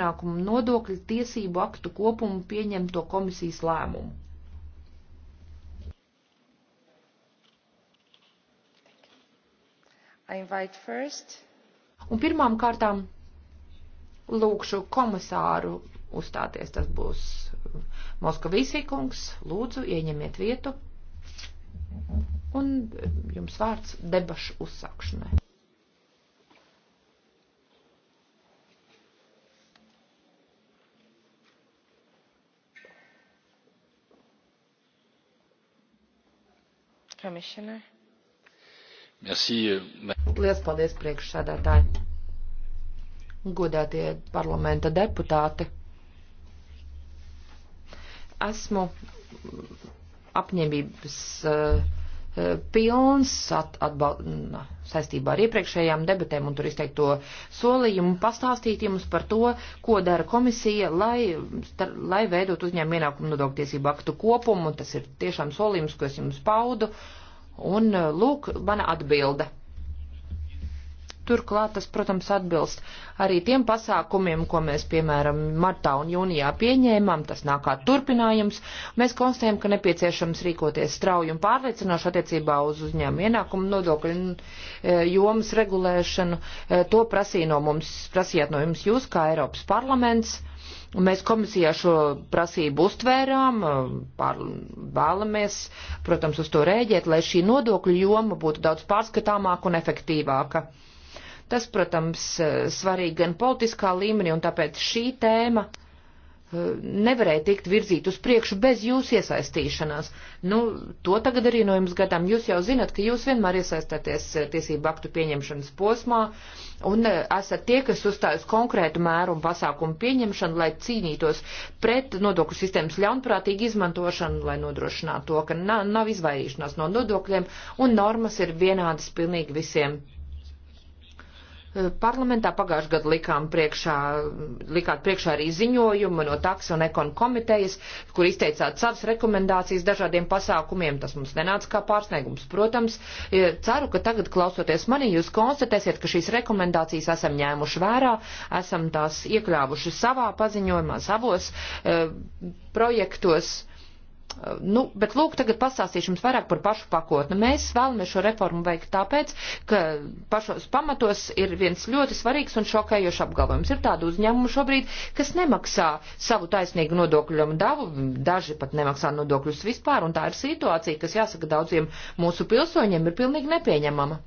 ienākumu nodokļu tiesību aktu kopumu pieņemto komisijas lēmumu. Un pirmām kārtām lūkšu komisāru uzstāties. Tas būs Moskavīsī kungs. Lūdzu, ieņemiet vietu. Un jums vārds debašu uzsākšanai. Commissioner. Merci. Euh, Lielas paldies, priekšsēdētāji. Godātie parlamenta deputāti. Esmu apņēmības. Uh, pilns at, atbal, saistībā ar iepriekšējām debatēm un tur izteikto solījumu pastāstīt jums par to, ko dara komisija, lai, star, lai veidot uzņēmumu ienākumu nodokļu tiesību aktu kopumu. Tas ir tiešām solījums, ko es jums paudu. Un lūk, mana atbilde. Turklāt tas, protams, atbilst arī tiem pasākumiem, ko mēs, piemēram, martā un jūnijā pieņēmām, tas nāk kā turpinājums. Mēs konstatējam, ka nepieciešams rīkoties strauji un pārliecinoši attiecībā uz uzņēmumu ienākumu nodokļu un e, jomas regulēšanu. E, to prasīja no mums, prasījāt no jums jūs kā Eiropas parlaments. Mēs komisijā šo prasību uztvērām, e, pār, vēlamies, protams, uz to rēģēt, lai šī nodokļu joma būtu daudz pārskatāmāka un efektīvāka. Tas, protams, eh, svarīgi gan politiskā līmenī, un tāpēc šī tēma eh, nevarēja tikt virzīt uz priekšu bez jūsu iesaistīšanās. Nu, to tagad arī no jums gadām. Jūs jau zinat, ka jūs vienmēr iesaistāties eh, tiesību aktu pieņemšanas posmā un esat tie, kas uzstājas konkrētu mēru un pasākumu pieņemšanu, lai cīnītos pret nodokļu sistēmas ļaunprātīgu izmantošanu, lai nodrošinātu to, ka nav izvairīšanās no nodokļiem un normas ir vienādas pilnīgi visiem Eh, parlamentā pagājušajā gadā likām priekšā, likāt priekšā arī ziņojumu no taks un ekonu komitejas, kur izteicāt savas rekomendācijas dažādiem pasākumiem. Tas mums nenāca kā pārsniegums. Protams, eh, ceru, ka tagad klausoties mani, jūs konstatēsiet, ka šīs rekomendācijas esam ņēmuši vērā, esam tās iekļāvuši savā paziņojumā, savos e, projektos Nu, bet lūk, tagad pastāstīšu jums vairāk par pašu pakotni. Mēs vēlamies šo reformu veikt tāpēc, ka pašos pamatos ir viens ļoti svarīgs un šokējošs apgalvojums. Ir tādu uzņēmumu šobrīd, kas nemaksā savu taisnīgu nodokļu davu, daži pat nemaksā nodokļus vispār, un tā ir situācija, kas jāsaka daudziem mūsu pilsoņiem ir pilnīgi nepieņemama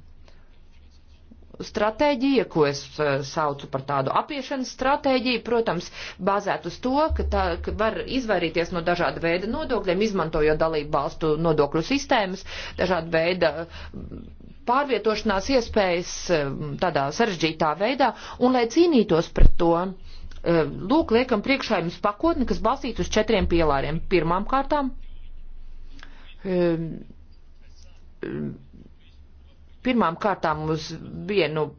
stratēģija, ko es eh, saucu par tādu apiešanas stratēģiju, protams, bazēt uz to, ka, tā, ka var izvairīties no dažāda veida nodokļiem, izmantojot dalību valstu nodokļu sistēmas, dažāda veida mm, pārvietošanās iespējas mm, tādā sarežģītā veidā, un lai cīnītos pret to, eh, lūk, liekam priekšā jums pakotni, kas balstīts uz četriem pielāriem. Pirmām kārtām ehm, pirmām kārtām uz vienu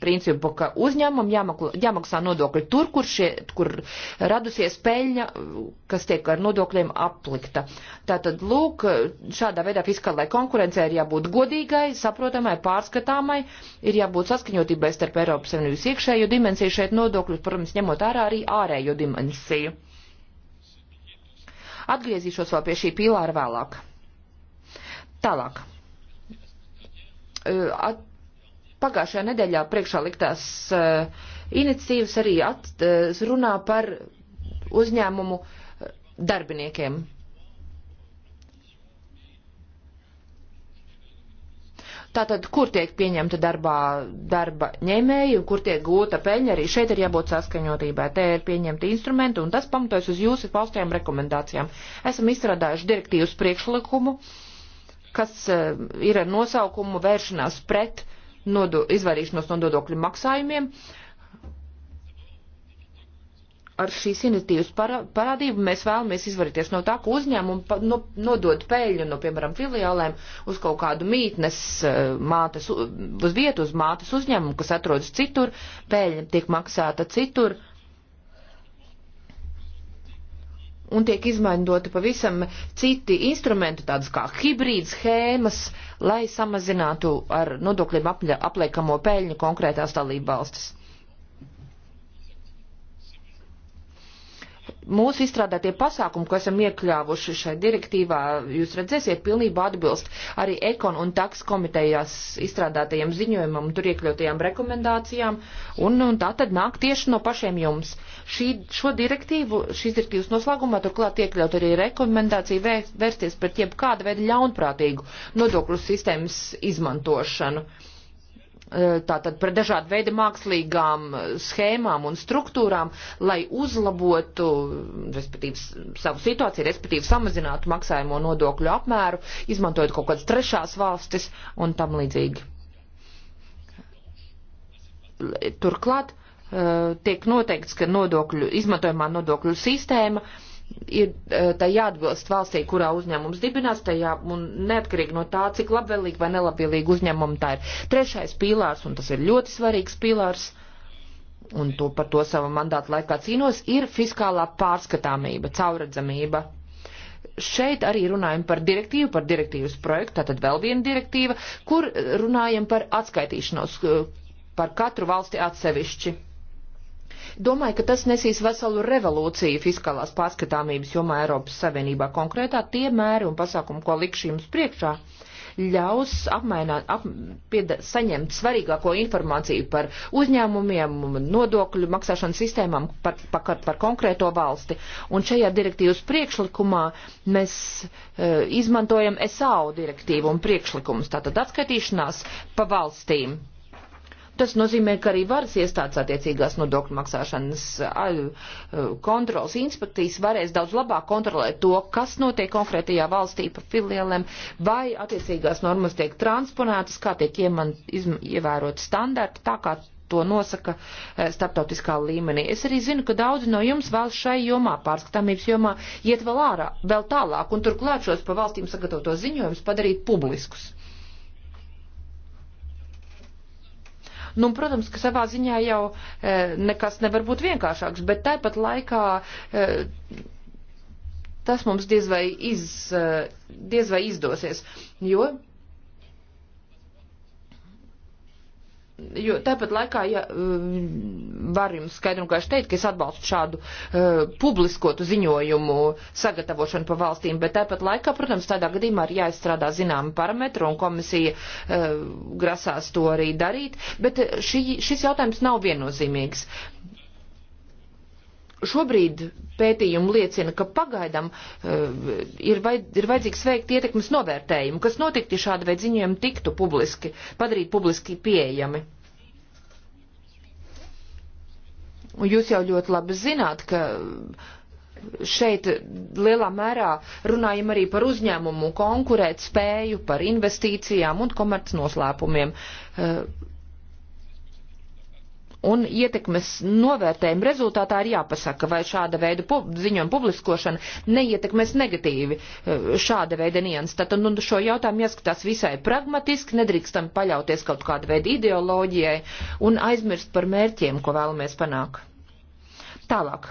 principu, ka uzņēmumam jāmaksā nodokļi tur, kur, šie, kur radusies peļņa, kas tiek ar nodokļiem aplikta. Tātad, lūk, šādā veidā fiskālai konkurencei ir jābūt godīgai, saprotamai, pārskatāmai, ir jābūt saskaņotībai starp Eiropas Savienības iekšējo dimensiju šeit nodokļus, protams, ņemot ārā arī ārējo dimensiju. Atgriezīšos vēl pie šī pīlāra vēlāk. Tālāk at, pagājušajā nedēļā priekšā liktās uh, iniciatīvas arī at, uh, runā par uzņēmumu darbiniekiem. Tātad, kur tiek pieņemta darbā darba ņēmēji un kur tiek gūta peļņa, arī šeit ir jābūt saskaņotībai. Te ir pieņemti instrumenti un tas pamatojas uz jūsu paustajām rekomendācijām. Esam izstrādājuši direktīvas priekšlikumu. Uh, kas eh, ir ar nosaukumu vēršanās pret nodo, izvairīšanos no nodokļu maksājumiem. Ar šīs iniciatīvas parādību mēs vēlamies izvarīties no tā, ka uzņēmumi no, nodod peļņu no, piemēram, filiālēm uz kaut kādu mītnes eh, mātes, uz vietu uz mātes uzņēmumu, kas atrodas citur, peļņa tiek maksāta citur. Uh, un tiek izmantoti pavisam citi instrumenti, tādas kā hibrīd schēmas, lai samazinātu ar nodokļiem apliekamo peļņu konkrētās dalība valstis. Mūsu izstrādātie pasākumi, ko esam iekļāvuši šai direktīvā, jūs redzēsiet, pilnībā atbilst arī ekon un taks komitejās izstrādātajiem ziņojumam un tur iekļautajām rekomendācijām, un, un tā tad nāk tieši no pašiem jums. Šī, šo direktīvu, šīs direktīvas noslēgumā turklāt iekļaut arī rekomendācija vērsties pret jebkādu veidu ļaunprātīgu nodokļu sistēmas izmantošanu. E, tātad par dažādu veidu mākslīgām schēmām un struktūrām, lai uzlabotu, respektīvi, savu situāciju, respektīvi samazinātu maksājumu nodokļu apmēru, izmantojot kaut kādas trešās valstis un tam līdzīgi turklāt Eh, tiek noteikts, ka nodokļu, izmantojumā nodokļu sistēma ir eh, tā jāatbilst valstī, kurā uzņēmums dibinās, tajā un neatkarīgi no tā, cik labvēlīgi vai nelabvēlīgi uzņēmumi tā ir. Trešais pīlārs, un tas ir ļoti svarīgs pīlārs, un to par to savu mandātu laikā cīnos, ir fiskālā pārskatāmība, cauradzamība. Šeit arī runājam par direktīvu, par direktīvas projektu, tātad vēl viena direktīva, kur runājam par atskaitīšanos eh, par katru valsti atsevišķi Domāju, ka tas nesīs veselu revolūciju fiskālās pārskatāmības jomā Eiropas Savienībā. Konkrētā tie mēri un pasākumi, ko likšu jums priekšā, ļaus apmaināt, ap, pieda, saņemt svarīgāko informāciju par uzņēmumiem, nodokļu maksāšanas sistēmām, par, par, par konkrēto valsti. Un šajā direktīvas priekšlikumā mēs e, izmantojam SAU direktīvu un priekšlikumus, tātad atskaitīšanās pa valstīm Tas nozīmē, ka arī varas iestādes attiecīgās nodokļu maksāšanas kontrolas inspekcijas varēs daudz labāk kontrolēt to, kas notiek konkrētajā valstī pa filielēm, vai attiecīgās normas tiek transponētas, kā tiek ieman, izm, ievērot standarti, tā kā to nosaka e, starptautiskā līmenī. Es arī zinu, ka daudzi no jums vēl šai jomā, pārskatāmības jomā, iet vēl ārā, vēl tālāk un turklāt šos pa valstīm sagatavotos ziņojumus padarīt publiskus. Nu, protams, ka savā ziņā jau e, nekas nevar būt vienkāršāks, bet tāpat laikā e, tas mums diez vai, iz, e, diez vai izdosies, jo Jo tāpat laikā ja, um, var jums skaidru un gaišu teikt, ka es atbalstu šādu uh, publiskotu ziņojumu sagatavošanu pa valstīm, bet tāpat laikā, protams, tādā gadījumā ir jāizstrādā zināma parametra un komisija uh, grasās to arī darīt, bet uh, šī, šis jautājums nav viennozīmīgs. Uh, Šobrīd pētījumi liecina, ka pagaidam uh, eh, ir, vaid, ir vajadzīgs veikt ietekmes novērtējumu, kas notiktu, ja šāda veida ziņojumi tiktu publiski, padarīt publiski pieejami. Un jūs jau ļoti labi zināt, ka šeit lielā mērā runājam arī par uzņēmumu konkurēt spēju, par investīcijām un komerc noslēpumiem. Uh, eh, un ietekmes novērtējuma rezultātā ir jāpasaka, vai šāda veida pub ziņojuma publiskošana neietekmēs negatīvi eh, šāda veida nianses. Tātad nu, šo jautājumu jāskatās visai pragmatiski, nedrīkstam paļauties kaut kāda veida ideoloģijai un aizmirst par mērķiem, ko vēlamies panākt. Tālāk.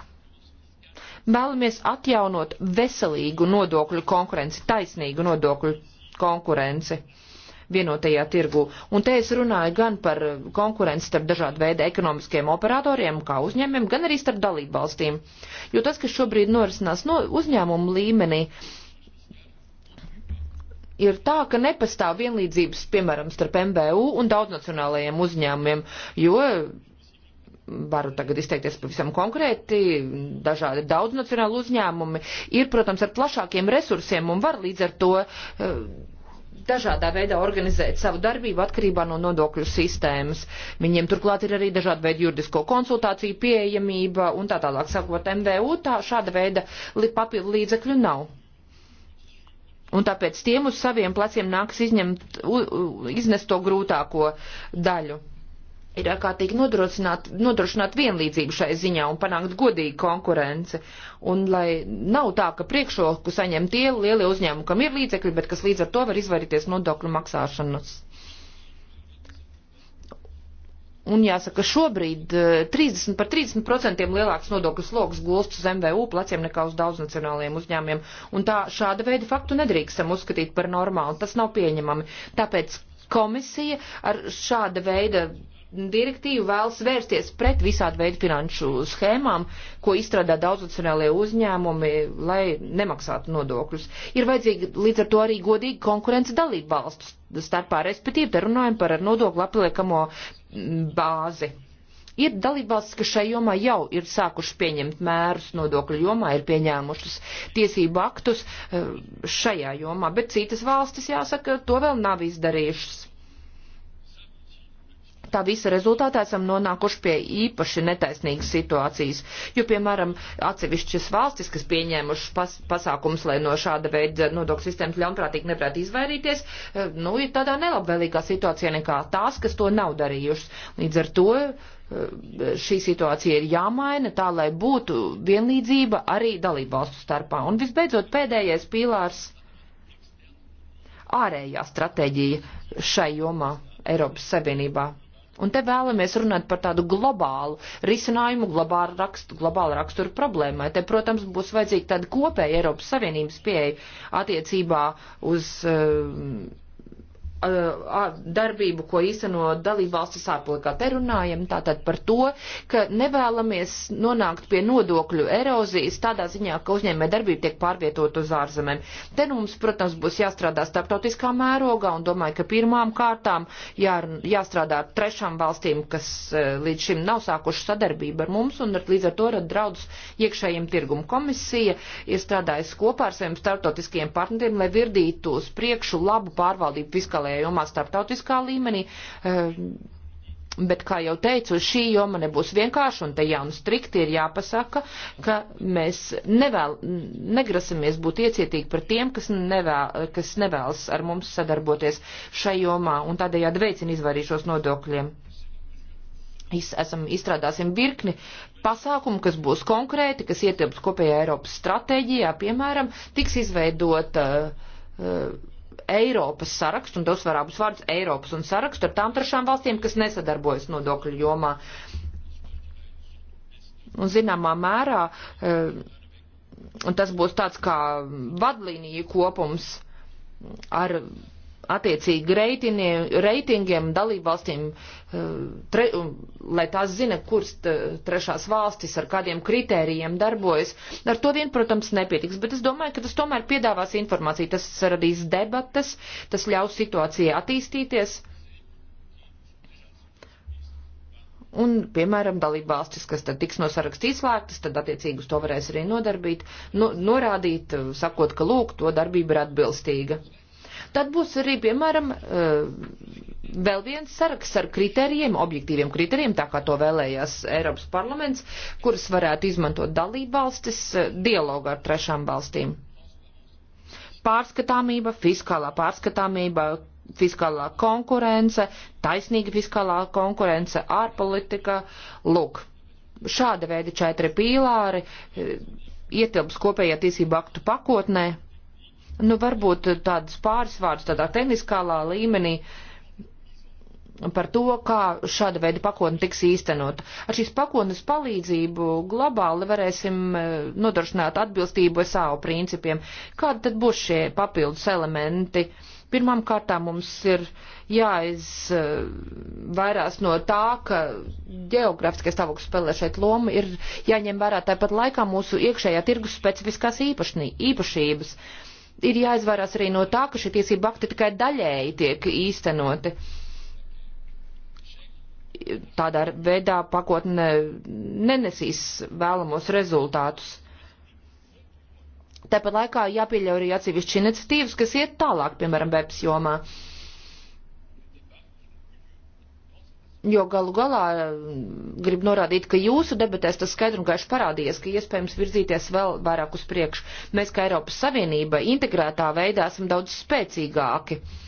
Vēlamies atjaunot veselīgu nodokļu konkurenci, taisnīgu nodokļu konkurenci. Uh, vienotajā tirgu. Un te es runāju gan par konkurenci starp dažādu veidu ekonomiskiem operatoriem, kā uzņēmiem, gan arī starp dalību valstīm. Jo tas, kas šobrīd norisinās no uzņēmumu līmenī, ir tā, ka nepastāv vienlīdzības, piemēram, starp MBU un daudznacionālajiem uzņēmumiem, jo varu tagad izteikties pavisam konkrēti, dažādi daudznacionāli uzņēmumi ir, protams, ar plašākiem resursiem un var līdz ar to uh, dažādā veidā organizēt savu darbību atkarībā no nodokļu sistēmas. Viņiem turklāt ir arī dažāda veida juridisko konsultāciju pieejamība un tā tālāk. Sakot, MVU tā šāda veida papildu līdzekļu nav. Un tāpēc tiem uz saviem pleciem nāks izņemt, iznest to grūtāko daļu ir ārkārtīgi nodrošināt vienlīdzību šai ziņā un panākt godīgu konkurenci. Un lai nav tā, ka priekšroku saņem tie lielie uzņēmumi, kam ir līdzekļi, bet kas līdz ar to var izvairīties nodokļu maksāšanas. Un jāsaka, šobrīd 30 eh, par 30% lielāks nodokļu sloks gulst uz MVU pleciem nekā uz daudznacionāliem uzņēmiem. Un tā šāda veida faktu nedrīkstam uzskatīt par normālu. Tas nav pieņemami. Tāpēc komisija ar šāda veida direktīva vēlas vērsties pret visādi veidu finanšu schēmām, ko izstrādā daudznacionālie uzņēmumi, lai nemaksātu nodokļus. Ir vajadzīga līdz ar to arī godīga konkurence dalību valstu starpā, respektīvi, te runājam par nodokļu apliekamo mm, bāzi. Ir dalībvalstis, kas šai jomā jau ir sākuši pieņemt mērus nodokļu jomā, ir pieņēmušas tiesību aktus eh, šajā jomā, bet citas valstis, jāsaka, to vēl nav izdarījušas. Tā visa rezultātā esam nonākuši pie īpaši netaisnīgas situācijas, jo, piemēram, atsevišķas valstis, kas pieņēmušas pas, pasākums, lai no šāda veida nodokļu sistēmas ļaunprātīgi nevarētu izvairīties, eh, nu, ir tādā nelabvēlīgā situācijā nekā tās, kas to nav darījušas. Līdz ar to eh, šī situācija ir jāmaina tā, lai būtu vienlīdzība arī dalībvalstu starpā. Un visbeidzot, pēdējais pīlārs - ārējā stratēģija šai jomā Eiropas Savienībā Un te vēlamies runāt par tādu globālu risinājumu, globālu, rakstu, globālu raksturu problēmai. Te, protams, būs vajadzīga tāda kopēja Eiropas Savienības pieeja attiecībā uz. Uh, Uh, darbību, ko īsteno dalībvalstis ārpolitikā. Te runājam tātad par to, ka nevēlamies nonākt pie nodokļu erozijas tādā ziņā, ka uzņēmē darbība tiek pārvietot uz ārzemēm. Te mums, protams, būs jāstrādā starptautiskā mērogā un domāju, ka pirmām kārtām jā, jāstrādā ar trešām valstīm, kas uh, līdz šim nav sākuši sadarbību ar mums un ar, līdz ar to rada draudus iekšējiem tirgumu. Komisija ir strādājusi kopā ar saviem starptautiskajiem partneriem, lai virdītu uz priekšu labu pārvaldību fiskālajā sociālajā jomā starptautiskā līmenī. Eh, bet, kā jau teicu, šī joma nebūs vienkārša, un te jau un strikti ir jāpasaka, ka mēs nevēl, negrasamies būt iecietīgi par tiem, kas, nevēl, kas nevēlas ar mums sadarboties šai jomā, un tādējādi veicina izvairīšos nodokļiem. Iz, esam izstrādāsim virkni pasākumu, kas būs konkrēti, kas ietilps kopējā Eiropas stratēģijā, piemēram, tiks izveidota. Uh, uh, Eiropas sarakstu, un te uzsvarābus vārdus Eiropas un sarakstu ar tām trešām valstīm, kas nesadarbojas nodokļu jomā. Un zināmā mērā, eh, un tas būs tāds kā vadlīnija kopums ar attiecīgi reitingiem dalībvalstīm, eh, tre, lai tās zina, kuras trešās valstis ar kādiem kritērijiem darbojas. Ar to vien, protams, nepietiks, bet es domāju, ka tas tomēr piedāvās informāciju, tas radīs debatas, tas ļaus situācijai attīstīties. Un, piemēram, dalībvalstis, kas tad tiks no saraksta izslēgtas, tad attiecīgi uz to varēs arī nodarbīt, no, norādīt, sakot, ka lūk, to darbība ir atbilstīga. Tad būs arī, piemēram, eh, vēl viens saraksts ar kritērijiem, objektīviem kritērijiem, tā kā to vēlējās Eiropas parlaments, kuras varētu izmantot dalībvalstis eh, dialogu ar trešām valstīm. Pārskatāmība, fiskālā pārskatāmība, fiskālā konkurence, taisnīga fiskālā konkurence, ārpolitika, lūk. Šāda veida četri pīlāri eh, ietilps kopējā tiesību aktu pakotnē, Nu, varbūt tādus pāris vārdus tādā tehniskālā līmenī par to, kā šāda veida pakotne tiks īstenota. Ar šīs pakotnes palīdzību globāli varēsim e, nodrošināt atbilstību SAO principiem. Kādi tad būs šie papildus elementi? Pirmām kārtām mums ir jāizvairās e, no tā, ka geogrāfiskais stāvoklis spēlē šeit lomu, ir jāņem vērā tāpat laikā mūsu iekšējā tirgus specifiskās īpašnī, īpašības. Uh, ir jāizvairās arī no tā, ka šie tiesību akti tikai daļēji tiek īstenoti. Tādā veidā pakotne nenesīs vēlamos rezultātus. Tāpat laikā jāpieļauj arī atsevišķi iniciatīvas, kas iet tālāk, piemēram, BEPS jomā. Uh, Jo galu galā mm, grib norādīt, ka jūsu debatēs tas skaidru un gaišu parādījies, ka iespējams virzīties vēl vairāk uz priekšu. Mēs kā Eiropas Savienība integrētā veidā esam daudz spēcīgāki. Uh,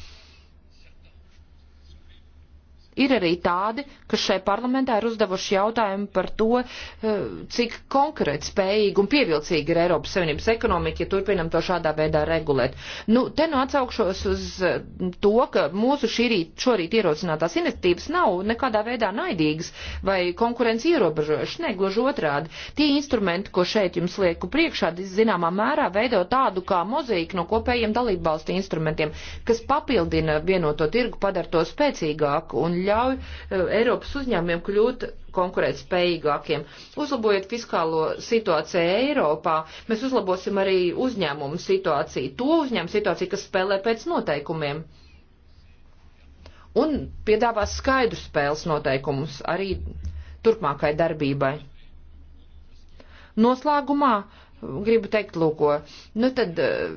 Ir arī tādi, kas šai parlamentā ir uzdevuši jautājumu par to, eh, cik konkrēti spējīgi un pievilcīgi ir Eiropas Savienības ekonomika, ja turpinam to šādā veidā regulēt. Nu, te nu atsaukšos uz eh, to, ka mūsu šorīt, šorīt ierosinātās iniciatīvas nav nekādā veidā naidīgas vai konkurenci ierobežojušas, ne gluži otrādi. Tie instrumenti, ko šeit jums lieku priekšā, zināmā mērā veido tādu kā mozaīku no kopējiem dalībvalstu instrumentiem, kas papildina vienoto tirgu, padara to spēcīgāku un ļauj eh, Eiropas uzņēmiem kļūt konkurētspējīgākiem. Uzlabojot fiskālo situāciju Eiropā, mēs uzlabosim arī uzņēmumu situāciju, to uzņēmumu situāciju, kas spēlē pēc noteikumiem. Un piedāvās skaidru spēles noteikumus arī turpmākai darbībai. Noslēgumā gribu teikt, lūko, nu tad eh,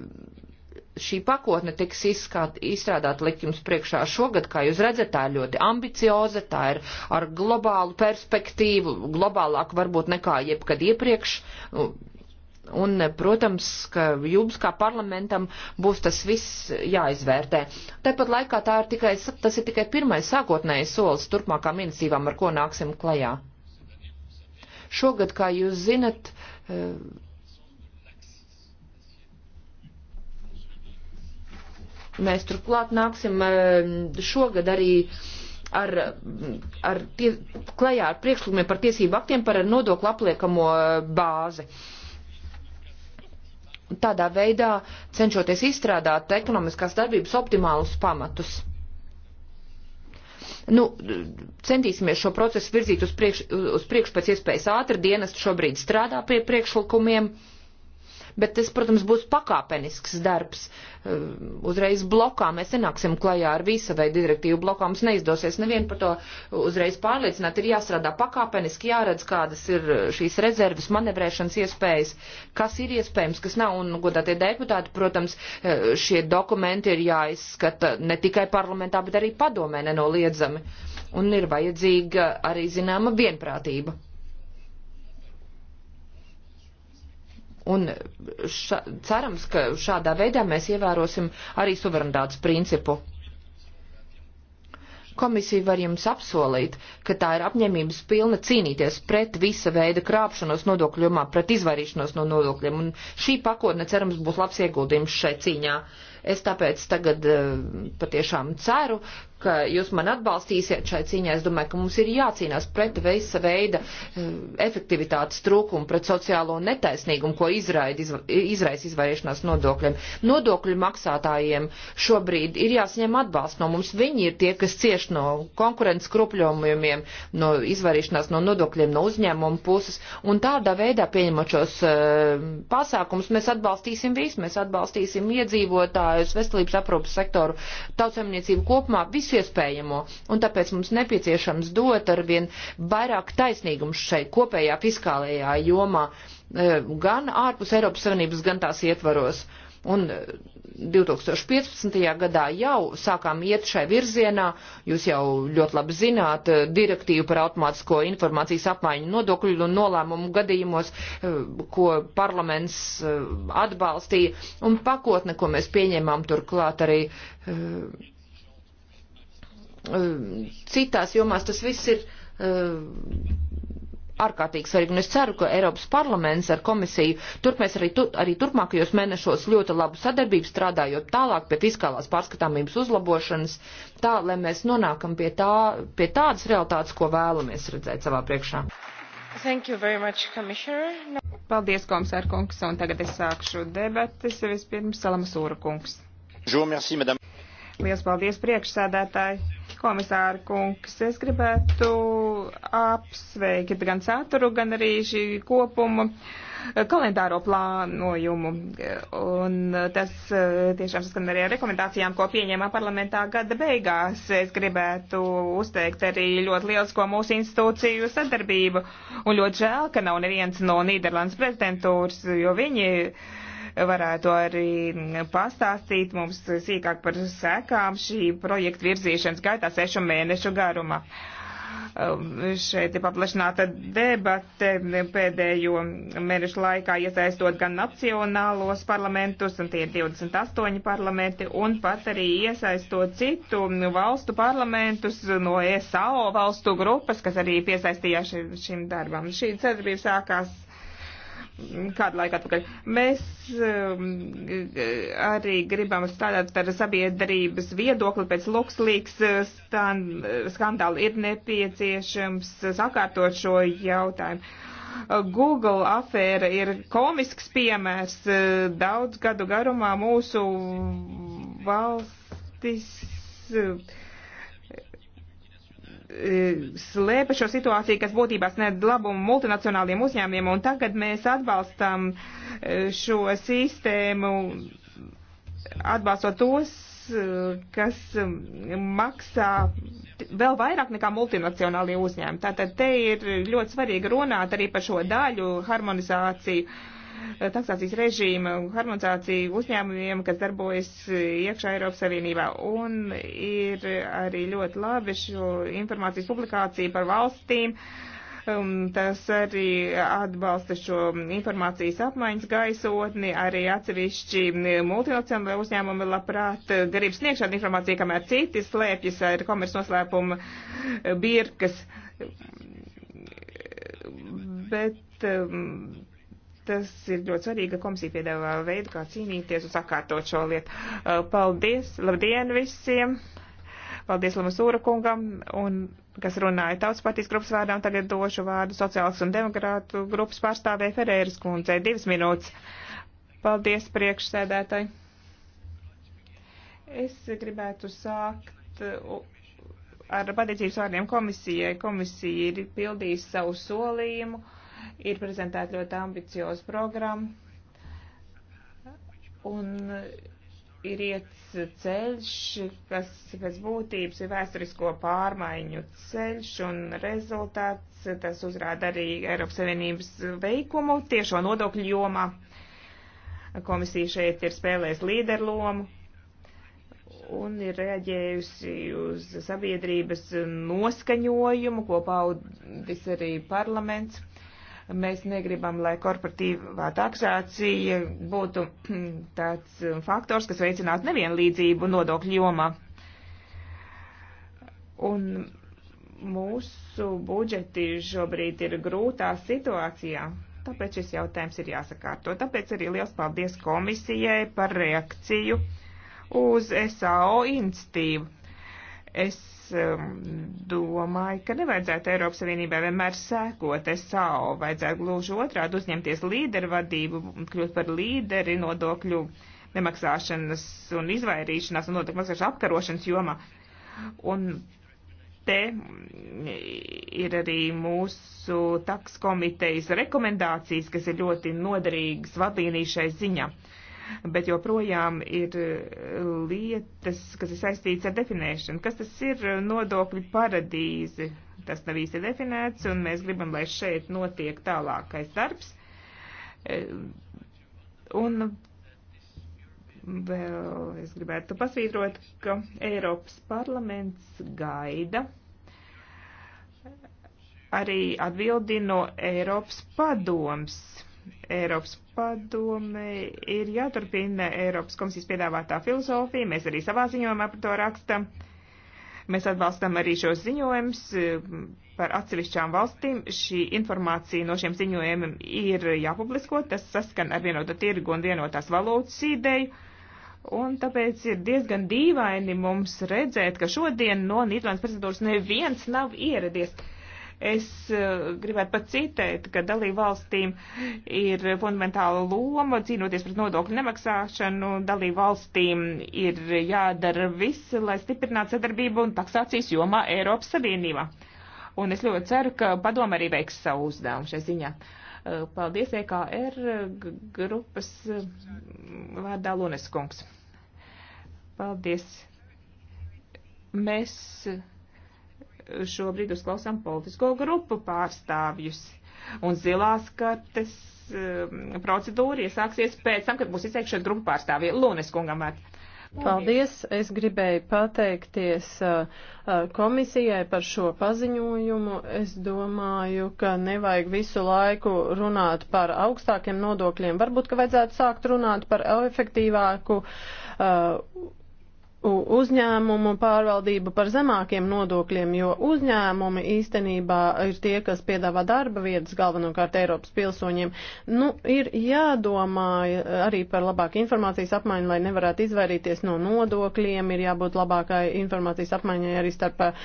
šī pakotne tiks izstrādāta likums priekšā šogad, kā jūs redzat, tā ir ļoti ambicioza, tā ir ar globālu perspektīvu, globālāk varbūt nekā jebkad iepriekš. Un, protams, ka jums kā parlamentam būs tas viss jāizvērtē. Tāpat laikā tā ir tikai, tas ir tikai pirmais sākotnējais solis turpmākām iniciatīvām, ar ko nāksim klajā. Šogad, kā jūs zinat, Mēs turklāt nāksim ehm, šogad arī ar, ar tie, klajā ar priekšlikumiem par tiesību aktiem par nodokli apliekamo ehm, bāzi. Tādā veidā cenšoties izstrādāt ekonomiskās darbības optimālus pamatus nu, centīsimies šo procesu virzīt uz priekšu priekš pēc iespējas ātri. Dienas šobrīd strādā pie priekšlikumiem. Uh, bet tas, protams, būs pakāpenisks darbs. Eh, uzreiz blokā mēs nenāksim klajā ar visu vai direktīvu blokā. Mums neizdosies nevienu par to uzreiz pārliecināt. Ir jāstrādā pakāpeniski, jāredz, kādas ir šīs rezerves, manevrēšanas iespējas, kas ir iespējams, kas nav. Un, godātie deputāti, protams, eh, šie dokumenti ir jāizskata ne tikai parlamentā, bet arī padomē nenoliedzami. Un ir vajadzīga arī zināma vienprātība. Un ša, cerams, ka šādā veidā mēs ievērosim arī suverenitātes principu. Komisija var jums apsolīt, ka tā ir apņēmības pilna cīnīties pret visa veida krāpšanos nodokļumā, pret izvairīšanos no nodokļiem, un šī pakotne, cerams, būs labs ieguldījums šai cīņā. Es tāpēc tagad eh, patiešām ceru, ka jūs man atbalstīsiet šai cīņā. Es domāju, ka mums ir jācīnās pret veisa veida eh, efektivitātes trūkumu, pret sociālo netaisnīgumu, ko izraida, izraisa izvairīšanās nodokļiem. Nodokļu maksātājiem šobrīd ir jāsaņem atbalsts no mums. Viņi ir tie, kas cieš no konkurences krupļojumiem, no izvairīšanās no nodokļiem, no uzņēmumu puses. Un tādā veidā, pieņemot šos uh, pasākumus, mēs atbalstīsim visu, mēs atbalstīsim iedzīvotājus, veselības aprūpas sektoru, tautsemniecību kopumā. Visu visu iespējamo, un tāpēc mums nepieciešams dot arvien vairāk taisnīgums šai kopējā fiskālajā jomā, e, gan ārpus Eiropas Savienības, gan tās ietvaros. Un 2015. E, gadā jau sākām iet šai virzienā, jūs jau ļoti labi zināt, e, direktīvu par automātisko informācijas apmaiņu nodokļu un nolēmumu gadījumos, ko parlaments atbalstīja, un pakotne, ko mēs pieņēmām turklāt arī Ehm, citās jomās tas viss ir ehm, ārkārtīgi svarīgi, un es ceru, ka Eiropas parlaments ar komisiju turpmēs arī, tu, arī turpmākajos mēnešos ļoti labu sadarbību strādājot tālāk pie fiskālās pārskatāmības uzlabošanas, tā, lai mēs nonākam pie, tā, pie tādas realitātes, ko vēlamies redzēt savā priekšā. Thank you very much, Commissioner. No... Paldies, komisār kungs, un tagad es sākšu debates. Vispirms Salamas Ūra kungs. Jo, merci, madame. Liels paldies, priekšsēdētāji Komisāra kungs, es gribētu apsveikt gan saturu, gan arī šī kopuma eh, kalendāro plānojumu. Un eh, tas eh, tiešām saskan arī ar rekomendācijām, ko pieņēmā parlamentā gada beigās. Es gribētu uzteikt arī ļoti lielisko mūsu institūciju sadarbību. Un ļoti žēl, ka nav neviens no Nīderlandes prezidentūras, jo viņi varētu arī pastāstīt mums sīkāk par sekām šī projekta virzīšanas gaitā sešu mēnešu garumā. Um, šeit ir paplašināta debate pēdējo mēnešu laikā iesaistot gan nacionālos parlamentus, un tie ir 28 parlamenti, un pat arī iesaistot citu valstu parlamentus no ESAO valstu grupas, kas arī piesaistījās šim darbam. Šī sadarbība sākās kādu laiku atpakaļ. Mēs um, arī gribam strādāt par sabiedrības viedokli pēc Luxlīks uh, uh, skandāla. Ir nepieciešams sakārtot šo jautājumu. Uh, Google afēra ir komisks piemērs daudz gadu garumā mūsu valstis. Uh, slēpa šo situāciju, kas būtībā sniedz labumu multinacionāliem uzņēmiem, un tagad mēs atbalstam e, šo sistēmu, atbalstot tos, e, kas maksā vēl vairāk nekā multinacionālie uzņēmumi. Tātad te ir ļoti svarīgi runāt arī par šo daļu harmonizāciju. Uh, taksācijas režīma harmonizāciju uzņēmumiem, kas darbojas iekšā Eiropas Savienībā. Un ir arī ļoti labi šo informācijas publikāciju par valstīm. Tas arī atbalsta šo informācijas apmaiņas gaisotni, arī atsevišķi multinacionālajā uzņēmumi labprāt grib sniegt šādu informāciju, kamēr citi slēpjas ar komercnoslēpumu birkas. Bet um, tas ir ļoti svarīgi, ka komisija piedāvā veidu, kā cīnīties un sakārtot šo lietu. Uh, paldies, labdien visiem! Paldies Lamasūra kungam, un, kas runāja tautas partijas grupas vārdā, un tagad došu vārdu sociālas un demokrātu grupas pārstāvē Ferēras kundzei. Divas minūtes. Paldies priekšsēdētāji. Es gribētu sākt ar pateicības vārdiem komisijai. Komisija ir pildījusi savu solījumu Ir prezentēta ļoti ambicioza programma un ir iets ceļš, kas pēc būtības ir vēsturisko pārmaiņu ceļš un rezultāts. Tas uzrāda arī Eiropas Savienības veikumu tiešo nodokļu jomā. Komisija šeit ir spēlējusi līderlomu un ir reaģējusi uz sabiedrības noskaņojumu, ko paudis arī parlaments Mēs negribam, lai korporatīvā taksācija būtu tāds faktors, kas veicinātu nevienlīdzību nodokļu jomā. Un mūsu budžeti šobrīd ir grūtā situācijā, tāpēc šis jautājums ir jāsakārto. Tāpēc arī liels paldies komisijai par reakciju uz SAO institīvu. Es um, domāju, ka nevajadzētu Eiropas Savienībā vienmēr sēkot SAO, vajadzētu gluži otrādi uzņemties līderu vadību, kļūt par līderi nodokļu nemaksāšanas un izvairīšanās un nodokļu maksāšanas apkarošanas jomā. Un te ir arī mūsu taks komitejas rekomendācijas, kas ir ļoti noderīgas vadlīnijas šai ziņā. Uh, bet joprojām ir eh, lietas, kas ir saistīts ar definēšanu. Kas tas ir nodokļu paradīze? Tas nav īsti definēts, un mēs gribam, lai šeit notiek tālākais darbs. Eh, un vēl es gribētu pasvītrot, ka Eiropas parlaments gaida arī atbildi no Eiropas padoms. Eiropas padome ir jāturpina Eiropas komisijas piedāvātā filozofija. Mēs arī savā ziņojumā par to rakstam. Mēs atbalstam arī šos ziņojumus eh, par atsevišķām valstīm. Šī informācija no šiem ziņojumiem ir jāpublisko, tas saskan ar vienota tirgu un vienotās valūtas ideju. Un tāpēc ir diezgan dīvaini mums redzēt, ka šodien no Nīderlandes prezidentūras neviens nav ieradies. Uh, Es eh, gribētu pat citēt, ka dalību valstīm ir fundamentāla loma cīnoties pret nodokļu nemaksāšanu. Dalību valstīm ir jādara viss, lai stiprinātu sadarbību un taksācijas jomā Eiropas Savienībā. Un es ļoti ceru, ka padoma arī veiks savu uzdevumu šai ziņā. Eh, paldies EKR grupas eh, vārdā Lunes kungs. Paldies. Mēs šobrīd uzklausām politisko grupu pārstāvjus. Un zilās kartes um, procedūra iesāksies pēc tam, kad būs izteikšana grupu pārstāvja. Lūnes kungam vārds. Paldies! Es gribēju pateikties uh, uh, komisijai par šo paziņojumu. Es domāju, ka nevajag visu laiku runāt par augstākiem nodokļiem. Varbūt, ka vajadzētu sākt runāt par efektīvāku uh, uzņēmumu pārvaldību par zemākiem nodokļiem, jo uzņēmumi īstenībā ir tie, kas piedāvā darba vietas galvenokārt Eiropas pilsoņiem. Nu, ir jādomā arī par labāku informācijas apmaiņu, lai nevarētu izvairīties no nodokļiem, ir jābūt labākai informācijas apmaiņai arī starp uh,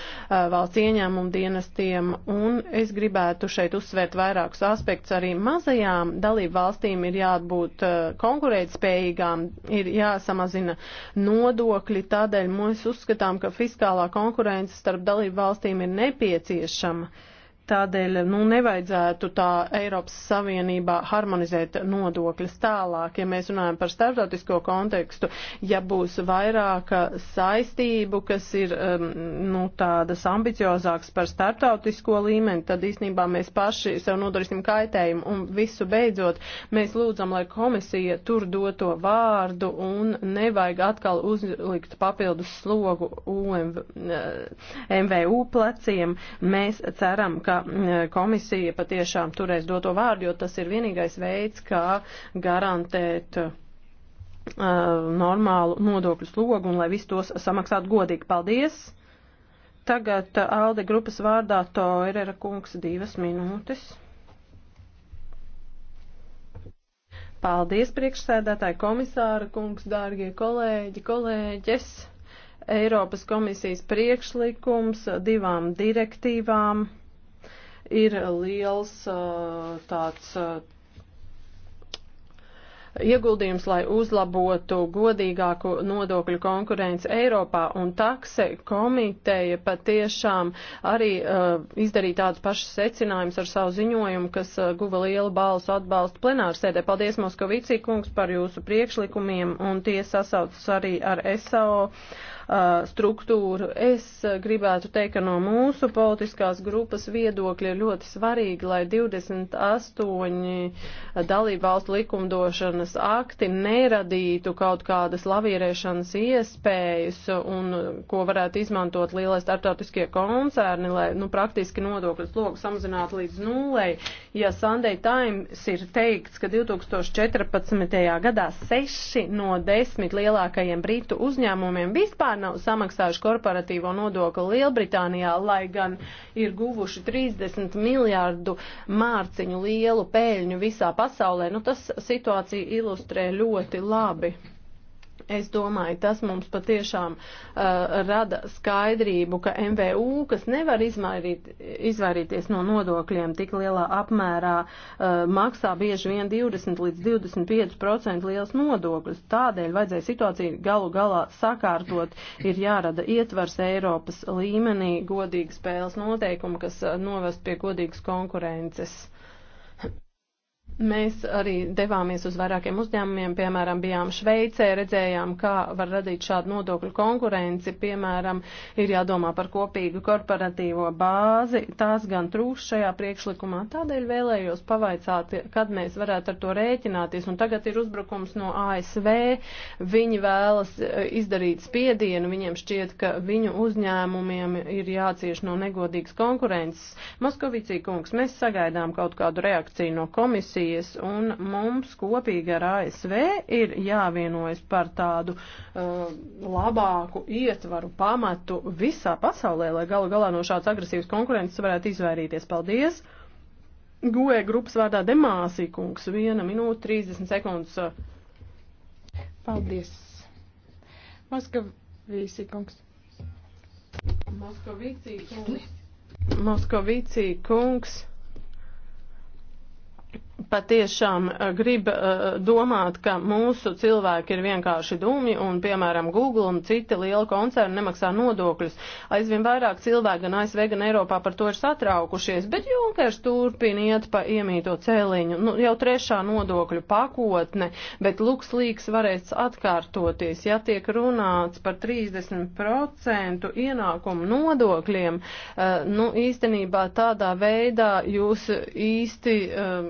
valsts ieņēmumu dienestiem, un es gribētu šeit uzsvērt vairākus aspektus. Arī mazajām dalību valstīm ir jābūt uh, konkurētspējīgām, ir jāsamazina nodokļi Tādēļ mēs uzskatām, ka fiskālā konkurence starp dalību valstīm ir nepieciešama. Uh, Tādēļ nu, nevajadzētu tā Eiropas Savienībā harmonizēt nodokļus tālāk. Ja mēs runājam par starptautisko kontekstu, ja būs vairāk saistību, kas ir um, nu, tādas ambiciozākas par starptautisko līmeni, tad īstenībā mēs paši sev nodarīsim kaitējumu. Un visu beidzot, mēs lūdzam, lai komisija tur doto vārdu un nevajag atkal uzlikt papildus slogu UM, eh, MVU pleciem. Mēs ceram, ka komisija patiešām turēs doto vārdu, jo tas ir vienīgais veids, kā garantēt uh, normālu nodokļu slogu un lai visus tos samaksātu godīgi. Paldies! Tagad uh, Alde grupas vārdā Toirera kungs divas minūtes. Paldies, priekšsēdētāji komisāra kungs, dārgie kolēģi, kolēģes. Eiropas komisijas priekšlikums divām direktīvām ir liels tāds ieguldījums, lai uzlabotu godīgāku nodokļu konkurenci Eiropā, un takse komiteja patiešām arī uh, izdarīja tādus pašus secinājumus ar savu ziņojumu, kas uh, guva lielu balsu atbalstu plenārsēdē. Paldies, Moskavicī kungs, par jūsu priekšlikumiem, un tie sasaucas arī ar SAO. Uh, Uh, struktūru. Es gribētu teikt, ka no mūsu politiskās grupas viedokļa ir ļoti svarīgi, lai 28 dalību valstu likumdošanas akti neradītu kaut kādas lavierēšanas iespējas, un ko varētu izmantot lielie startautiskie koncerni, lai nu, praktiski nodokļu slogu samazinātu līdz nulei. Ja Sunday Times ir teikts, ka 2014. gadā 6 no 10 lielākajiem britu uzņēmumiem vispār vienmēr nav samaksājuši korporatīvo nodokli Lielbritānijā, lai gan ir guvuši 30 miljārdu mārciņu lielu pēļņu visā pasaulē. Nu, tas situācija ilustrē ļoti labi. Es domāju, tas mums patiešām uh, rada skaidrību, ka MVU, kas nevar izmairīt, izvairīties no nodokļiem tik lielā apmērā, uh, maksā bieži vien 20 līdz 25% liels nodokļus. Tādēļ vajadzēja situāciju galu galā sakārtot, ir jārada ietvars Eiropas līmenī, godīgi spēles noteikumi, kas uh, novest pie godīgas konkurences. Uh, Mēs arī devāmies uz vairākiem uzņēmumiem, piemēram, bijām Šveicē, redzējām, kā var radīt šādu nodokļu konkurenci, piemēram, ir jādomā par kopīgu korporatīvo bāzi, tās gan trūks šajā priekšlikumā, tādēļ vēlējos pavaicāt, kad mēs varētu ar to rēķināties, un tagad ir uzbrukums no ASV, viņi vēlas eh, izdarīt spiedienu, viņiem šķiet, ka viņu uzņēmumiem ir jācieš no negodīgas konkurences. Moskovicī kungs, mēs sagaidām kaut kādu reakciju no komisijas Krievijas, un mums kopīgi ar ASV ir jāvienojas par tādu uh, labāku ietvaru pamatu visā pasaulē, lai galu galā no šāds agresīvas konkurences varētu izvairīties. Paldies! Goe grupas vārdā Demāsīkungs, 1 minūte 30 sekundes. Paldies. Moskavīci kungs. Moskavīci kungs. Moskavīci kungs patiešām eh, grib eh, domāt, ka mūsu cilvēki ir vienkārši dumi un, piemēram, Google un citi lieli koncerni nemaksā nodokļus. Aizvien vairāk cilvēki gan ASV, gan Eiropā par to ir satraukušies, bet Junkers turpina iet pa iemīto cēliņu. Nu, jau trešā nodokļu pakotne, bet Luxlīks varēs atkārtoties, ja tiek runāts par 30% ienākumu nodokļiem. Eh, nu, īstenībā tādā veidā jūs īsti um,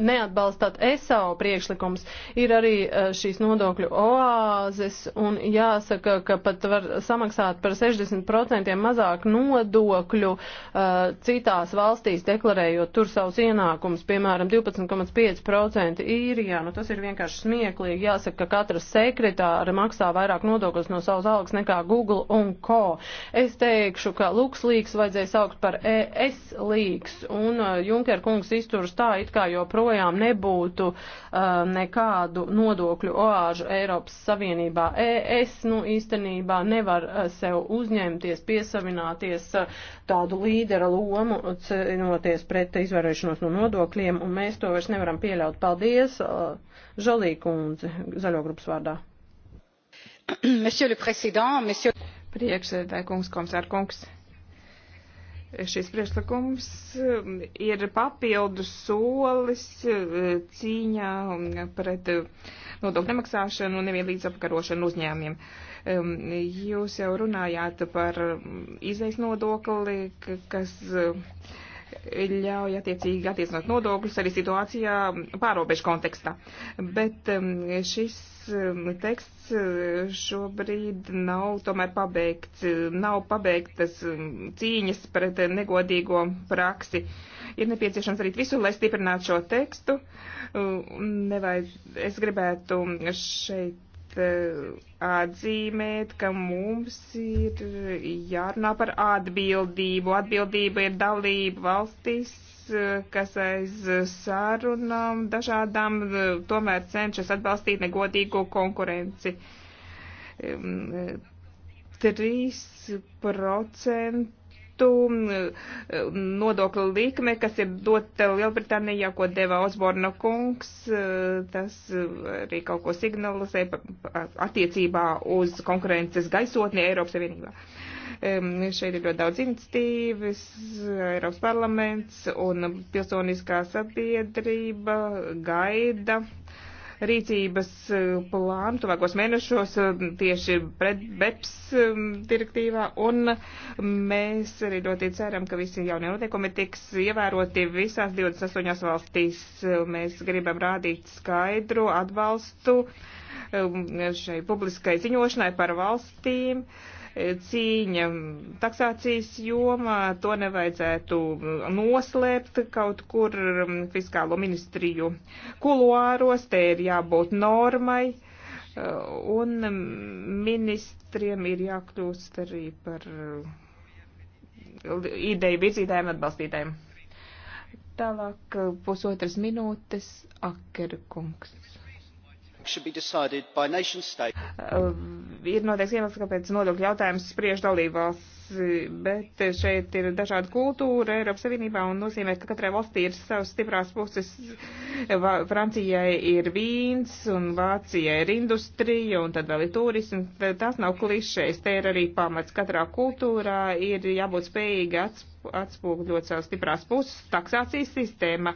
neatbalstāt ESAU priekšlikums. Ir arī e, šīs nodokļu oāzes un jāsaka, ka pat var samaksāt par 60% mazāk nodokļu e, citās valstīs, deklarējot tur savus ienākumus, piemēram, 12,5% īrijā. Nu, tas ir vienkārši smieklīgi. Jāsaka, ka katra sekretāra maksā vairāk nodokļus no savas algas nekā Google un Co. Es teikšu, ka LuxLeaks vajadzēja saukt par ES līgs un e, Junker kungs izturas tā, it kā joprojām joprojām nebūtu uh, nekādu nodokļu oāžu Eiropas Savienībā. ES nu īstenībā nevar uh, sev uzņemties, piesavināties uh, tādu līdera lomu, cīnoties pret izvairīšanos no nodokļiem, un mēs to vairs nevaram pieļaut. Paldies, uh, Žalī kundze, zaļo grupas vārdā. monsieur le président, monsieur priekšsēdētāj kungs, komisār kungs. Šis priekšlikums um, ir papildus solis uh, cīņā um, pret uh, nodokļu nemaksāšanu un nevienlīdz apkarošanu uzņēmiem. Um, jūs jau runājāt par izējas nodokli, kas uh, ļauj attiecīgi attiecināt nodokļus arī situācijā pārobežu kontekstā. Bet um, šis um, teksts uh, šobrīd nav tomēr pabeigts, uh, nav pabeigtas um, cīņas pret negodīgo praksi. Ir nepieciešams darīt visu, lai stiprinātu šo tekstu. Uh, nevajad, es gribētu šeit Eh, atzīmēt, ka mums ir jārunā par atbildību. Atbildība ir dalība valstis, eh, kas aiz sarunām dažādām eh, tomēr cenšas atbalstīt negodīgo konkurenci. 3% citu nodokļu likme, kas ir dota Lielbritānijā, ko deva Osborna kungs. Tas arī kaut ko signalizē attiecībā uz konkurences gaisotni Eiropas Savienībā. Šeit ir ļoti daudz iniciatīvas, Eiropas parlaments un pilsoniskā sabiedrība gaida rīcības e, plānu tuvākos mēnešos e, tieši pret BEPS e, direktīvā, un mēs arī ļoti ceram, ka visi jaunie noteikumi tiks ievēroti visās 28 valstīs. Mēs gribam rādīt skaidru atbalstu šai publiskai ziņošanai par valstīm. Uh, cīņa taksācijas jomā, to nevajadzētu noslēpt kaut kur um, fiskālo ministriju kuluāros, te ir jābūt normai uh, un ministriem ir jākļūst arī par uh, ideju virzītājiem atbalstītājiem. Tālāk uh, pusotras minūtes Akerkungs. Uh, ir noteikts iemesls, kāpēc nodokļu jautājums spriež dalībvalsts bet šeit ir dažāda kultūra Eiropas Savienībā un nozīmē, ka katrai valstī ir savas stiprās puses. Francijai ir vīns un Vācijai ir industrija un tad vēl ir turisms. Tas nav klišejas, te ir arī pamats. Katrā kultūrā ir jābūt spējīgi atspēlēt atspoguļot savas stiprās puses, taksācijas sistēma.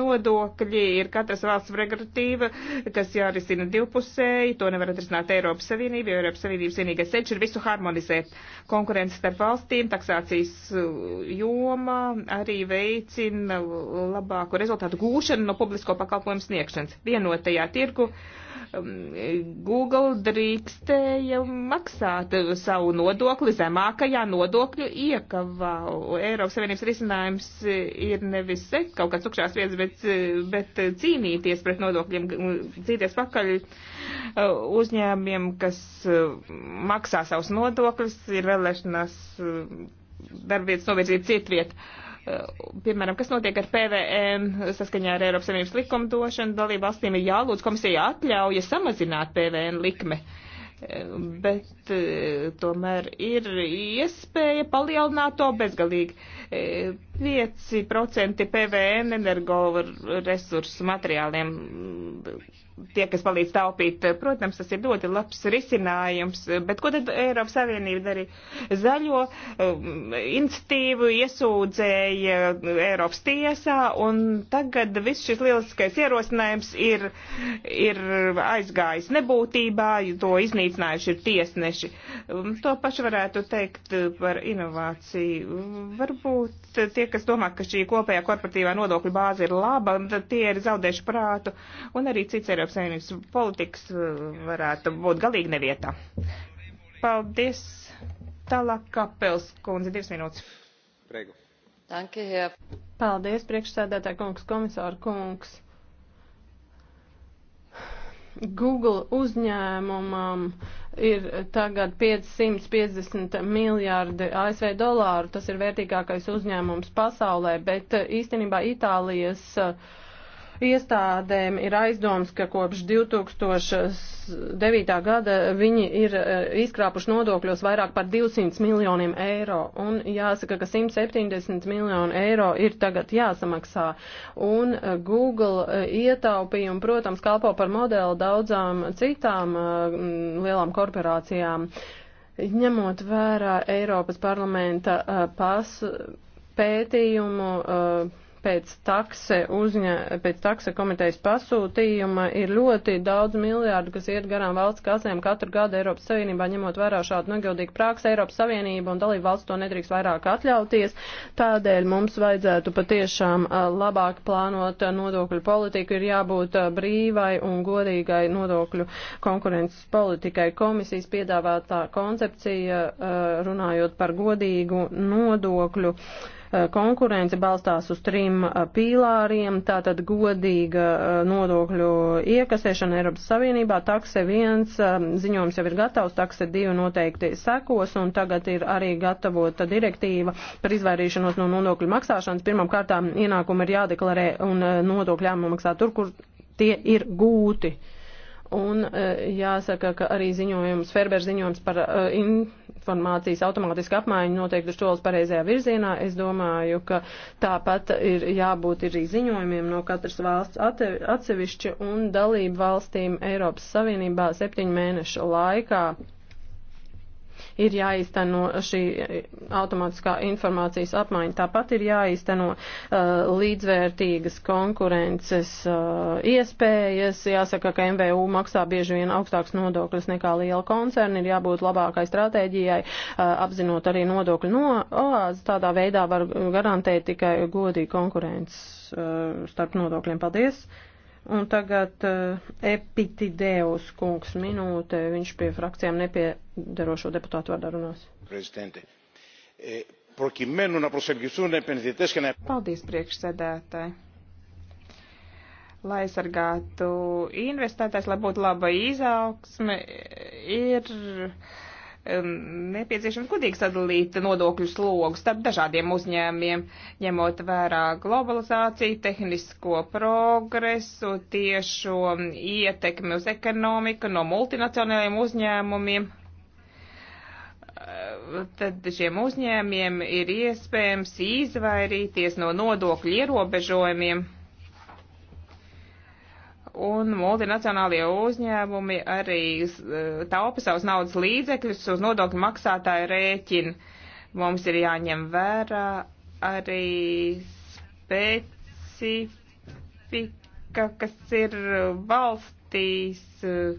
Nodokļi ir katras valsts regulatīva, kas jārisina divpusēji, to nevar atrisināt Eiropas Savienība, jo Eiropas Savienības vienīgais ceļš ir visu harmonizēt. Konkurences starp valstīm taksācijas uh, joma arī veicina labāku rezultātu gūšanu no publisko pakalpojumu sniegšanas. Vienotajā tirgu um, Google drīkstēja maksāt savu nodokli zemākajā nodokļu iekavā. Eiropas Savienības risinājums ir nevis kaut kāds tukšās vietas, bet, bet cīnīties pret nodokļiem, cīnīties pakaļ Uh, uzņēmiem, kas uh, maksā savus nodokļus, ir vēlēšanās uh, darbvietas novirzīt citvietu. Piemēram, kas notiek ar PVN saskaņā ar Eiropas Savienības likumdošanu, dalību valstīm ir jālūdz komisija atļauja samazināt PVN likme bet tomēr ir iespēja palielināt to bezgalīgi. 5% PVN energoresursu materiāliem tie, kas palīdz taupīt. Protams, tas ir ļoti labs risinājums, bet ko tad Eiropas Savienība darīja? Zaļo institīvu iesūdzēja Eiropas tiesā, un tagad viss šis lieliskais ierosinājums ir, ir aizgājis nebūtībā, to iznīcinājuši ir tiesneši. To pašu varētu teikt par inovāciju. Varbūt tiek kas domā, ka šī kopējā korporatīvā nodokļa bāze ir laba, tad tie ir zaudējuši prātu, un arī cits Eiropas Savienības politikas eh, varētu būt galīgi nevietā. Paldies! Tālāk Kapels kundze, divas minūtes. Pregu. Danke, Herr. Paldies, priekšsēdētāja kungs, komisāra kungs. Google uzņēmumam. Um, ir tagad 550 miljārdi ASV dolāru. Tas ir vērtīgākais uzņēmums pasaulē, bet eh, īstenībā Itālijas uh, iestādēm ir aizdoms, ka kopš 2009. gada viņi ir e, izkrāpuši nodokļos vairāk par 200 miljoniem eiro. Un jāsaka, ka 170 miljoni eiro ir tagad jāsamaksā. Un e, Google e, ietaupījumi, protams, kalpo par modeli daudzām citām lielām korporācijām. Ņemot vērā Eiropas parlamenta pas, pētījumu, uh, pēc takse, uzņa, pēc takse komitejas pasūtījuma ir ļoti daudz miljārdu, kas iet garām valsts kasēm katru gadu Eiropas Savienībā, ņemot vērā šādu negaudīgu prāks Eiropas Savienību un dalību valsts to nedrīkst vairāk atļauties. Tādēļ mums vajadzētu patiešām labāk plānot nodokļu politiku, ir jābūt brīvai un godīgai nodokļu konkurences politikai. Komisijas piedāvātā koncepcija runājot par godīgu nodokļu. Uh, Eh, konkurence balstās uz trim eh, pīlāriem, tātad godīga eh, nodokļu iekasēšana Eiropas Savienībā, takse viens ziņojums jau ir gatavs, takse divi noteikti sekos, un tagad ir arī gatavota direktīva par izvairīšanos no nodokļu maksāšanas. Pirmam kārtām ienākumi ir jādeklarē un nodokļi jāmaksā tur, kur tie ir gūti. Un jāsaka, ka arī ziņojums, Ferber ziņojums par in, informācijas automātiska apmaiņa noteikti ir solis pareizajā virzienā. Es domāju, ka tāpat ir jābūt arī ziņojumiem no katras valsts atsevišķi un dalību valstīm Eiropas Savienībā septiņu mēnešu laikā ir jāizteno šī automātiskā informācijas apmaiņa. Tāpat ir jāizteno uh, līdzvērtīgas konkurences uh, iespējas. Jāsaka, ka MVU maksā bieži vien augstāks nodokļus nekā liela koncerna. Ir jābūt labākai stratēģijai, uh, apzinot arī nodokļu no oāzes. Tādā veidā var garantēt tikai godīgu konkurences uh, starp nodokļiem. Paldies! Un tagad uh, Epitideus kungs minūte, viņš pie frakcijām nepiedarošo deputātu vārdā runās. Prezidente, προκειμένου να προσελκυθούν επενδυτές και να... Paldies, priekšsēdētāji. Lai aizsargātu investētājs, lai būtu laba izaugsme, ir Um, nepieciešams godīgi sadalīt nodokļu slogu starp dažādiem uzņēmiem, ņemot vērā globalizāciju, tehnisko progresu, tiešo ietekmi uz ekonomiku no multinacionālajiem uzņēmumiem. Uh, tad šiem uzņēmiem ir iespējams izvairīties no nodokļu ierobežojumiem un multinacionālie uzņēmumi arī eh, taupa savus naudas līdzekļus uz nodokļu maksātāju rēķinu. Mums ir jāņem vērā arī specifika, kas ir valstīs. Eh,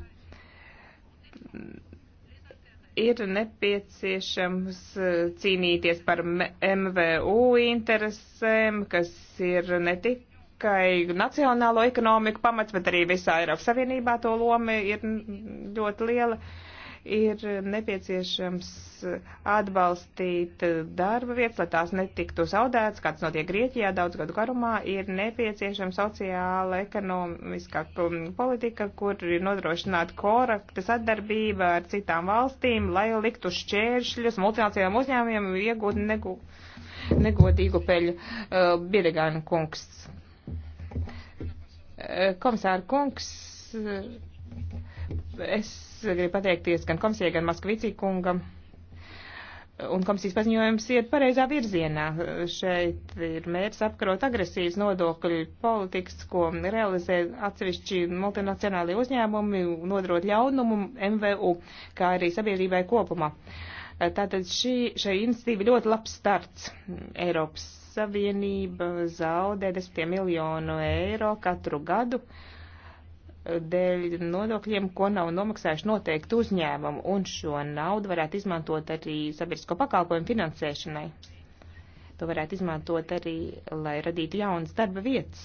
ir nepieciešams eh, cīnīties par MVU interesēm, kas ir ne tik tikai nacionālo ekonomiku pamats, bet arī visā Eiropas Savienībā to loma ir ļoti liela. Ir nepieciešams atbalstīt darba vietas, lai tās netiktu zaudētas, kāds notiek Grieķijā daudz gadu garumā. Ir nepieciešama sociāla, ekonomiskā politika, kur ir nodrošināta korekta sadarbība ar citām valstīm, lai liktu šķēršļus multinacionāliem uzņēmumiem iegūt negodīgu peļu. Uh, Biedegāna kungs. Eh, komisāra kungs, eh, es gribu pateikties gan komisijai, gan Maskvicī kungam. Un komisijas paziņojums iet pareizā virzienā. Šeit ir mērķis apkarot agresīvas nodokļu politikas, ko realizē atsevišķi multinacionālie uzņēmumi, nodrot ļaunumu MVU, kā arī sabiedrībai kopumā. Eh, tātad šī, šai institīva ļoti labs starts Eiropas Savienība zaudē desmitiem miljonu eiro katru gadu eh, dēļ nodokļiem, ko nav nomaksājuši noteikti uzņēmumu, un šo naudu varētu izmantot arī sabiedrisko pakalpojumu finansēšanai. To varētu izmantot arī, lai radītu jaunas darba vietas.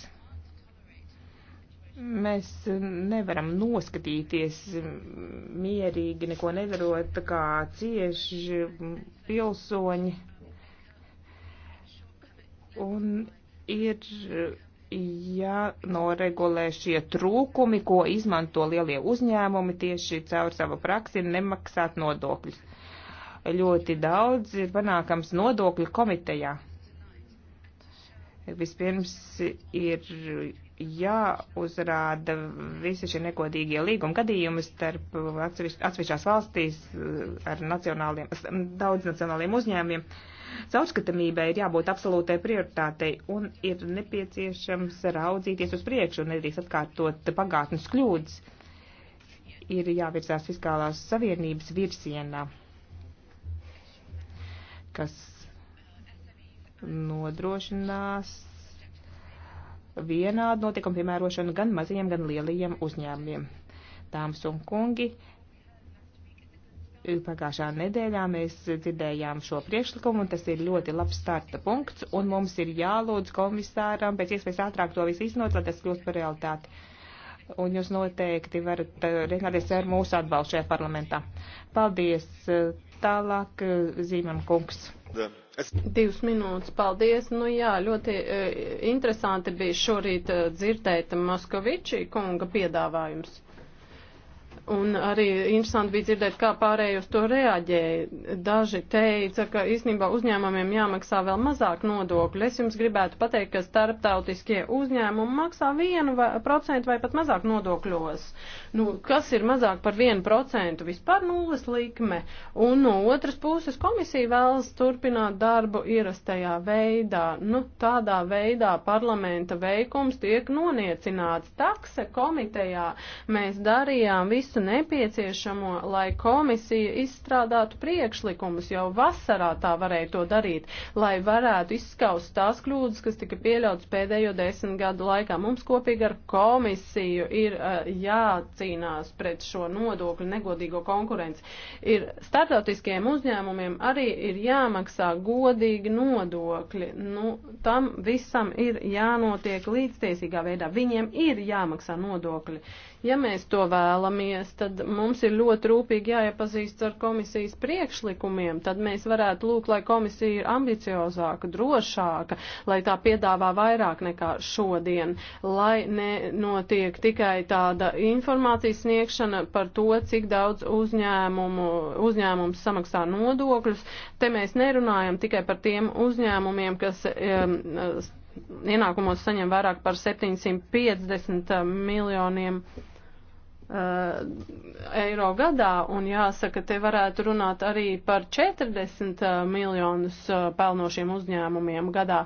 Mēs nevaram noskatīties mm, mierīgi, neko nedarot, kā cieši pilsoņi Un ir e, jānoregulē šie trūkumi, ko izmanto lielie uzņēmumi tieši caur savu praksi nemaksāt nodokļus. Ļoti daudz ir panākams nodokļu komitejā. Vispirms ir jāuzrāda visi šie nekodīgie līguma gadījumi starp atsevišķās valstīs e, ar nacionāliem, daudz nacionāliem uzņēmumiem. Uh, Caurskatamībai ir jābūt absolūtai prioritātei un ir nepieciešams raudzīties uz priekšu un nedrīkst atkārtot pagātnes kļūdas. Ir jāvirzās fiskālās savienības virsienā, kas nodrošinās vienādu notikumu piemērošanu gan mazajiem, gan lielajiem uzņēmumiem. Dāmas un kungi, Pagājušā nedēļā mēs dzirdējām šo priekšlikumu, un tas ir ļoti labs starta punkts, un mums ir jālūdz komisāram pēc iespējas ātrāk to visu iznot, lai tas kļūst par realitāti. Un jūs noteikti varat eh, rēķināties ar mūsu atbalstu šajā parlamentā. Paldies. Eh, tālāk eh, Zīmam kungs. Da. Es... Divas minūtes, paldies. Nu jā, ļoti uh, interesanti bija šorīt uh, dzirdēt Moskovičī kunga piedāvājums. Un arī interesanti bija dzirdēt, kā pārējie uz to reaģēja. Daži teica, ka īstenībā uzņēmumiem jāmaksā vēl mazāk nodokļu. Es jums gribētu pateikt, ka starptautiskie uzņēmumi maksā 1% vai pat mazāk nodokļos. Nu, kas ir mazāk par 1%? Vispār nulles likme. Un no otras puses komisija vēlas turpināt darbu ierastajā veidā. Nu, tādā veidā parlamenta veikums tiek noniecināts. Takse komitejā mēs darījām visu visu nepieciešamo, lai komisija izstrādātu priekšlikumus. Jau vasarā tā varēja to darīt, lai varētu izskaust tās kļūdas, kas tika pieļautas pēdējo desmit gadu laikā. Mums kopīgi ar komisiju ir uh, jācīnās pret šo nodokļu negodīgo konkurenci. Ir startautiskiem uzņēmumiem arī ir jāmaksā godīgi nodokļi. Nu, tam visam ir jānotiek līdztiesīgā veidā. Viņiem ir jāmaksā nodokļi. Uh, Ja mēs to vēlamies, tad mums ir ļoti rūpīgi jāiepazīst ar komisijas priekšlikumiem, tad mēs varētu lūgt, lai komisija ir ambiciozāka, drošāka, lai tā piedāvā vairāk nekā šodien, lai nenotiek tikai tāda informācijas sniegšana par to, cik daudz uzņēmumu, uzņēmums samaksā nodokļus. Te mēs nerunājam tikai par tiem uzņēmumiem, kas um, ienākumos saņem vairāk par 750 miljoniem uh, eiro gadā, un jāsaka, te varētu runāt arī par 40 eh, miljonus uh, eh, pelnošiem uzņēmumiem gadā,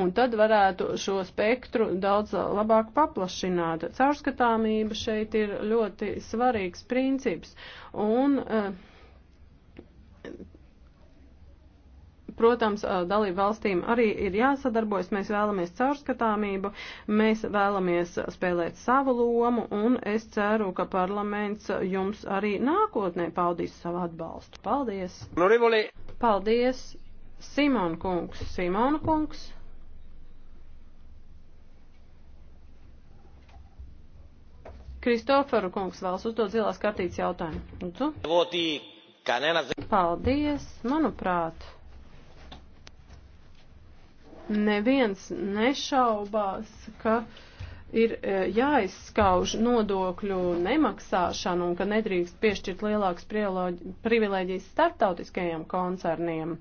un tad varētu šo spektru daudz labāk paplašināt. Caurskatāmība šeit ir ļoti svarīgs princips, un uh, Protams, dalību valstīm arī ir jāsadarbojas. Mēs vēlamies caurskatāmību, mēs vēlamies spēlēt savu lomu, un es ceru, ka parlaments jums arī nākotnē paudīs savu atbalstu. Paldies! Paldies, Simon kungs! Simon kungs! Kristoferu kungs vēlas uzdot zilās kartītes jautājumu. Lūdzu. Paldies, manuprāt neviens nešaubās, ka ir e, jāizskauž nodokļu nemaksāšanu un ka nedrīkst piešķirt lielākas privilēģijas starptautiskajiem koncerniem.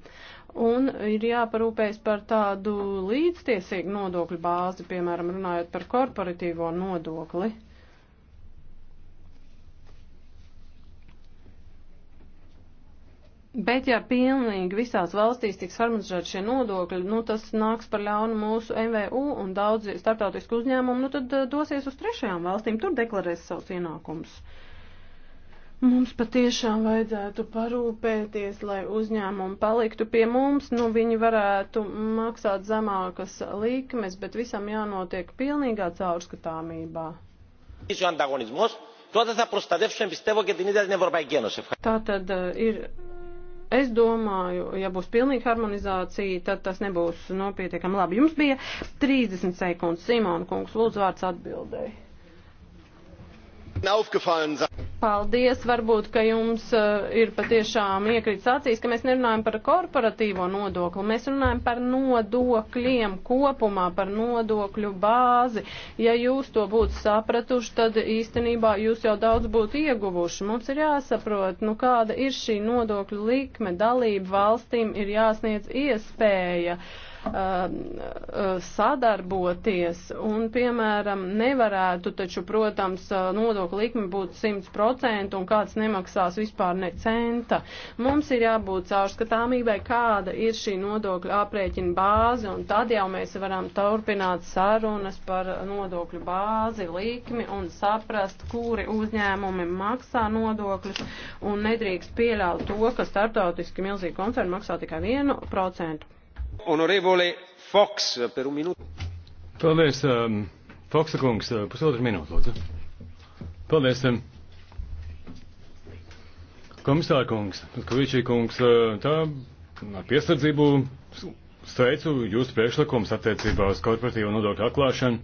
Un ir jāparūpējas par tādu līdztiesīgu nodokļu bāzi, piemēram, runājot par korporatīvo nodokli. Bet ja pilnīgi visās valstīs tiks harmonizēti šie nodokļi, nu tas nāks par ļaunu mūsu MVU un daudzi starptautisku uzņēmumu, nu tad eh, dosies uz trešajām valstīm, tur deklarēs savus ienākumus. Mums patiešām vajadzētu parūpēties, lai uzņēmumi paliktu pie mums. Nu, viņi varētu maksāt zemākas likmes, bet visam jānotiek pilnīgā caurskatāmībā. Tātad ir es domāju, ja būs pilnīga harmonizācija, tad tas nebūs nopietiekami labi. Jums bija 30 sekundes, Simona kungs, lūdzu vārds atbildēji. Paldies, varbūt, ka jums eh, ir patiešām iekrits acīs, ka mēs nerunājam par korporatīvo nodokli, mēs runājam par nodokļiem kopumā, par nodokļu bāzi. Ja jūs to būtu sapratuši, tad īstenībā jūs jau daudz būtu ieguvuši. Mums ir jāsaprot, nu kāda ir šī nodokļu likme, dalība valstīm ir jāsniedz iespēja. Uh, Um, uh, sadarboties un, piemēram, nevarētu taču, protams, uh, nodokļu likme būtu 100% un kāds nemaksās vispār ne centa. Mums ir jābūt caurskatāmībai, kāda ir šī nodokļu aprēķina bāze un tad jau mēs varam turpināt sarunas par nodokļu bāzi, likmi un saprast, kuri uzņēmumi maksā nodokļus un nedrīkst pieļaut to, ka starptautiski milzīgi koncerni maksā tikai 1%. Honorevole Fox, per un minūtu. Paldies, um, Foksa kungs, uh, pusotru minūtu, lūdzu. Paldies. Um, Komisāra kungs, Kavičī kungs, uh, tā ar piesardzību sveicu jūsu priekšlikums attiecībā uz korporatīvo nodokļu atklāšanu.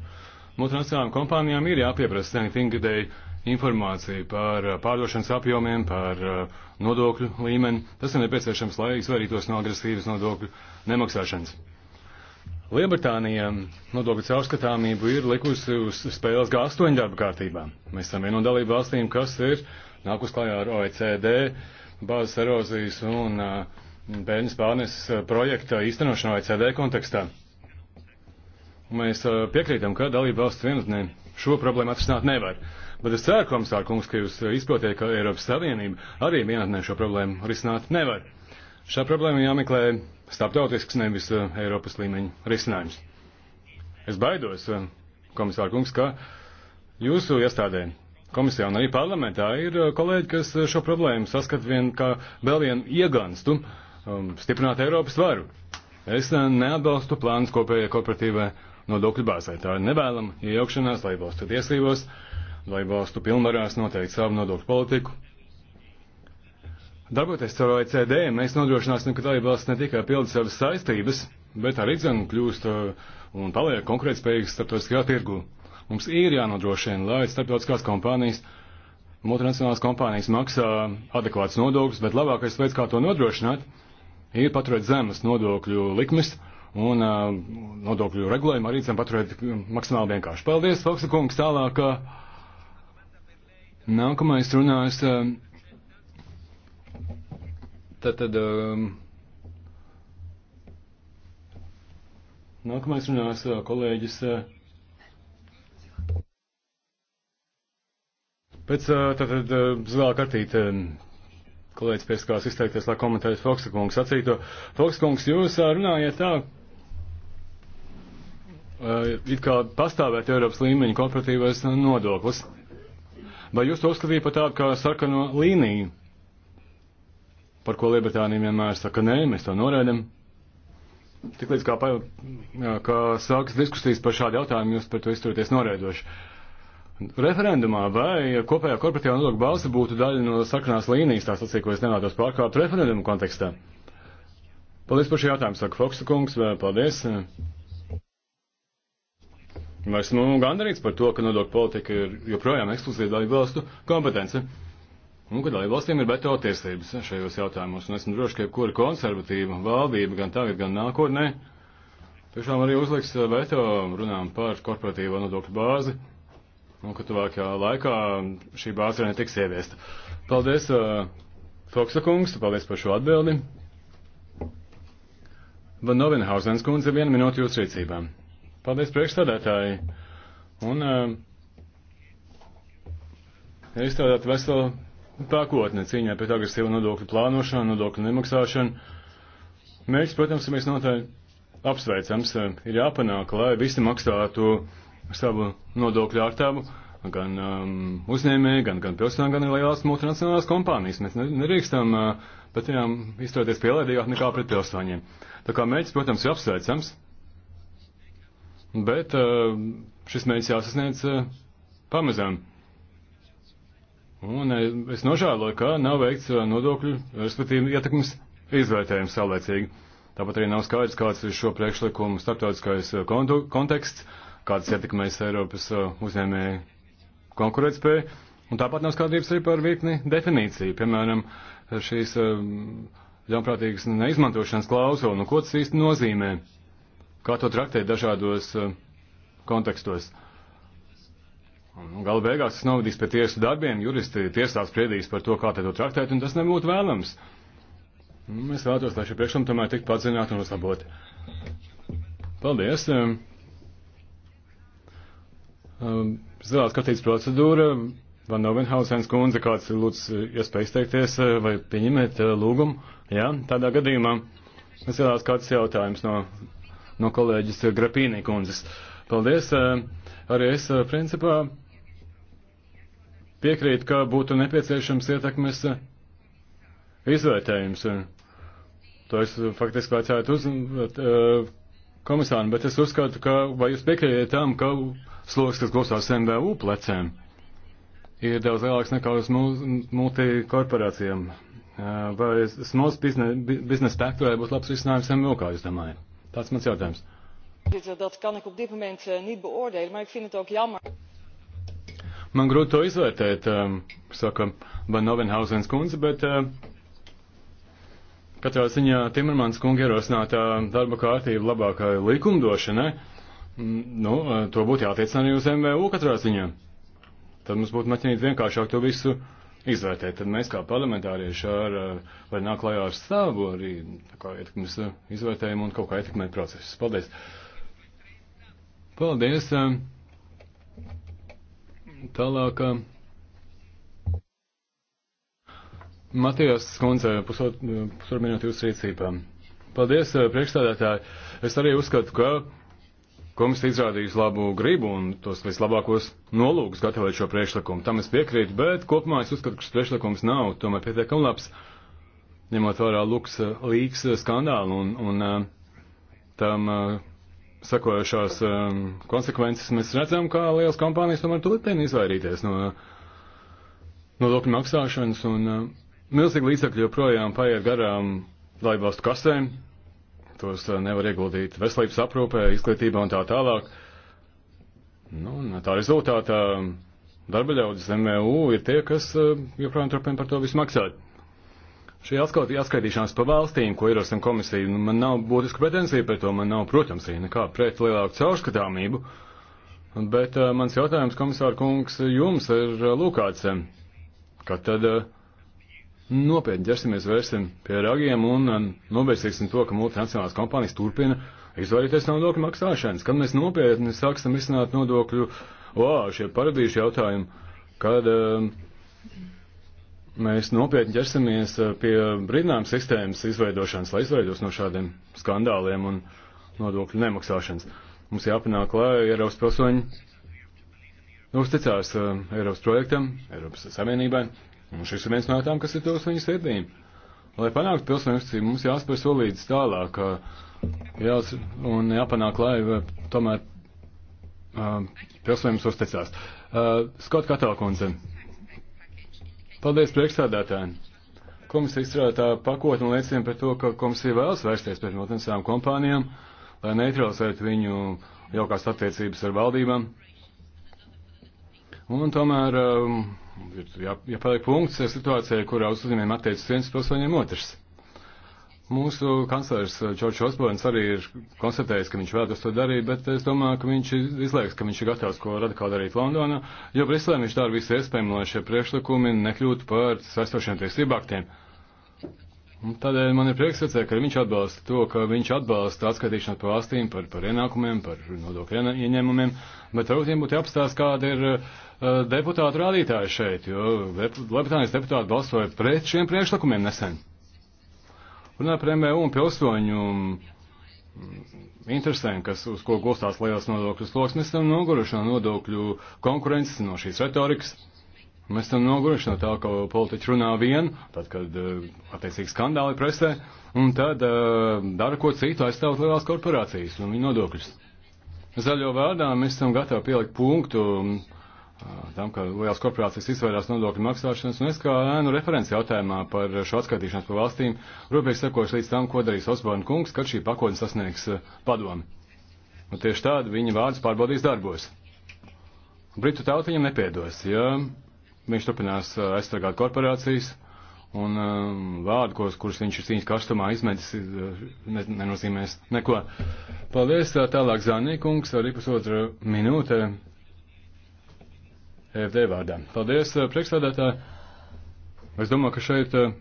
Multinacionālām kompānijām ir jāpieprasa Think Day informācija par uh, pārdošanas apjomiem, par nodokļu līmeni. Tas ir nepieciešams, lai izvairītos no agresīvas nodokļu nemaksāšanas. Lielbritānija nodokļu caurskatāmību ir likusi uz spēles G8 darba kārtībā. Mēs esam viena no dalību valstīm, kas ir nākus klājā ar OECD, bāzes erozijas un uh, bērnu spārnes uh, projekta īstenošanu OECD kontekstā. Mēs uh, piekrītam, ka dalību valsts vienotnē šo problēmu atrisināt nevar. Bet es ceru, komisār kungs, ka jūs izprotiet, ka Eiropas Savienība arī vienotnē šo problēmu risināt nevar. Šā problēma jāmeklē starptautisks, nevis eh, Eiropas līmeņa risinājums. Es baidos, eh, komisāra kungs, ka jūsu iestādē, komisijā un arī parlamentā ir eh, kolēģi, kas šo problēmu saskat vien kā vēl vienu ieganstu um, stiprināt Eiropas varu. Es neatbalstu plānus kopējai kooperatīvai nodokļu bāzē. Tā ir nevēlama iejaukšanās, lai balstu tiesībos, lai balstu pilnvarās noteikt savu nodokļu politiku. Darboties caur OECD, mēs nodrošināsim, ka dalībvalsts ne tikai pilda savas saistības, bet arī dzen kļūst uh, un paliek konkurētspējīgs starptautiskajā tirgu. Mums ir jānodrošina, lai starptautiskās kompānijas, multinacionālās kompānijas maksā adekvāts nodokļus, bet labākais veids, kā to nodrošināt, ir paturēt zemes nodokļu likmes un uh, nodokļu regulējumu arī zem paturēt maksimāli vienkārši. Paldies, Foksa kungs, tālāk. Uh, nākamais runās. Uh, Tad, tad um, nākamais runās uh, kolēģis. Uh, pēc uh, tad, tad zilā kartīte um, kolēģis pieskās izteikties, lai komentētu Foksa kungs sacīto. Foksa kungs, jūs runājat tā, it kā pastāvēt Eiropas līmeņa kooperatīvais nodoklis. Vai jūs to uzskatījāt par tādu kā sarkano līniju? par ko Lielbritānija vienmēr saka, nē, mēs to noraidam. Tiklīdz kā, pa, kā sākas diskusijas par šādu jautājumu, jūs par to izturieties noraidoši. Referendumā vai kopējā korporatīvā nodokļa balsa būtu daļa no sarkanās līnijas, tās atsīk, ko es nevēlos pārkāpt referendumu kontekstā? Paldies par šo jautājumu, saka Foksa kungs, paldies. Esmu nu, gandarīts par to, ka nodokļu politika ir joprojām ekskluzīva dalību valstu kompetence. Un, ka dalībvalstīm ir veto tiesības šajos jautājumos, un esmu droši, ka jebkura konservatīva valdība, gan tagad, gan nākotnē, tiešām arī uzliks veto, runām par korporatīvo nodokļu bāzi, un ka tuvākajā laikā šī bāze arī netiks ieviesta. Paldies, uh, Foksa kungs, paldies par šo atbildi. Van Novenhausens kundze, viena minūte jūsu rīcībām. Paldies priekšstādētāji. Un uh, eh, ir izstrādāta vesela pakotne cīņā pret agresīvu nodokļu plānošanu, nodokļu nemaksāšanu. Mērķis, protams, mēs noteikti apsveicams, ir jāpanāk, lai visi maksātu savu nodokļu ārtavu, gan um, uzņēmēji, gan, gan pilsētā, gan lielās multinacionālās kompānijas. Mēs nerīkstam uh, pret viņām izturēties pielaidīgāk nekā pret pilsoņiem. Tā kā mērķis, protams, ir apsveicams, bet uh, šis mērķis jāsasniedz uh, pamazām. Un eh, es nožēloju, ka nav veikts eh, nodokļu, respektīvi, ietekmes izvērtējums saulēcīgi. Tāpat arī nav skaidrs, kāds ir šo priekšlikumu starptautiskais eh, kontu, konteksts, kādas ietekmēs Eiropas uzņēmēju konkurētspēju. Un tāpat nav skaidrības arī par virkni definīciju, piemēram, šīs ļaunprātīgas neizmantošanas klauzulu. Nu, ko tas īsti nozīmē? Kā to traktēt dažādos kontekstos? Uh, Un galu beigās tas novadīs pie tiesu darbiem, juristi tiesā spriedīs par to, kā te to traktēt, un tas nebūtu vēlams. Un nu, mēs vēlētos, lai šie priekšlikumi tomēr tiktu padziļināti un uzlaboti. Paldies! Zilās kartītes procedūra. Van Novenhausens kundze, kāds lūdzu eh, iespēja izteikties eh, vai pieņemiet eh, lūgumu? Jā, tādā gadījumā zilās kartītes jautājums no, no kolēģis Grapīnī kundzes. Paldies! Arī es principā piekrīt, ka būtu nepieciešams ietekmes eh, izvērtējums. Un to es faktiski vajadzētu uzzināt eh, komisāram, bet es uzskatu, ka vai jūs piekrītat tam, ka sloks, kas gūstās MVU plecēm, ir daudz lielāks nekā uz multikorporācijām. Eh, vai smalls biznesa sektorē būs labs risinājums MVU, kā jūs domājat? Tāds mans jautājums. Dat kan ik op dit moment niet beoordelen, maar ik vind het ook jammer. Man grūti to izvērtēt, um, saka Van Novenhausens kundze, bet uh, katrā ziņā Timermans kunga ierosinātā darba kārtība labākai likumdošanai, mm, nu, uh, to būtu jātiecina arī uz MVU katrā ziņā. Tad mums būtu maķinīt vienkāršāk to visu izvērtēt. Tad mēs kā parlamentārieši ar, vai uh, nāk klajā ar stāvu arī kā ietekmes uh, izvērtējumu un kaut kā ietekmēt procesus. Paldies! Paldies! Uh, Tālāk. Matijas skundze, pusotru pusot minūti jūsu rīcībā. Paldies, eh, priekšstādātāji. Es arī uzskatu, ka komisija izrādījis labu gribu un tos vislabākos nolūkus gatavot šo priekšlikumu. Tam es piekrītu, bet kopumā es uzskatu, ka šis priekšlikums nav tomēr pietiekami labs, ņemot vērā Luks Līks eh, skandālu un, un eh, tam. Uh, sekojušās um, konsekvences, mēs redzam, kā liels kompānijas tomēr turpina izvairīties no nodokļu maksāšanas, un uh, milzīgi līdzekļi joprojām paiet garām laivvalstu kasēm, tos uh, nevar ieguldīt veselības aprūpē, izglītībā un tā tālāk. Nu, un tā rezultātā darba ļaudis MEU ir tie, kas uh, joprojām turpina par to visu maksāt. Šī atskaitīšanās pa valstīm, ko ierosina komisija, nu, man nav būtiska pretensija pret to, man nav, protams, arī nekā pret lielāku caurskatāmību, bet uh, mans jautājums, komisāra kungs, jums ir uh, eh, lūkāts, eh, ka tad uh, nopietni ķersimies vērsim pie ragiem un uh, novērsīsim to, ka multinacionālās kompānijas turpina izvairīties no nodokļu maksāšanas, kad mēs nopietni sāksim izsināt nodokļu, o, šie paradīšu jautājumi, kad. Uh, mēs nopietni ķersimies eh, pie brīdinājuma sistēmas izveidošanas, lai izveidos no šādiem skandāliem un nodokļu nemaksāšanas. Mums jāpanāk, lai Eiropas pilsoņi uzticās eh, Eiropas projektam, Eiropas Savienībai, un šis ir viens no tām, kas ir tos viņu sirdīm. Lai panāktu pilsoņu uzticību, mums jāspēr solīdz tālāk, eh, jā, un jāpanāk, lai tomēr pilsoņiem uzticās. Skot Katalkundze. Paldies, priekšstādātāji! Komisija izstrādā pakotni liecina par to, ka komisija vēlas vērsties pret multinacionālām kompānijām, lai neutralizētu viņu jaukās attiecības ar valdībām. Un tomēr um, ir jā, jāpaliek punkts situācijai, kurā uz uzņēmējiem attiecas viens pilsoņiem otrs. Mūsu kanclers Čorčs eh, Osborns arī ir konstatējis, ka viņš vēlas to darīt, bet es domāju, ka viņš izliekas, ka viņš ir gatavs ko radikāli darīt Londonā, jo Briselē viņš dara visu iespējamo, lai šie priekšlikumi nekļūtu par saistošiem tiesību aktiem. Tādēļ man ir prieks redzēt, ka viņš atbalsta to, ka viņš atbalsta atskaitīšanos par valstīm, par, par ienākumiem, par nodokļu ieņēmumiem, bet varbūt viņiem būtu jāpastāst, kāda ir uh, deputātu rādītāja šeit, jo Lietuvānijas deputāti balsoja pret šiem priekšlikumiem nesen. Runā par MVU un pilsoņu mm, interesēm, kas uz ko gulstās liels nodokļu sloks. Mēs esam noguruši no nodokļu konkurences, no šīs retorikas. Mēs esam noguruši no tā, ka politiķi runā vien, tad, kad eh, attiecīgi skandāli presē, un tad uh, dara ko citu aizstāvot lielās korporācijas un viņu nodokļus. Zaļo vārdā mēs esam gatavi pielikt punktu mm, tam, ka liels korporācijas izvairās nodokļu maksāšanas, un es kā ēnu referents jautājumā par šo atskaitīšanos pa valstīm rūpīgi sekošu līdz tam, ko darīs Osborna kungs, kad šī pakotne sasniegs eh, padomu. Un tieši tādu viņa vārdus pārbaudīs darbos. Britu tauta viņam nepiedos, ja viņš turpinās eh, aizsargāt korporācijas, un eh, vārdu, kurus, kurus viņš ir cīņas karstumā izmetis, ne, nenozīmēs neko. Paldies, tālāk Zānīkungs, arī pusotra minūte. FD vārdā. Paldies, eh, priekšstādātāji. Es domāju, ka šeit. Eh,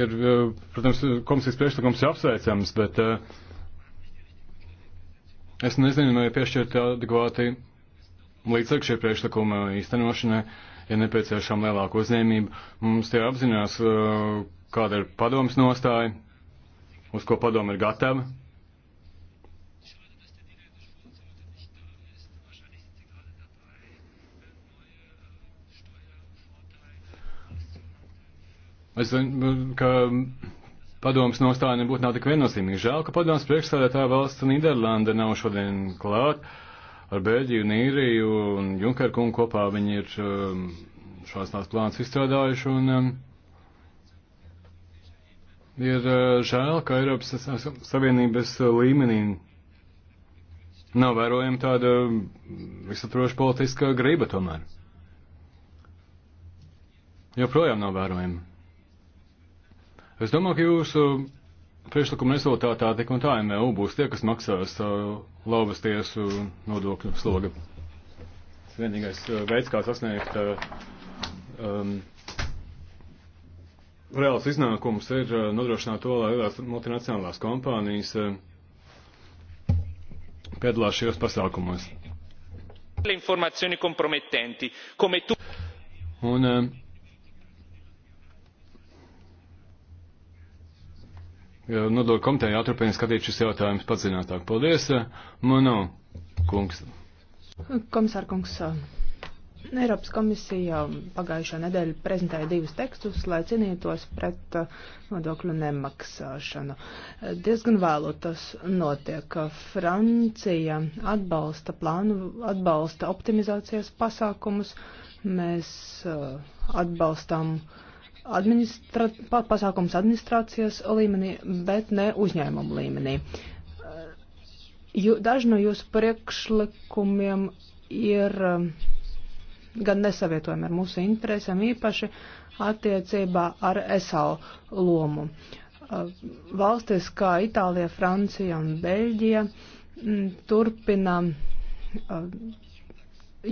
ir, eh, protams, komisijas priekšlikums ir apsveicams, bet es nezinu, vai piešķirt adekvāti līdzekļu šie priekšlikuma īstenošanai ir nepieciešama lielāka uzņēmība. Mums tie apzinās, kāda ir padomas nostāja, uz ko padoma ir gatava. Es zinu, ka padomas nostāja nebūtu nav tik viennozīmīga. Žēl, ka padomas priekšsēdētāja valsts Nīderlanda nav šodien klāt ar Bēļģiju un Īriju un Junkeru kungu kopā. Viņi ir um, šās tās plāns izstrādājuši un um, ir uh, žēl, ka Eiropas Savienības līmenī nav vērojama tāda um, visaptroša politiska griba tomēr. Joprojām nav vērojama. Es domāju, ka jūsu priekšlikuma rezultātā tik un tā MVU būs tie, kas maksās uh, lauvas tiesu nodokļu sloga. Tas vienīgais uh, veids, kā sasniegt uh, um, reāls iznākums, ir uh, nodrošināt to, lai lielās multinacionālās kompānijas uh, piedalās šajos pasākumos. Un, uh, nodokļu komiteja jāturpina skatīt šis jautājums padziļinātāk. Paldies, Manu kungs. Komisār kungs, Eiropas komisija pagājušā nedēļa prezentēja divus tekstus, lai cīnītos pret uh, nodokļu nemaksāšanu. Diezgan vēlu tas notiek. Francija atbalsta plānu, atbalsta optimizācijas pasākumus. Mēs atbalstam uh, administra pasākums administrācijas līmenī, bet ne uzņēmumu līmenī. Daži no jūsu priekšlikumiem ir gan nesavietojami ar mūsu interesēm, īpaši attiecībā ar SAO lomu. Valstis kā Itālija, Francija un Beļģija turpina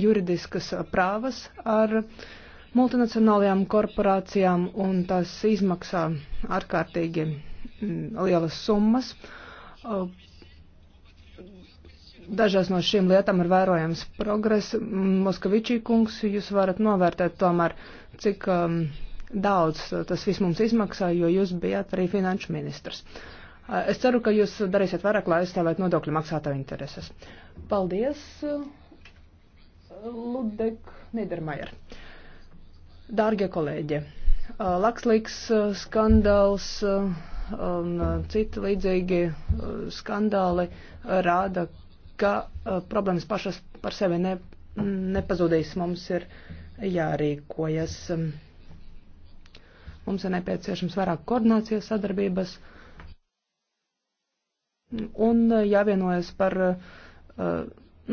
juridiskas prāvas ar uh, multinacionālajām korporācijām, un tas izmaksā ārkārtīgi mm, lielas summas. Uh, dažās no šīm lietām ir vērojams progress. Mm, Moskavičī kungs, jūs varat novērtēt tomēr, cik um, daudz tas viss mums izmaksā, jo jūs bijāt arī finanšu ministrs. Uh, es ceru, ka jūs darīsiet vairāk, lai aizstāvētu nodokļu maksātāju intereses. Paldies, uh, Ludek Niedermajer. Uh, Dārgie kolēģi, Lakslīks skandāls un citi līdzīgi skandāli rāda, ka problēmas pašas par sevi ne, nepazudīs. Mums ir jārīkojas. Mums ir nepieciešams vairāk koordinācijas sadarbības un jāvienojas par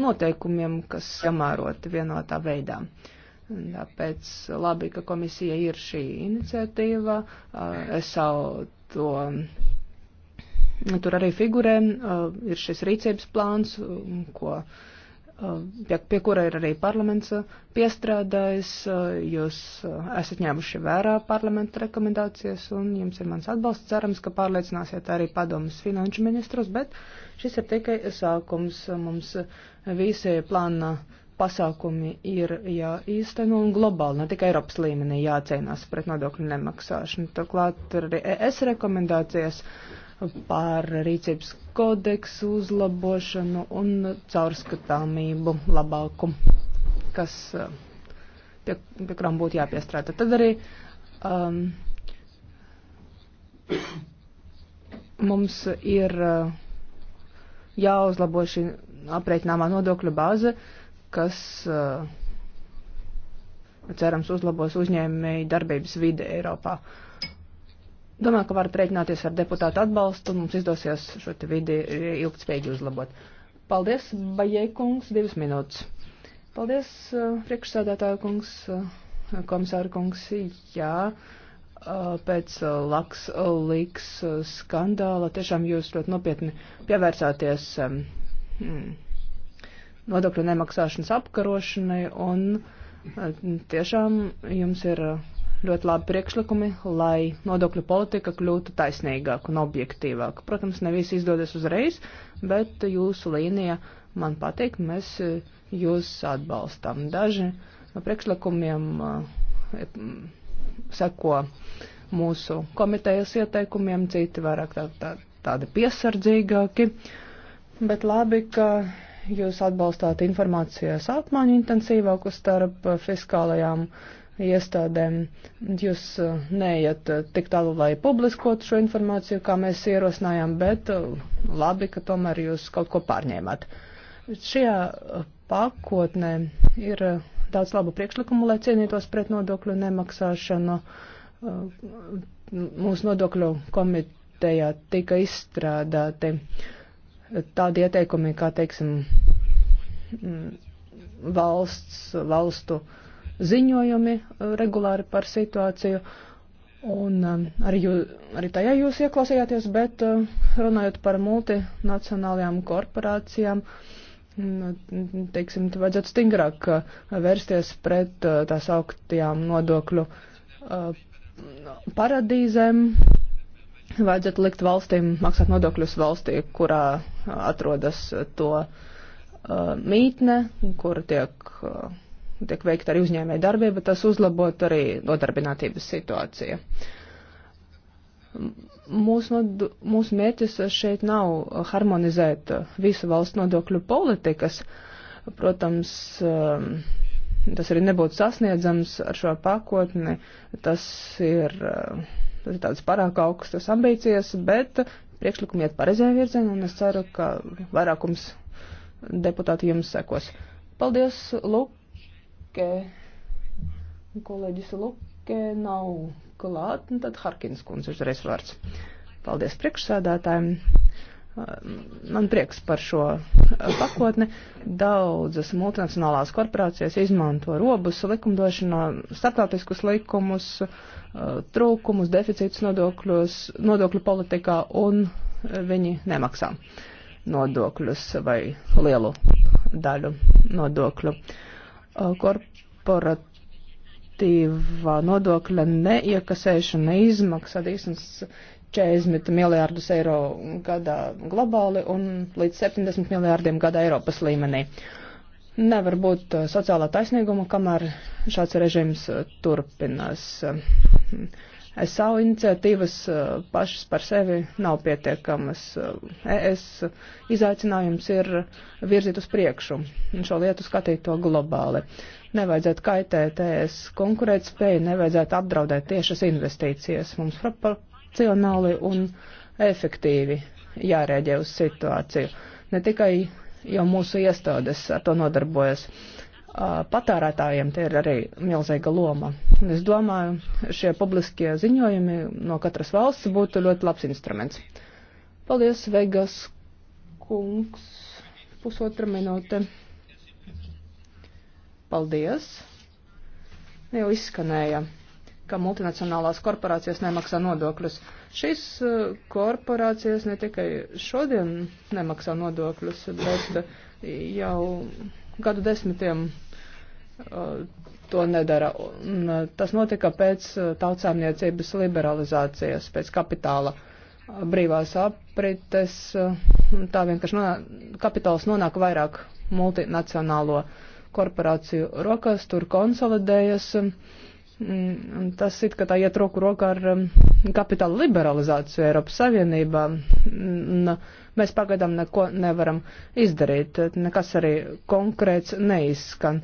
noteikumiem, kas samāroti vienotā veidā. Uh, Tāpēc labi, ka komisija ir šī iniciatīva. Eh, es savu to. Tur arī figurē eh, ir šis rīcības plāns, um, ko, eh, pie, pie kura ir arī parlaments piestrādājis. Jūs esat ņēmuši vērā parlamenta rekomendācijas un jums ir mans atbalsts. Cerams, ka pārliecināsiet arī padomus finanšu ministrus, bet šis ir tikai sākums. Mums visi plāna pasākumi ir jāīsteno un globāli, ne tikai Eiropas līmenī jācīnās pret nodokļu nemaksāšanu. Turklāt ir arī ES rekomendācijas par rīcības kodeksu uzlabošanu un caurskatāmību labāku, kas pie, pie kurām būtu jāpiestrādā. Tad arī um, mums ir uh, jāuzlabo šī aprēķināmā nodokļu bāze. Uh, kas, eh, cerams, uzlabos uzņēmēju darbības vide Eiropā. Domāju, ka varat rēķināties ar deputātu atbalstu, un mums izdosies šo te vidi ilgtspējīgi uzlabot. Paldies, Bajēkungs, divas minūtes. Paldies, eh, priekšsēdētāju kungs, eh, komisāru kungs, jā pēc Laks Liks skandāla. Tiešām jūs ļoti nopietni pievērsāties mm, nodokļu nemaksāšanas apkarošanai, un eh, tiešām jums ir eh, ļoti labi priekšlikumi, lai nodokļu politika kļūtu taisnīgāka un objektīvāka. Protams, ne visi izdodas uzreiz, bet jūsu līnija man patīk, mēs eh, jūs atbalstam. Daži no priekšlikumiem seko mūsu komitejas ieteikumiem, citi vairāk tā, tā, tādi piesardzīgāki, bet labi, ka Jūs atbalstāt informācijas apmaiņu intensīvāku starp fiskālajām iestādēm. Jūs eh, neiet eh, tik tālu, lai publiskotu šo informāciju, kā mēs ierosinājām, bet eh, labi, ka tomēr jūs kaut ko pārņēmāt. Šajā pakotnē ir daudz labu priekšlikumu, lai cienītos pret nodokļu nemaksāšanu. Mūsu nodokļu komitejā tika izstrādāti uh, tādi ieteikumi, kā, teiksim, mm, valsts, valstu ziņojumi regulāri par situāciju. Un um, arī, jū, arī tajā jūs ieklausījāties, bet um, runājot par multinacionālajām korporācijām, mm, teiksim, vajadzētu stingrāk uh, vērsties pret uh, tās augtajām nodokļu uh, paradīzēm, vajadzētu likt valstīm maksāt nodokļus valstī, kurā uh, atrodas to uh, mītne, kur tiek, uh, tiek veikta arī uzņēmēja darbība, tas uzlabot arī nodarbinātības situāciju. Mūsu, nod, mūsu mērķis šeit nav harmonizēt visu valsts nodokļu politikas. Protams, uh, tas arī nebūtu sasniedzams ar šo pakotni. Tas ir. Uh, tādas pārāk augstas ambīcijas, bet priekšlikumi iet pareizajā virzienā, un es ceru, ka vairākums deputāti jums sekos. Paldies, Luke. Kolēģis Luke nav klāt, un tad Harkins kundze uzreiz vārds. Paldies priekšsēdētājiem. Man prieks par šo eh, pakotni. Daudzas multinacionālās korporācijas izmanto robus likumdošanā, startautiskus likumus, eh, trūkumus, deficītus nodokļos, nodokļu politikā, un viņi nemaksā nodokļus vai lielu daļu nodokļu. Eh, korporatīvā nodokļa neiekasēšana izmaksā 10 40 miljārdus eiro gadā globāli un līdz 70 miljārdiem gadā Eiropas līmenī. Nevar būt uh, sociālā taisnīguma, kamēr šāds režīms uh, turpinās. SAU iniciatīvas uh, pašas par sevi nav pietiekamas. ES izaicinājums ir virzīt uz priekšu un šo lietu skatīt to globāli. Nevajadzētu kaitēt ES konkurētspēju, nevajadzētu apdraudēt tiešas investīcijas. Mums par racionāli un efektīvi jārēģē uz situāciju. Ne tikai jau mūsu iestādes ar to nodarbojas. Patērētājiem te ir arī milzīga loma. Un es domāju, šie publiskie ziņojumi no katras valsts būtu ļoti labs instruments. Paldies, Vegas kungs. Pusotra minūte. Paldies. Jau izskanēja ka multinacionālās korporācijas nemaksā nodokļus. Šīs uh, korporācijas ne tikai šodien nemaksā nodokļus, bet uh, jau gadu desmitiem uh, to nedara. Un tas notika pēc tautsāmniecības liberalizācijas, pēc kapitāla brīvās aprites. Tā vienkārši nonāk, kapitāls nonāk vairāk multinacionālo korporāciju rokas, tur konsolidējas. Uh, Mm, un tas it kā tā iet roku rokā ar um, kapitāla liberalizāciju Eiropas Savienībā. Mm, un, nu, mēs pagaidām neko nevaram izdarīt. Nekas arī konkrēts neizskan.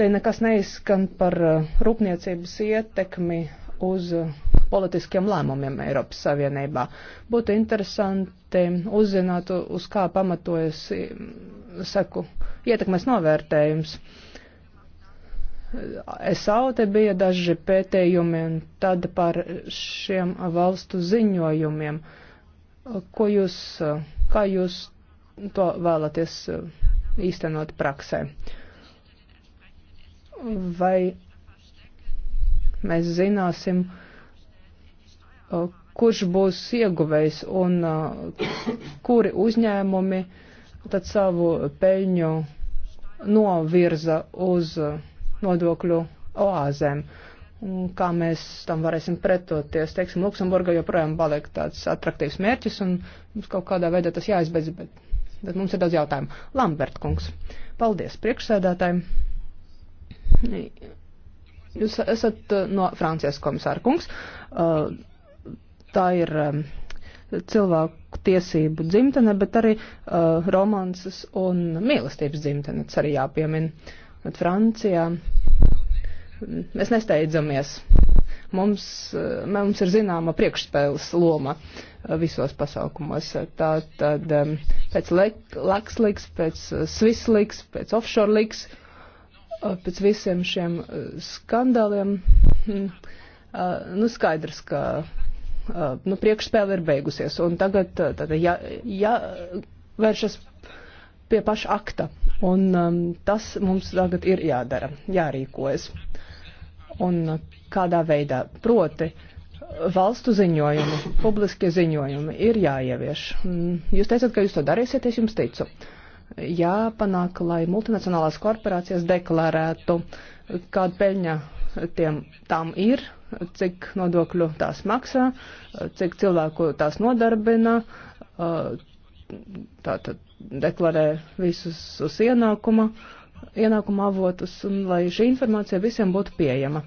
Te nekas neizskan par uh, rūpniecības ietekmi uz uh, politiskiem lēmumiem Eiropas Savienībā. Būtu interesanti uzzināt, uz kā pamatojas, saku, ietekmes novērtējums. Uh, SAU te bija daži pētījumi un tad par šiem valstu ziņojumiem. Ko jūs, kā jūs to vēlaties eh, īstenot praksē? Vai mēs zināsim, eh, kurš būs ieguvējs un eh, kuri uzņēmumi tad savu peļņu novirza uz uh, nodokļu oāzēm. Un kā mēs tam varēsim pretoties. Teiksim, Luksemburga joprojām paliek tāds attraktīvs mērķis, un mums kaut kādā veidā tas jāizbeidz, bet, bet mums ir daudz jautājumu. Lambert kungs, paldies priekšsēdētājiem. Jūs esat uh, no Francijas komisāra kungs. Uh, tā ir um, cilvēku tiesību dzimtene, bet arī uh, romanses un mīlestības dzimtene, tas arī jāpiemina bet Francijā mēs nesteidzamies. Mums, eh, mums ir zināma priekšspēles loma eh, visos pasaukumos. Tā tad eh, pēc Lakslīgs, pēc Svislīgs, pēc Offshore līgs, pēc visiem šiem skandāliem, hm, nu skaidrs, ka nu, priekšspēle ir beigusies. Un tagad tātad, ja, ja vēršas pie paša akta. Un um, tas mums tagad ir jādara, jārīkojas. Un uh, kādā veidā? Proti, valstu ziņojumi, publiskie ziņojumi ir jāievieš. Jūs teicat, ka jūs to darīsiet, es jums teicu. Jāpanāk, lai multinacionālās korporācijas deklarētu, kāda peļņa tiem tām ir, cik nodokļu tās maksā, cik cilvēku tās nodarbina, uh, tātad deklarē visus uz ienākuma, ienākuma avotus, un lai šī informācija visiem būtu pieejama.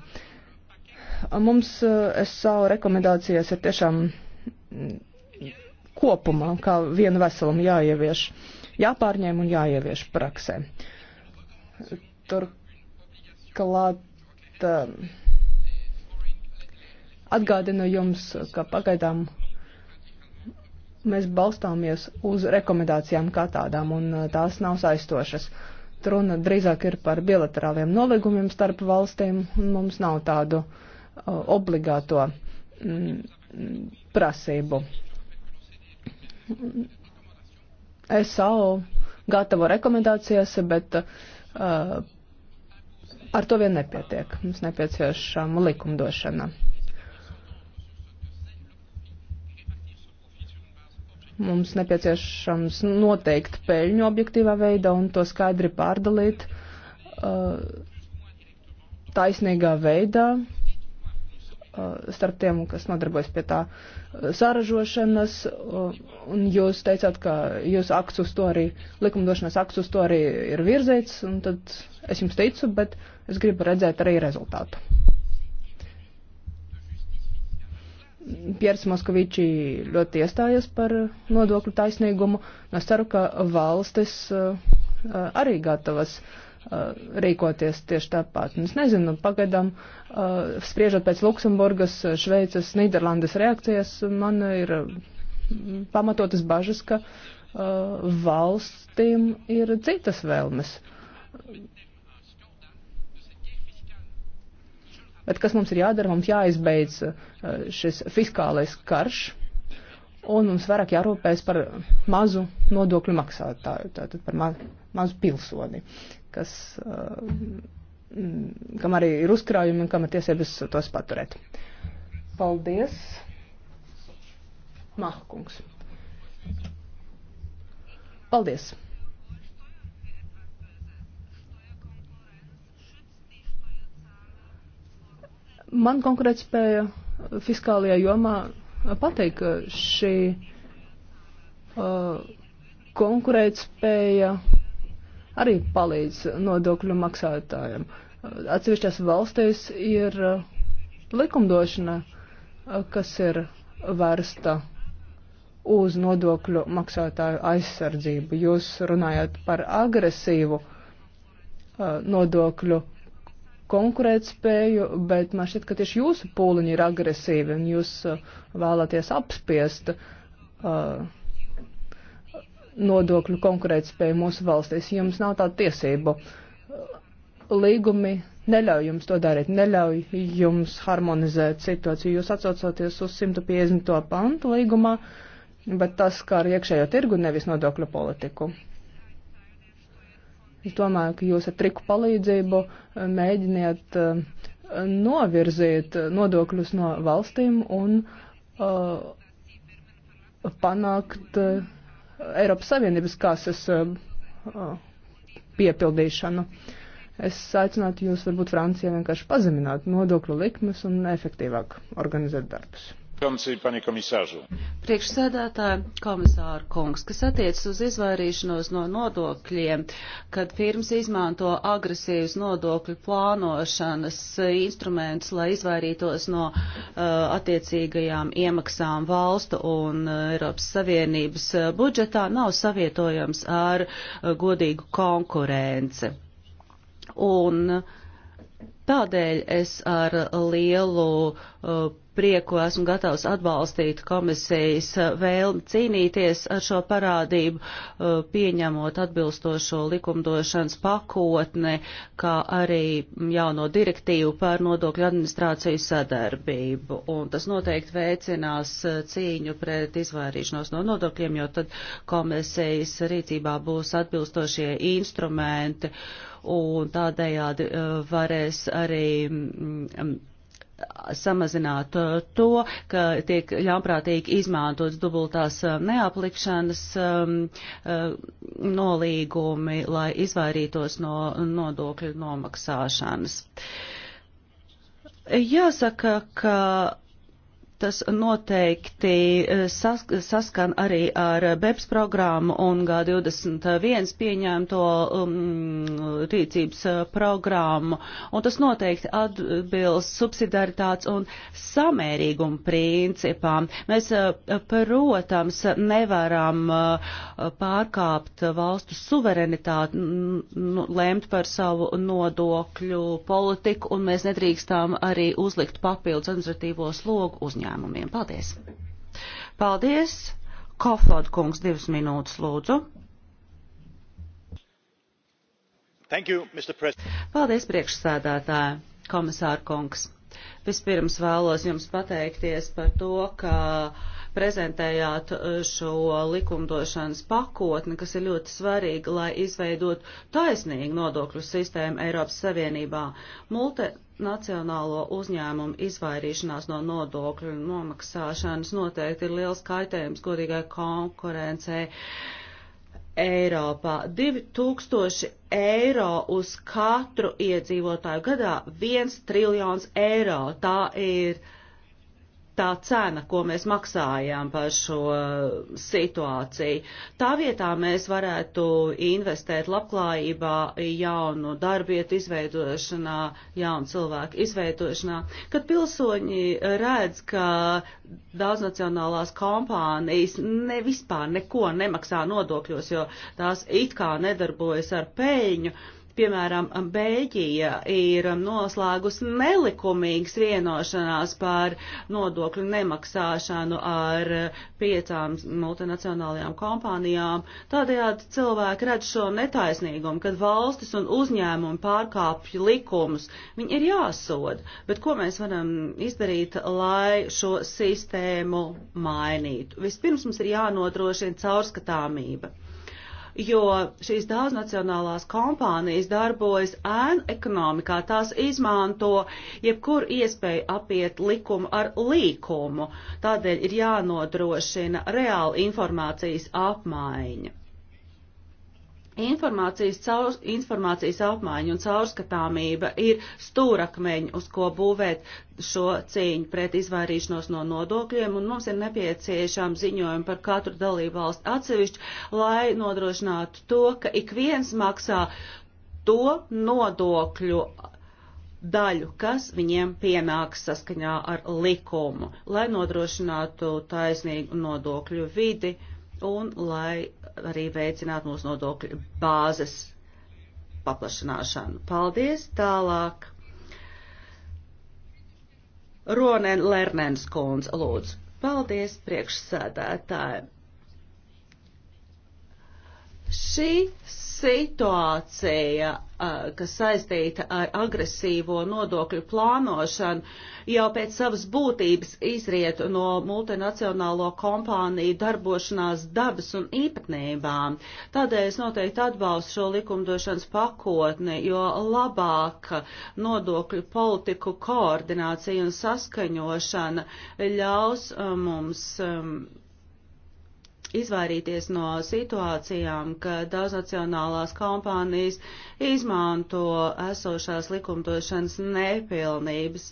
Mums eh, SAO rekomendācijas ir tiešām mm, kopumā, kā vienu veselumu jāievieš, jāpārņem un jāievieš praksē. Turklāt eh, atgādinu jums, ka pagaidām mēs balstāmies uz rekomendācijām kā tādām, un uh, tās nav saistošas. Runa drīzāk ir par bilaterāliem nolīgumiem starp valstīm, un mums nav tādu uh, obligāto mm, prasību. SAO gatavo rekomendācijas, bet uh, ar to vien nepietiek. Mums nepieciešama likumdošana. Mums nepieciešams noteikt peļņu objektīvā veidā un to skaidri pārdalīt uh, taisnīgā veidā uh, starp tiem, kas nodarbojas pie tā uh, saražošanas. Uh, un jūs teicāt, ka jūs akts uz to arī, likumdošanas akts uz to arī ir virzīts, un tad es jums teicu, bet es gribu redzēt arī rezultātu. Piers Moskavičī ļoti iestājies par nodokļu taisnīgumu. Es ceru, ka valstis uh, uh, arī gatavas uh, rīkoties tieši tāpat. Es nezinu, pagaidām, spriežot pēc Luksemburgas, Šveices, Nīderlandes reakcijas, man ir mm, pamatotas bažas, ka valstīm ir citas vēlmes Bet kas mums ir jādara? Mums jāizbeidz uh, šis fiskālais karš, un mums vairāk jārūpēs par mazu nodokļu maksātāju, tātad par ma mazu pilsoni, kas, uh, kam arī ir uzkrājumi un kam ir tiesības tos paturēt. Paldies, Mahkungs. Paldies. Man konkurētspēja fiskālajā jomā pateikt, ka šī uh, konkurētspēja arī palīdz nodokļu maksātājiem. Uh, atsevišķās valstīs ir uh, likumdošana, uh, kas ir vērsta uz nodokļu maksātāju aizsardzību. Jūs runājat par agresīvu nodokļu konkurētspēju, bet man šķiet, ka tieši jūsu pūliņi ir agresīvi un jūs uh, vēlaties apspiest uh, nodokļu konkurētspēju mūsu valstīs. Jums nav tāda tiesību. Līgumi neļauj jums to darīt, neļauj jums harmonizēt situāciju. Jūs atsaucoties uz 150. pantu līgumā, bet tas skar iekšējo tirgu, nevis nodokļu politiku. Es domāju, ka jūs ar triku palīdzību eh, mēģiniet eh, novirzīt nodokļus no valstīm un uh, panākt uh, Eiropas Savienības kases uh, piepildīšanu. Es aicinātu jūs varbūt Francijā vienkārši pazemināt nodokļu likmes un efektīvāk organizēt darbus. Priekšsēdētāji, komisāra kungs, kas attiecas uz izvairīšanos no nodokļiem, kad firmas izmanto agresīvas nodokļu plānošanas instrumentus, lai izvairītos no uh, attiecīgajām iemaksām valstu un uh, Eiropas Savienības uh, budžetā, nav savietojams ar uh, godīgu konkurenci. Un uh, tādēļ es ar lielu uh, prieku esmu gatavs atbalstīt komisijas uh, vēlmi cīnīties ar šo parādību, uh, pieņemot atbilstošo likumdošanas pakotni, kā arī jauno direktīvu par nodokļu administrāciju sadarbību. Un tas noteikti veicinās uh, cīņu pret izvairīšanos no nodokļiem, jo tad komisijas rīcībā būs atbilstošie instrumenti un tādējādi varēs arī mm, mm, samazināt uh, to, ka tiek ļaunprātīgi izmantots dubultās uh, neaplikšanas um, uh, nolīgumi, lai izvairītos no nodokļu nomaksāšanas. Jāsaka, ka Tas noteikti e, sas, saskan arī ar BEPS programmu un G21 pieņēmto um, rīcības e, programmu, un tas noteikti atbilst subsidaritātes un samērīguma principām. Mēs, e, protams, nevaram pārkāpt valstu suverenitāti, nu, lēmt par savu nodokļu politiku, un mēs nedrīkstam arī uzlikt papildus administratīvo slogu uzņēmumu uzņēmumiem. Paldies! Paldies! Kofod kungs, divas minūtes lūdzu. You, Paldies, priekšsēdētāji, komisāra kungs. Vispirms vēlos jums pateikties par to, ka prezentējāt eh, šo likumdošanas pakotni, kas ir ļoti svarīga, lai izveidot taisnīgu nodokļu sistēmu Eiropas Savienībā. Multe nacionālo uzņēmumu izvairīšanās no nodokļu nomaksāšanas noteikti ir liels kaitējums godīgai konkurencei. Eiropā 2000 eiro uz katru iedzīvotāju gadā, 1 triljons eiro. Tā ir uh, tā cena, ko mēs maksājām par šo situāciju. Tā vietā mēs varētu investēt labklājībā, jaunu darbietu izveidošanā, jaunu cilvēku izveidošanā. Kad pilsoņi redz, ka daudznacionālās kompānijas ne vispār neko nemaksā nodokļos, jo tās it kā nedarbojas ar peļņu, uh, Piemēram, Bēļģija ir noslēgus nelikumīgas vienošanās par nodokļu nemaksāšanu ar piecām multinacionālajām kompānijām. Tādējādi cilvēki redz šo netaisnīgumu, kad valstis un uzņēmumi pārkāpj likumus. Viņi ir jāsod, bet ko mēs varam izdarīt, lai šo sistēmu mainītu? Vispirms mums ir jānodrošina caurskatāmība jo šīs daudznacionālās kompānijas darbojas ēnu ekonomikā, tās izmanto jebkuru iespēju apiet likumu ar līkumu. Tādēļ ir jānodrošina reāla informācijas apmaiņa. Informācijas, caur, informācijas apmaiņa un caurskatāmība ir stūrakmeņi, uz ko būvēt šo cīņu pret izvairīšanos no nodokļiem, un mums ir nepieciešama ziņojuma par katru dalību valstu atsevišķi, lai nodrošinātu to, ka ik viens maksā to nodokļu daļu, kas viņiem pienāks saskaņā ar likumu, lai nodrošinātu taisnīgu nodokļu vidi un lai arī veicinātu mūsu nodokļu bāzes paplašināšanu. Paldies! Tālāk. Ronen Lernens kundz, lūdzu. Paldies priekšsēdētājiem. Šīs situācija, kas saistīta ar agresīvo nodokļu plānošanu, jau pēc savas būtības izriet no multinacionālo kompāniju darbošanās dabas un īpatnībām. Tādēļ es noteikti atbalstu šo likumdošanas pakotni, jo labāk nodokļu politiku koordinācija un saskaņošana ļaus mums um, izvairīties no situācijām, ka daudznacionālās kompānijas izmanto esošās likumdošanas nepilnības.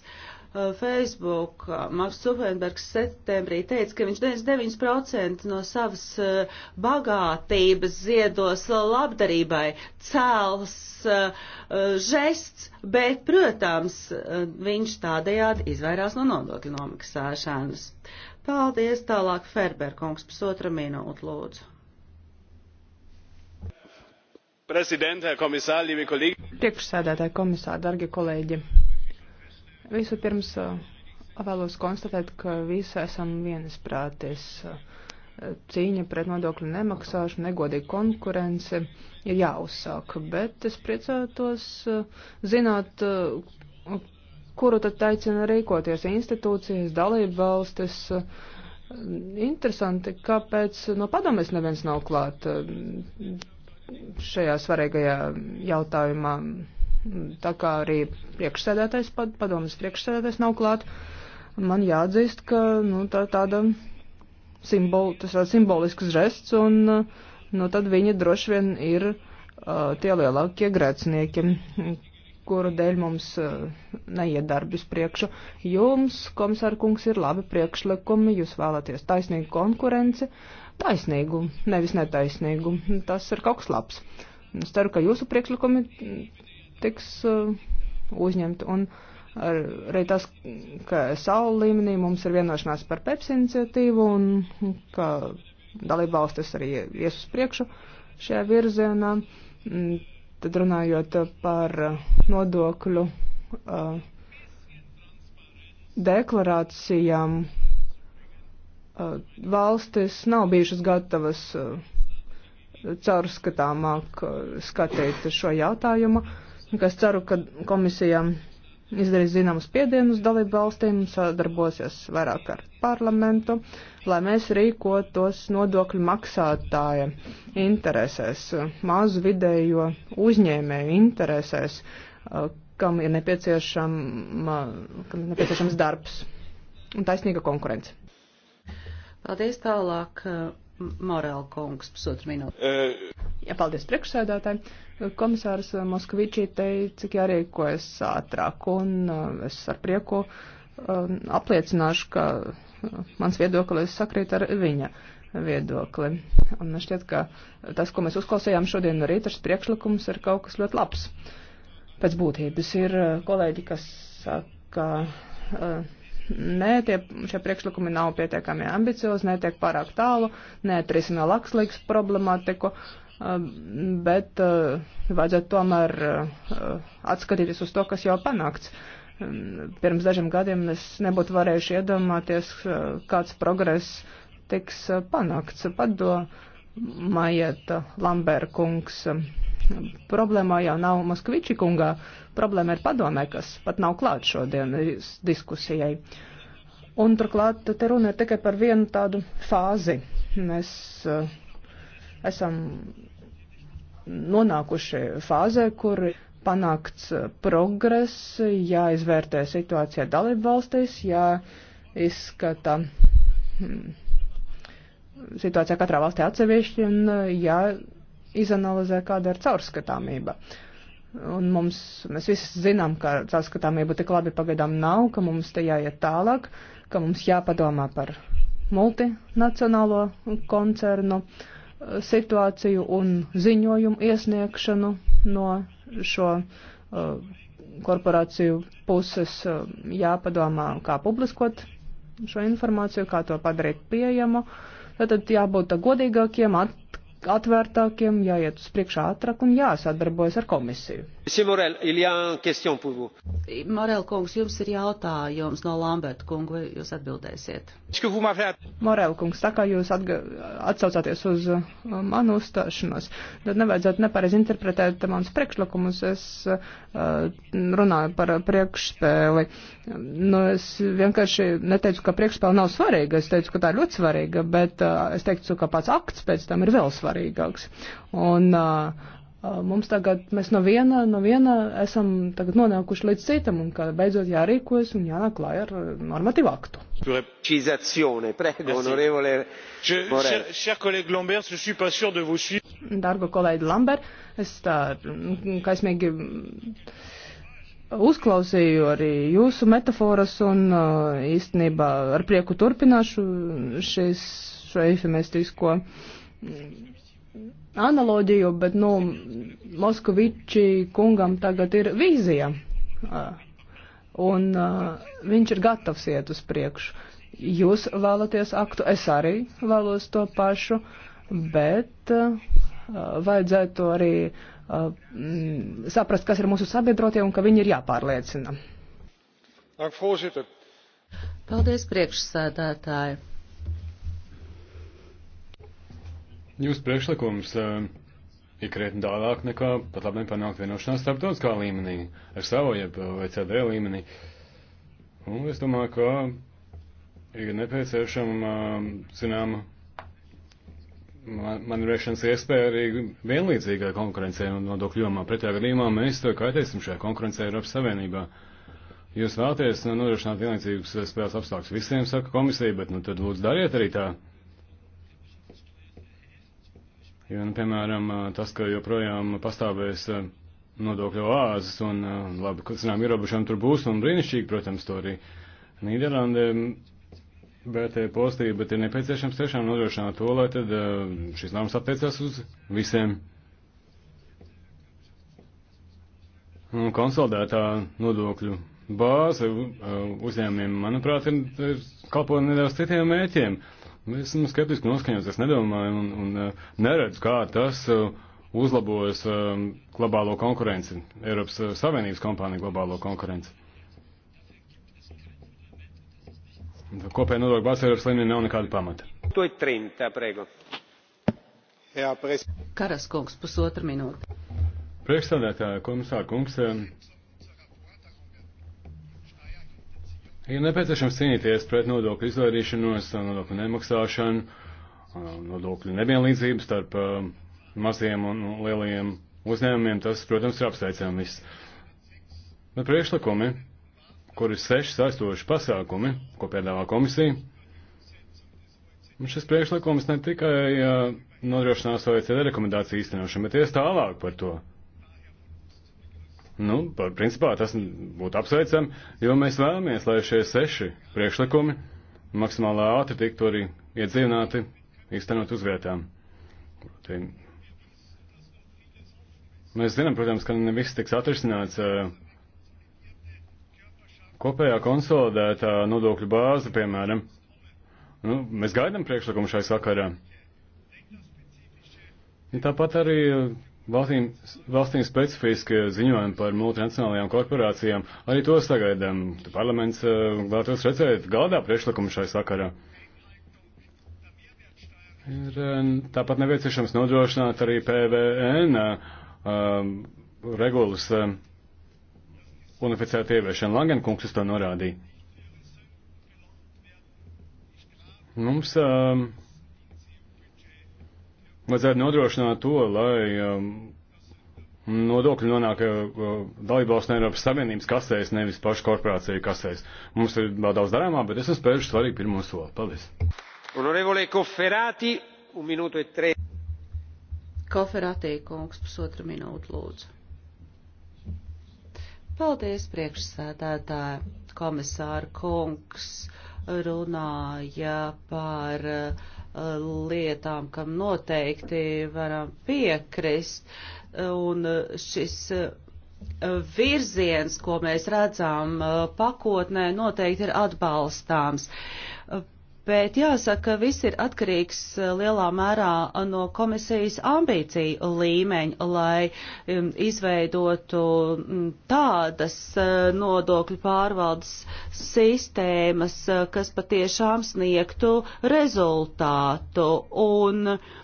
Uh, Facebook uh, Marks Zukenbergs septembrī teica, ka viņš 99% no savas uh, bagātības ziedos labdarībai cēls žests, bet, protams, viņš tādējādi izvairās no nodokļu nomaksāšanas. Uh, Paldies tālāk Ferberkungs, pusotra minūte lūdzu. Priekšsēdētāji komisāri, dargi kolēģi, vispirms uh, vēlos konstatēt, ka visi esam vienisprātis. Cīņa pret nodokļu nemaksāšanu, negodīgu konkurenci ir jāuzsāk, bet es priecātos uh, zināt, uh, kuru tad aicina rīkoties institūcijas, dalību valstis. Interesanti, kāpēc no padomes neviens nav klāt mm, šajā svarīgajā jautājumā. Tā kā arī priekšsēdētais, padomas priekšsēdētais nav klāt, man jāatzīst, ka nu, tā tāda simbol, tas ir simbolisks žests, un nu, tad viņi droši vien ir uh, tie lielākie grēcinieki, kuru dēļ mums eh, neiet darbus priekšu. Jums, komisārkungs, ir labi priekšlikumi, jūs vēlaties taisnīgu konkurenci, taisnīgu, nevis netaisnīgu. Tas ir kaut kas labs. Es ceru, ka jūsu priekšlikumi tiks eh, uzņemti un arī tas, ka saula līmenī mums ir vienošanās par PEPS iniciatīvu un ka dalībvalstis arī ies uz priekšu šajā virzienā mm, Tātad runājot par nodokļu uh, deklarācijām, uh, valstis nav bijušas gatavas uh, caurskatāmāk skatīt šo jautājumu, kas ceru, ka komisijām izdarīs zināmu spiedienu uz dalību valstīm, sadarbosies vairāk ar parlamentu, lai mēs rīkotos nodokļu maksātāja interesēs, mazu vidējo uzņēmēju interesēs, eh, kam ir, nepieciešama, kam ir nepieciešams darbs un taisnīga konkurence. Paldies tālāk. Eh, Morēla kungs, pusotru minūti. E. Jā, paldies priekšsēdētāji. Komisārs Moskvičī teica, ka jārīkojas ātrāk, un e, es ar prieku e, apliecināšu, ka mans viedoklis sakrīt ar viņa viedokli. Un man šķiet, ka tas, ko mēs uzklausījām šodien no rīta, šis priekšlikums ir kaut kas ļoti labs. Pēc būtības ir kolēģi, kas saka, Nē, tie, šie priekšlikumi nav pietiekami ambiciozi, netiek pārāk tālu, neatrisina lakslīgas problemātiku, um, bet uh, vajadzētu tomēr uh, atskatīties uz to, kas jau panākts. Um, pirms dažiem gadiem es nebūtu varējuši iedomāties, uh, kāds progress tiks panākts. Padomājiet, Lamberkungs, um, problēmā jau nav Moskviči kungā Problēma ir padomē, kas pat nav klāt šodien diskusijai. Un turklāt te runa ir tikai par vienu tādu fāzi. Mēs uh, esam nonākuši fāzē, kur panākts eh, progress, jāizvērtē situācija dalību valstīs, jāizskata hmm, situācija katrā valstī atsevišķi un eh, jāizanalizē, kāda ir caurskatāmība. Uh, Un mums, mēs visi zinām, ka tā skatāmība tik labi pagaidām nav, ka mums te jāiet tālāk, ka mums jāpadomā par multinacionālo koncernu eh, situāciju un ziņojumu iesniegšanu no šo uh, korporāciju puses. Uh, jāpadomā, kā publiskot šo informāciju, kā to padarīt pieejamu. Tad jābūt godīgākiem, at atvērtākiem, jāiet uz priekšā ātrāk un jāsadarbojas ar komisiju. Morel, Morel kungs, jums ir jautājums no Lamberta kunga, vai jūs atbildēsiet? Morel kungs, tā kā jūs atga, atsaucāties uz uh, manu uzstāšanos, tad nevajadzētu nepareiz interpretēt mans priekšlikumus. Es uh, runāju par priekšspēli. Nu, es vienkārši neteicu, ka priekšspēle nav svarīga. Es teicu, ka tā ir ļoti svarīga, bet uh, es teicu, ka pats akts pēc tam ir vēl svarīga svarīgāks. Un uh, mums tagad, mēs no viena, no viena esam tagad nonākuši līdz citam, un ka beidzot jārīkojas un jānāk klāj ar normatīvu aktu. Dargo kolēģi Lambert, es tā kaismīgi uzklausīju arī jūsu metaforas un īstenībā ar prieku turpināšu šis, šo eifemestisko. Uh, analoģiju, bet, nu, Moskoviči kungam tagad ir vīzija, un viņš ir gatavs iet uz priekšu. Jūs vēlaties aktu, es arī vēlos to pašu, bet vajadzētu arī mm, saprast, kas ir mūsu sabiedrotie un ka viņi ir jāpārliecina. Paldies, priekšsēdētāji! Jūsu priekšlikums eh, ir krietni tālāk nekā pat labi panākt vienošanās starptautiskā līmenī, ar savu jeb VCD eh, līmenī. Un es domāju, ka ir nepieciešama, zinām, manevrēšanas iespēja arī vienlīdzīgai konkurencei un nodokļu jomā. Pretējā gadījumā mēs kaitēsim šajā konkurencei Eiropas Savienībā. Jūs vēlaties nodrošināt vienlīdzīgus spēles apstākļus visiem, saka komisija, bet nu tad lūdzu dariet arī tā. Jo, nu, piemēram, tas, ka joprojām pastāvēs nodokļu oāzes un, labi, zinām, ierobežojumi tur būs un brīnišķīgi, protams, to arī Nīderlandē vērtē pozitīvi, bet ir nepieciešams tiešām nodrošināt to, lai tad šis lēmums attiecās uz visiem. Un nu, konsolidētā nodokļu bāze uzņēmumiem, manuprāt, ir, ir kalpo nedaudz citiem mēķiem. Uh, Mēs esam skeptiski noskaņots, es nedomāju un, un eh, neredzu, kā tas eh, uzlabojas eh, globālo konkurenci, Eiropas Savienības kompāniju globālo konkurenci. Kopēja nodokļu bāzē Eiropas līmenī nav nekāda pamata. To ir trimta, prego. Karas kungs, pusotra minūte. Priekšstādētāja komisāra kungs, Ir nepieciešams cīnīties pret nodokļu izvairīšanos, nodokļu nemaksāšanu, nodokļu nevienlīdzību starp um, maziem un lielajiem uzņēmumiem. Tas, protams, ir apsveicami viss. Bet priekšlikumi, kur ir seši saistoši pasākumi, ko piedāvā komisija, un šis priekšlikums ne tikai uh, nodrošinās OECD rekomendāciju īstenošanu, bet ies tālāk par to. Nu, par principā tas būtu apsveicam, jo mēs vēlamies, lai šie seši priekšlikumi maksimāli ātri tiktu arī iedzīvināti, īstenot uz vietām. Mēs zinām, protams, ka ne viss tiks atrisināts kopējā konsolidētā nodokļu bāze, piemēram. Nu, mēs gaidām priekšlikumu šai sakarā. Ja tāpat arī Valstīm, valstīm specifiskie ziņojumi par multinacionālajām korporācijām, arī to sagaidām. Parlaments eh, vēlētos redzēt galdā priekšlikumu šai sakarā. Ir eh, tāpat nepieciešams nodrošināt arī PVN eh, um, regulas um, unificētu ieviešanu. Langenkungs uz to norādīja. Mums um, vajadzētu nodrošināt to, lai um, nodokļi nonāk uh, dalībvalsts un Eiropas Savienības kasēs, nevis pašu korporāciju kasēs. Mums ir vēl daudz darāmā, bet esam spējuši svarīgi pirmo soli. Paldies! Onorevole Koferāti, un minūte ir tre. Koferāti, kungs, pusotra minūte, lūdzu. Paldies, priekšsēdētāja komisāra kungs runāja par uh, lietām, kam noteikti varam piekrist. Un šis uh, virziens, ko mēs redzam uh, pakotnē, noteikti ir atbalstāms bet jāsaka, ka viss ir atkarīgs eh, lielā mērā eh, no komisijas ambīciju līmeņa, lai um, izveidotu mm, tādas eh, nodokļu pārvaldes sistēmas, kas patiešām sniegtu rezultātu. Un, uh,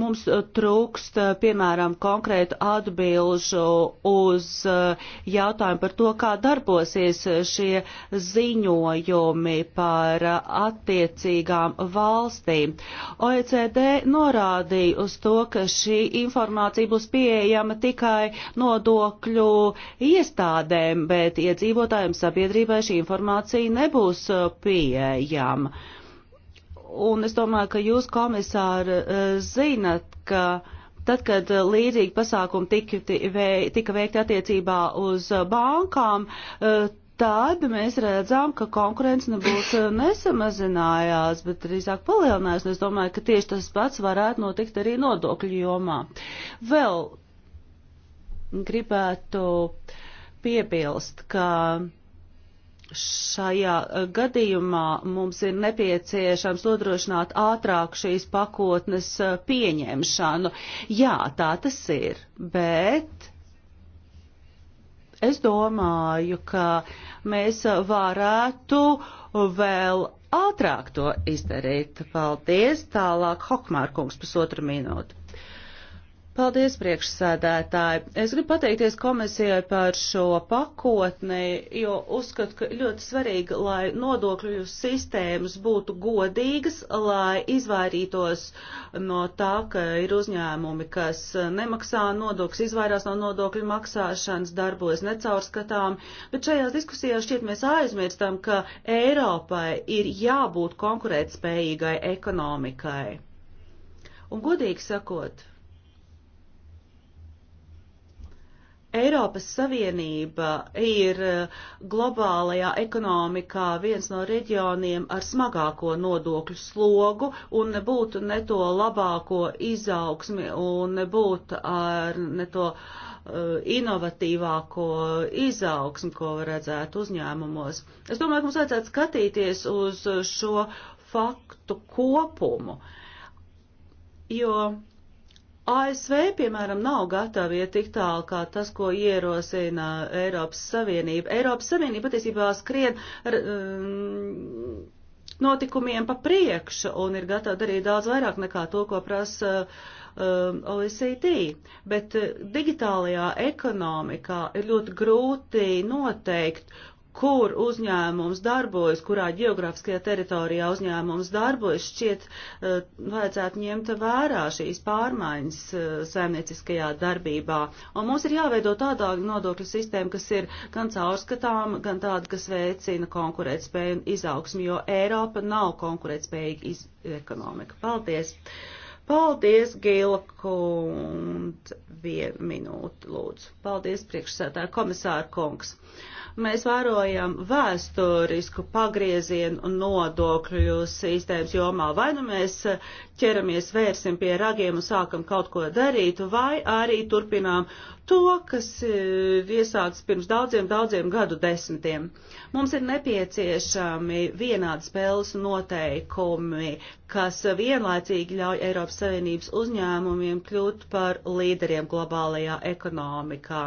mums eh, trūkst, eh, piemēram, konkrētu atbilžu uz eh, jautājumu par to, kā darbosies šie ziņojumi par attiecīgām valstīm. OECD norādīja uz to, ka šī informācija būs pieejama tikai nodokļu iestādēm, bet iedzīvotājiem sabiedrībai šī informācija nebūs pieejama. Un es domāju, ka jūs, komisāri, eh, zinat, ka tad, kad eh, līdzīgi pasākumi tika, tika veikti attiecībā uz eh, bankām, tad mēs redzām, ka konkurence nebūtu nesamazinājās, bet drīzāk palielinājās. Es domāju, ka tieši tas pats varētu notikt arī nodokļu jomā. Vēl gribētu piebilst, ka Šajā e, gadījumā mums ir nepieciešams nodrošināt ātrāk šīs pakotnes e, pieņemšanu. Jā, tā tas ir, bet es domāju, ka mēs varētu vēl ātrāk to izdarīt. Paldies, tālāk Hokmārkungs pusotru minūtu. Paldies, priekšsēdētāji. Es gribu pateikties komisijai par šo pakotni, jo uzskatu, ka ļoti svarīgi, lai nodokļu sistēmas būtu godīgas, lai izvairītos no tā, ka ir uzņēmumi, kas nemaksā nodokļus, izvairās no nodokļu maksāšanas, darbojas necaurskatām. Bet šajās diskusijās šķiet mēs aizmirstam, ka Eiropai ir jābūt konkurētspējīgai ekonomikai. Un godīgi sakot, Eiropas Savienība ir e, globālajā ekonomikā viens no reģioniem ar smagāko nodokļu slogu un nebūtu ne to labāko izaugsmi un nebūtu ar ne to uh, inovatīvāko izaugsmi, ko redzētu uzņēmumos. Es domāju, ka mums vajadzētu skatīties uz šo faktu kopumu, jo ASV, piemēram, nav gatavi iet tik tālu kā tas, ko ierosina Eiropas Savienība. Eiropas Savienība patiesībā skrien ar, um, notikumiem pa priekšu un ir gatava darīt daudz vairāk nekā to, ko prasa um, OECD. Bet uh, digitālajā ekonomikā ir ļoti grūti noteikt, kur uzņēmums darbojas, kurā geogrāfiskajā teritorijā uzņēmums darbojas, šķiet uh, vajadzētu ņemt vērā šīs pārmaiņas uh, saimnieciskajā darbībā. Un mums ir jāveido tādā nodokļu sistēma, kas ir gan caurskatām, gan tāda, kas veicina konkurētspēju un izaugsmu, jo Eiropa nav konkurētspējīga ekonomika. Paldies! Paldies, Gila kund, vienu minūti lūdzu. Paldies, priekšsētāja komisāra kungs. Uh, mēs vērojam vēsturisku pagriezienu un nodokļu sistēmas jomā. Vai nu mēs ķeramies vērsim pie ragiem un sākam kaut ko darīt, vai arī turpinām to, kas eh, iesācis pirms daudziem, daudziem gadu desmitiem. Mums ir nepieciešami vienādi spēles noteikumi, kas vienlaicīgi ļauj Eiropas Savienības uzņēmumiem kļūt par līderiem globālajā ekonomikā.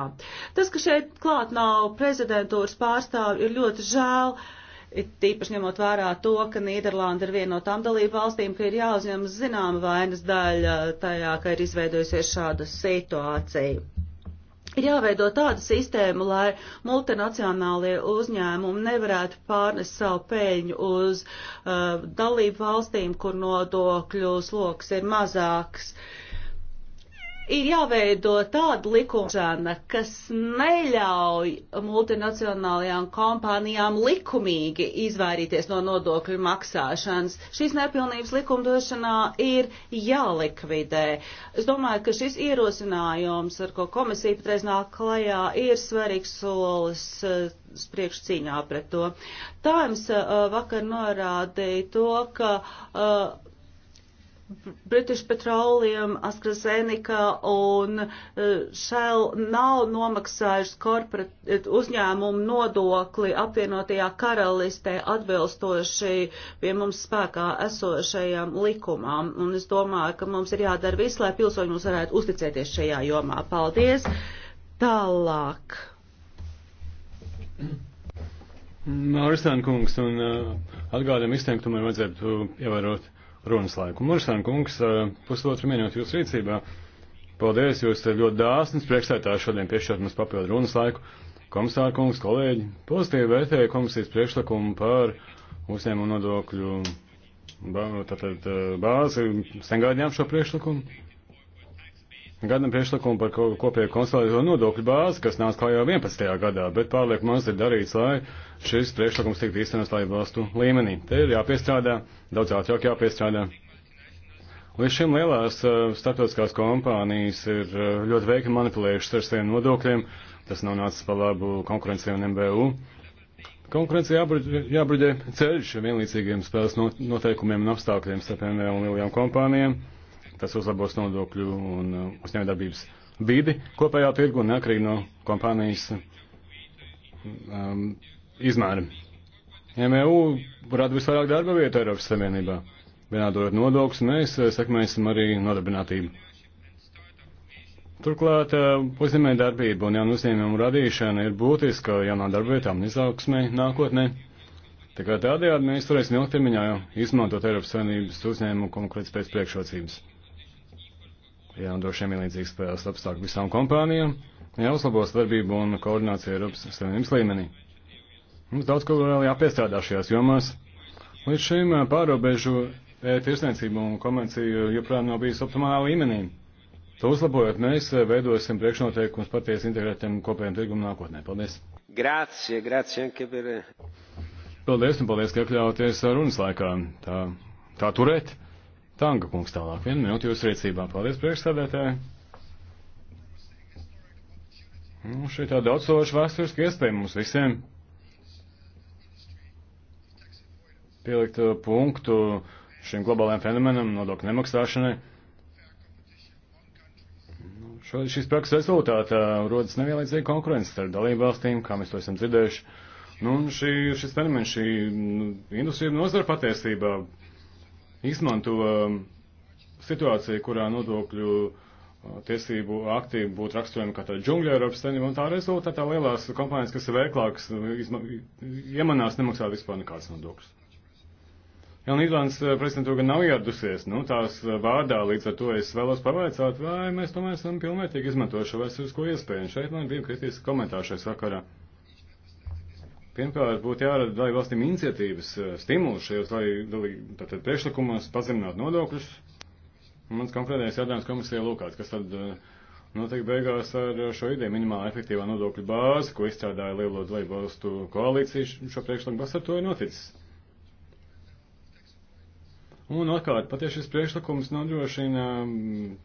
Tas, ka šeit klāt nav prezidentūras pārstāvi, ir ļoti žēl. Tīpaši ņemot vērā to, ka Nīderlanda ir viena no tām dalību valstīm, ka ir jāuzņem zināma vainas daļa tajā, ka ir izveidojusies šāda situācija. Ir jāveido tāda sistēma, lai multinacionālie uzņēmumi nevarētu pārnest savu peļņu uz uh, dalību valstīm, kur nodokļu sloks ir mazāks. Uh, ir jāveido tāda likumšana, kas neļauj multinacionālajām kompānijām likumīgi izvairīties no nodokļu maksāšanas. Šīs nepilnības likumdošanā ir jālikvidē. Es domāju, ka šis ierosinājums, ar ko komisija patreiz nāk klajā, ir svarīgs solis eh, priekšcīņā pret to. Times eh, vakar norādīja to, ka uh, British Petroleum, AstraZeneca un eh, Shell nav nomaksājuši uzņēmumu nodokli apvienotajā karalistē atbilstoši pie mums spēkā esošajam likumam. Un es domāju, ka mums ir jādara viss, lai pilsoņi mums varētu uzticēties šajā jomā. Paldies! Tālāk. Māristāna kungs un uh, eh, atgādēm izteiktumiem vajadzētu ievērot runas laiku. Mursan kungs, pusotru minūtu jūsu rīcībā. Paldies, jūs esat ļoti dāsnis, priekšsētājs šodien piešķirt mums papildu runas laiku. Komisāra kungs, kolēģi, pozitīvi vērtēja komisijas priekšlikumu par uzņēmumu nodokļu bā, tātad, bāzi. Sen gaidījām šo priekšlikumu gadam priekšlikumu par kopēju konsolidēto nodokļu bāzi, kas nāca klajā 11. gadā, bet pārliek maz ir darīts, lai šis priekšlikums tiktu īstenots laivu valstu līmenī. Te ir jāpiestrādā, daudz ātrāk jāpiestrādā. Līdz šim lielās uh, starptautiskās kompānijas ir uh, ļoti veikli manipulējušas ar saviem nodokļiem, tas nav nācis pa labu konkurencei un MBU. Konkurence jābruģē, jābruģē ceļš vienlīdzīgiem spēles noteikumiem un apstākļiem starp MBU un lielajām kompānijām. Tas uzlabos nodokļu un uh, uzņēmējdarbības vidi kopējā tirgu un neatkarīgi no kompānijas um, izmēra. MEU rada visvairāk darba vietu Eiropas Savienībā. Vienādojot nodokļus, mēs uh, sekmēsim arī nodarbinātību. Turklāt uh, uzņēmēja darbība un jaunu uzņēmumu radīšana ir būtiska jaunām darbvietām un izaugsmē nākotnē. Tikai tādējādi mēs varēsim ilgtermiņā izmantot Eiropas Savienības uzņēmumu konkrētspējas priekšrocības jānodrošina vienlīdzīgas spēles apstākļi visām kompānijām, jāuzlabo sadarbību un koordinācija Eiropas Savienības līmenī. Mums daudz ko vēl jāpiestrādā šajās jomās. Līdz šim pārobežu e tirsniecību un komerciju joprojām nav bijis optimālā līmenī. To uzlabojot, mēs veidosim priekšnoteikumus patiesi integrētiem kopējiem tirgumu nākotnē. Paldies! Grācie, grācie, per... Paldies un paldies, ka iekļauties runas laikā. Tā, tā turēt! Tanga kungs tālāk. Vienu minūti jūsu rīcībā. Paldies, priekšsēdētāji. Nu, šī tā daudzsološa vēsturiska iespēja mums visiem pielikt uh, punktu šim globālajam fenomenam, nodokļu nemaksāšanai. Nu, šo, šis prakses rezultātā rodas nevienlīdzīga konkurence starp dalību valstīm, kā mēs to esam dzirdējuši. Nu, un šī, šis fenomens, šī nu, industrija nozara patiesībā izmanto um, situāciju, kurā nodokļu uh, tiesību akti būtu raksturojami kā tāda džungļa Eiropas saimnība, un tā rezultātā lielās kompānijas, kas ir veiklākas, iemanās nemaksā vispār nekāds nodokļus. Jā, Nīderlandes uh, prezidentūra gan nav ieradusies, nu, tās uh, vārdā, līdz ar to es vēlos pavaicāt, vai mēs tomēr esam pilnvērtīgi izmantojuši vēsturisko iespēju. Un šeit man bija kritiski komentāri šai sakarā. Pirmkārt, būtu jārada dalību valstīm iniciatīvas, eh, stimulus šajos dalību priekšlikumos, pazemināt nodokļus. Mans konkrētais jautājums komisijai lūkāts, kas tad eh, notiek beigās ar šo ideju minimāla efektīvā nodokļu bāzi, ko izstrādāja lielo dalību valstu koalīciju šo priekšlikumu, kas ar to ir noticis. Un atkārt, patiešām šis priekšlikums nodrošina mm,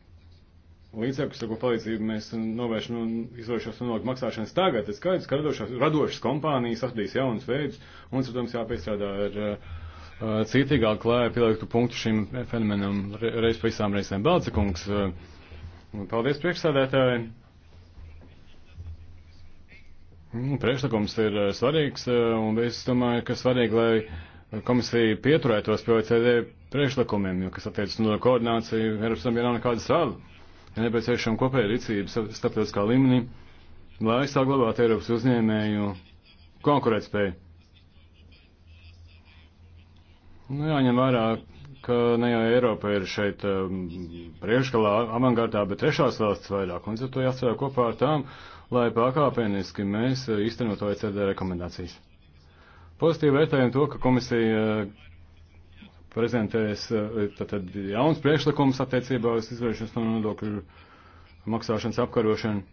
līdzekļus, ar ko palīdzību mēs novēršam no izvairīšos no nodokļu maksāšanas tagad, ir skaidrs, ka radošās, radošas kompānijas atradīs jaunus veidus, un, protams, jāpiestrādā ar uh, uh citīgāk, lai pieliktu punktu šim fenomenam reiz pa visām reizēm. Balcikungs, uh, paldies priekšsādētāji! Nu, priekšlikums ir uh, svarīgs, uh, un es domāju, ka svarīgi, lai komisija pieturētos pie OECD priekšlikumiem, jo, kas attiecas no koordināciju, Eiropas Savienībā nav nekāda sāla ir nepieciešama kopēja rīcība starptautiskā līmenī, lai saglabātu Eiropas uzņēmēju konkurētspēju. Nu, jāņem vērā, ka ne jau Eiropa ir šeit um, priekšgalā, avangardā, bet trešās valsts vairāk, un to jāstrādā kopā ar tām, lai pakāpeniski mēs uh, īstenot OECD rekomendācijas. Pozitīvi vērtējam to, ka komisija prezentēs eh, tātad jauns priekšlikums attiecībā uz izvairīšanas no nodokļu maksāšanas apkarošanu.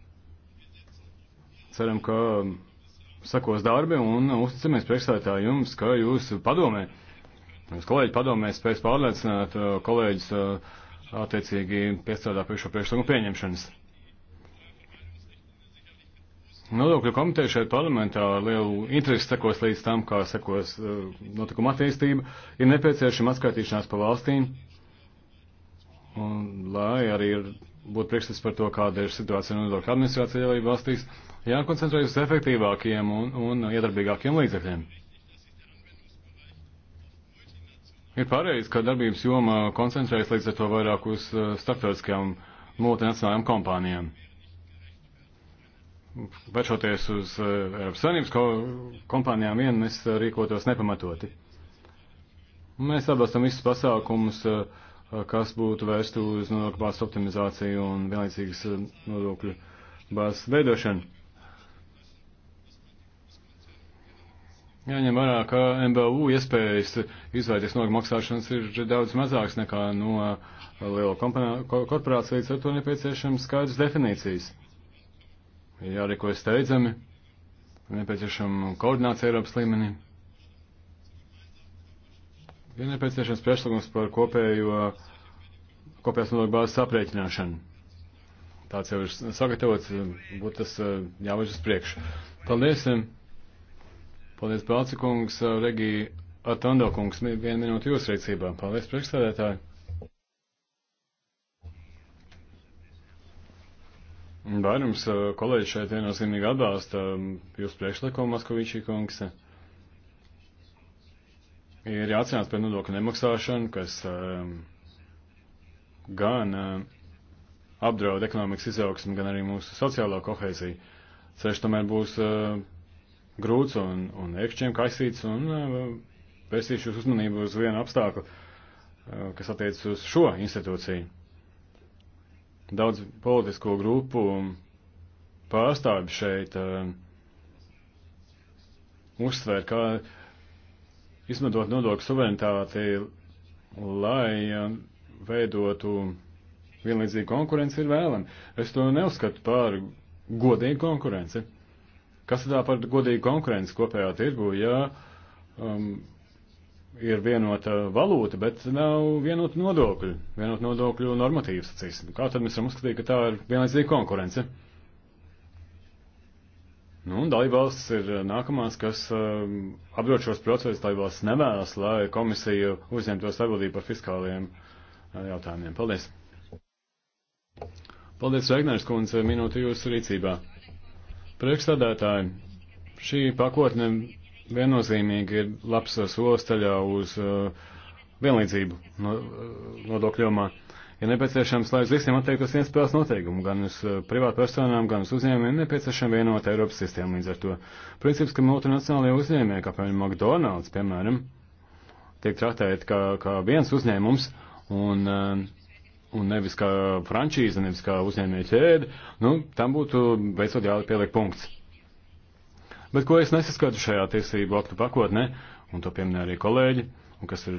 Ceram, ka sakos darbi un uzticamies priekšsētā jums, ka jūs padomē, jūs kolēģi padomē spēs pārliecināt eh, kolēģis eh, attiecīgi piestrādā pie šo priekšlikumu pieņemšanas. Nodokļu komiteja šeit parlamentā ar lielu interesi sekos līdz tam, kā sekos uh, notikuma attīstība, ir nepieciešama atskaitīšanās pa valstīm, un, lai arī ir, būtu priekšstats par to, kāda ir situācija nodokļu administrācija dalība valstīs, jākoncentrējas uz efektīvākiem un, un iedarbīgākiem līdzekļiem. Ir pareizi, ka darbības joma koncentrējas līdz ar to vairāk uz eh, starptautiskajām multinacionālajām kompānijām vēršoties uz eh, Eiropas Savienības ko, kompānijām vien, mēs eh, rīkotos nepamatoti. Mēs atbalstam visus pasākumus, eh, kas būtu vērsti uz nodokļu bāzes optimizāciju un vienlaicīgas nodokļu bāzes veidošanu. Jāņem vērā, ka MBU iespējas izvairīties nodokļu maksāšanas ir daudz mazāks nekā no liela korporācija, līdz ar to nepieciešams skaidrs definīcijas ir jārīkojas steidzami, nepieciešama koordinācija Eiropas līmenī. Ir ja nepieciešams priekšlikums par kopējo, kopējās nodokļu bāzes aprēķināšanu. Tāds jau ir sagatavots, būtu tas e, jāvērš uz priekšu. Paldies! E, paldies, Pācikungs, e, Regija Atandokungs, vienu minūtu jūsu rīcībā. Paldies, priekšsēdētāji! Vairums eh, kolēģi šeit viennozīmīgi atbalsta mm, jūsu priekšlikumu, Maskovičī kungs. Ir jāatcerās par nodokļu nemaksāšanu, kas eh, gan eh, apdraud ekonomikas izaugsmu, gan arī mūsu sociālo kohēziju. Ceļš tomēr būs grūts un, un iekšķiem kaisīts, un vērsīšu uzmanību uz vienu apstākli, kas attiec uz šo institūciju daudz politisko grupu pārstāvi šeit uh, eh, uzsver, kā izmantot nodokļu suverenitāti, lai uh, veidotu vienlīdzīgu konkurenci, ir vēlami. Es to neuzskatu par godīgu konkurenci. Kas tad tā par godīgu konkurenci kopējā tirgu, ja um, ir vienota valūta, bet nav vienota nodokļu, vienota nodokļu normatīvas, sacīsim. Kā tad mēs varam uzskatīt, ka tā ir vienlaicīga konkurence? Nu, un dalībvalstis ir eh, nākamās, kas uh, eh, apdod šos procesus, dalībvalstis nevēlas, lai komisija uzņemtos atbildību par fiskāliem uh, jautājumiem. Paldies! Paldies, Regners kundze, minūte jūsu rīcībā. Priekšstādātāji, šī pakotne viennozīmīgi ir labs uh, solis ceļā uz uh, vienlīdzību no, uh, nodokļu jomā. Ir ja nepieciešams, lai uz visiem attiektos viens spēles noteikumu, gan uz uh, privātpersonām, gan uz uzņēmumiem, ir nepieciešama vienota Eiropas sistēma līdz ar to. Princips, ka multinacionālajie uzņēmēji, kā piemēram McDonald's, piemēram, tiek traktēti kā, kā viens uzņēmums un, un nevis kā frančīze, nevis kā uzņēmēja ķēde, nu, tam būtu beidzot jāpieliek punkts. Bet ko es nesaskatu šajā tiesību aktu pakotnē, un to pieminē arī kolēģi, un kas ir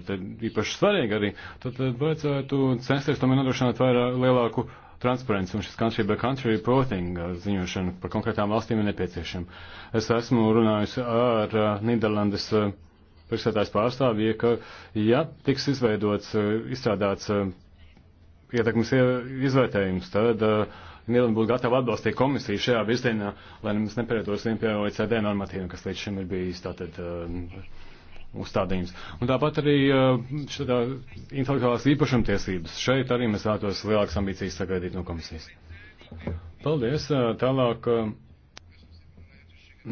īpaši svarīgi arī, tad, tad vajadzētu censties tomēr nodrošināt vairāk lielāku transparents un šis country by country reporting uh, ziņošana par konkrētām valstīm ir nepieciešama. Es esmu runājusi ar uh, Nīderlandes uh, priekšsētājs pārstāvīja, ka, ja tiks izveidots, uh, izstrādāts uh, ietekmes izvērtējums, tad uh, Nīlanda būtu gatava atbalstīt komisiju šajā virzienā, lai mums nepārētosim pie OECD normatīviem, kas līdz šim ir bijis tātad uh, uzstādījums. Un tāpat arī uh, šādā intelektuālās īpašumtiesības. Šeit arī mēs vēlētos lielākas ambīcijas sagaidīt no komisijas. Paldies. Uh, tālāk uh,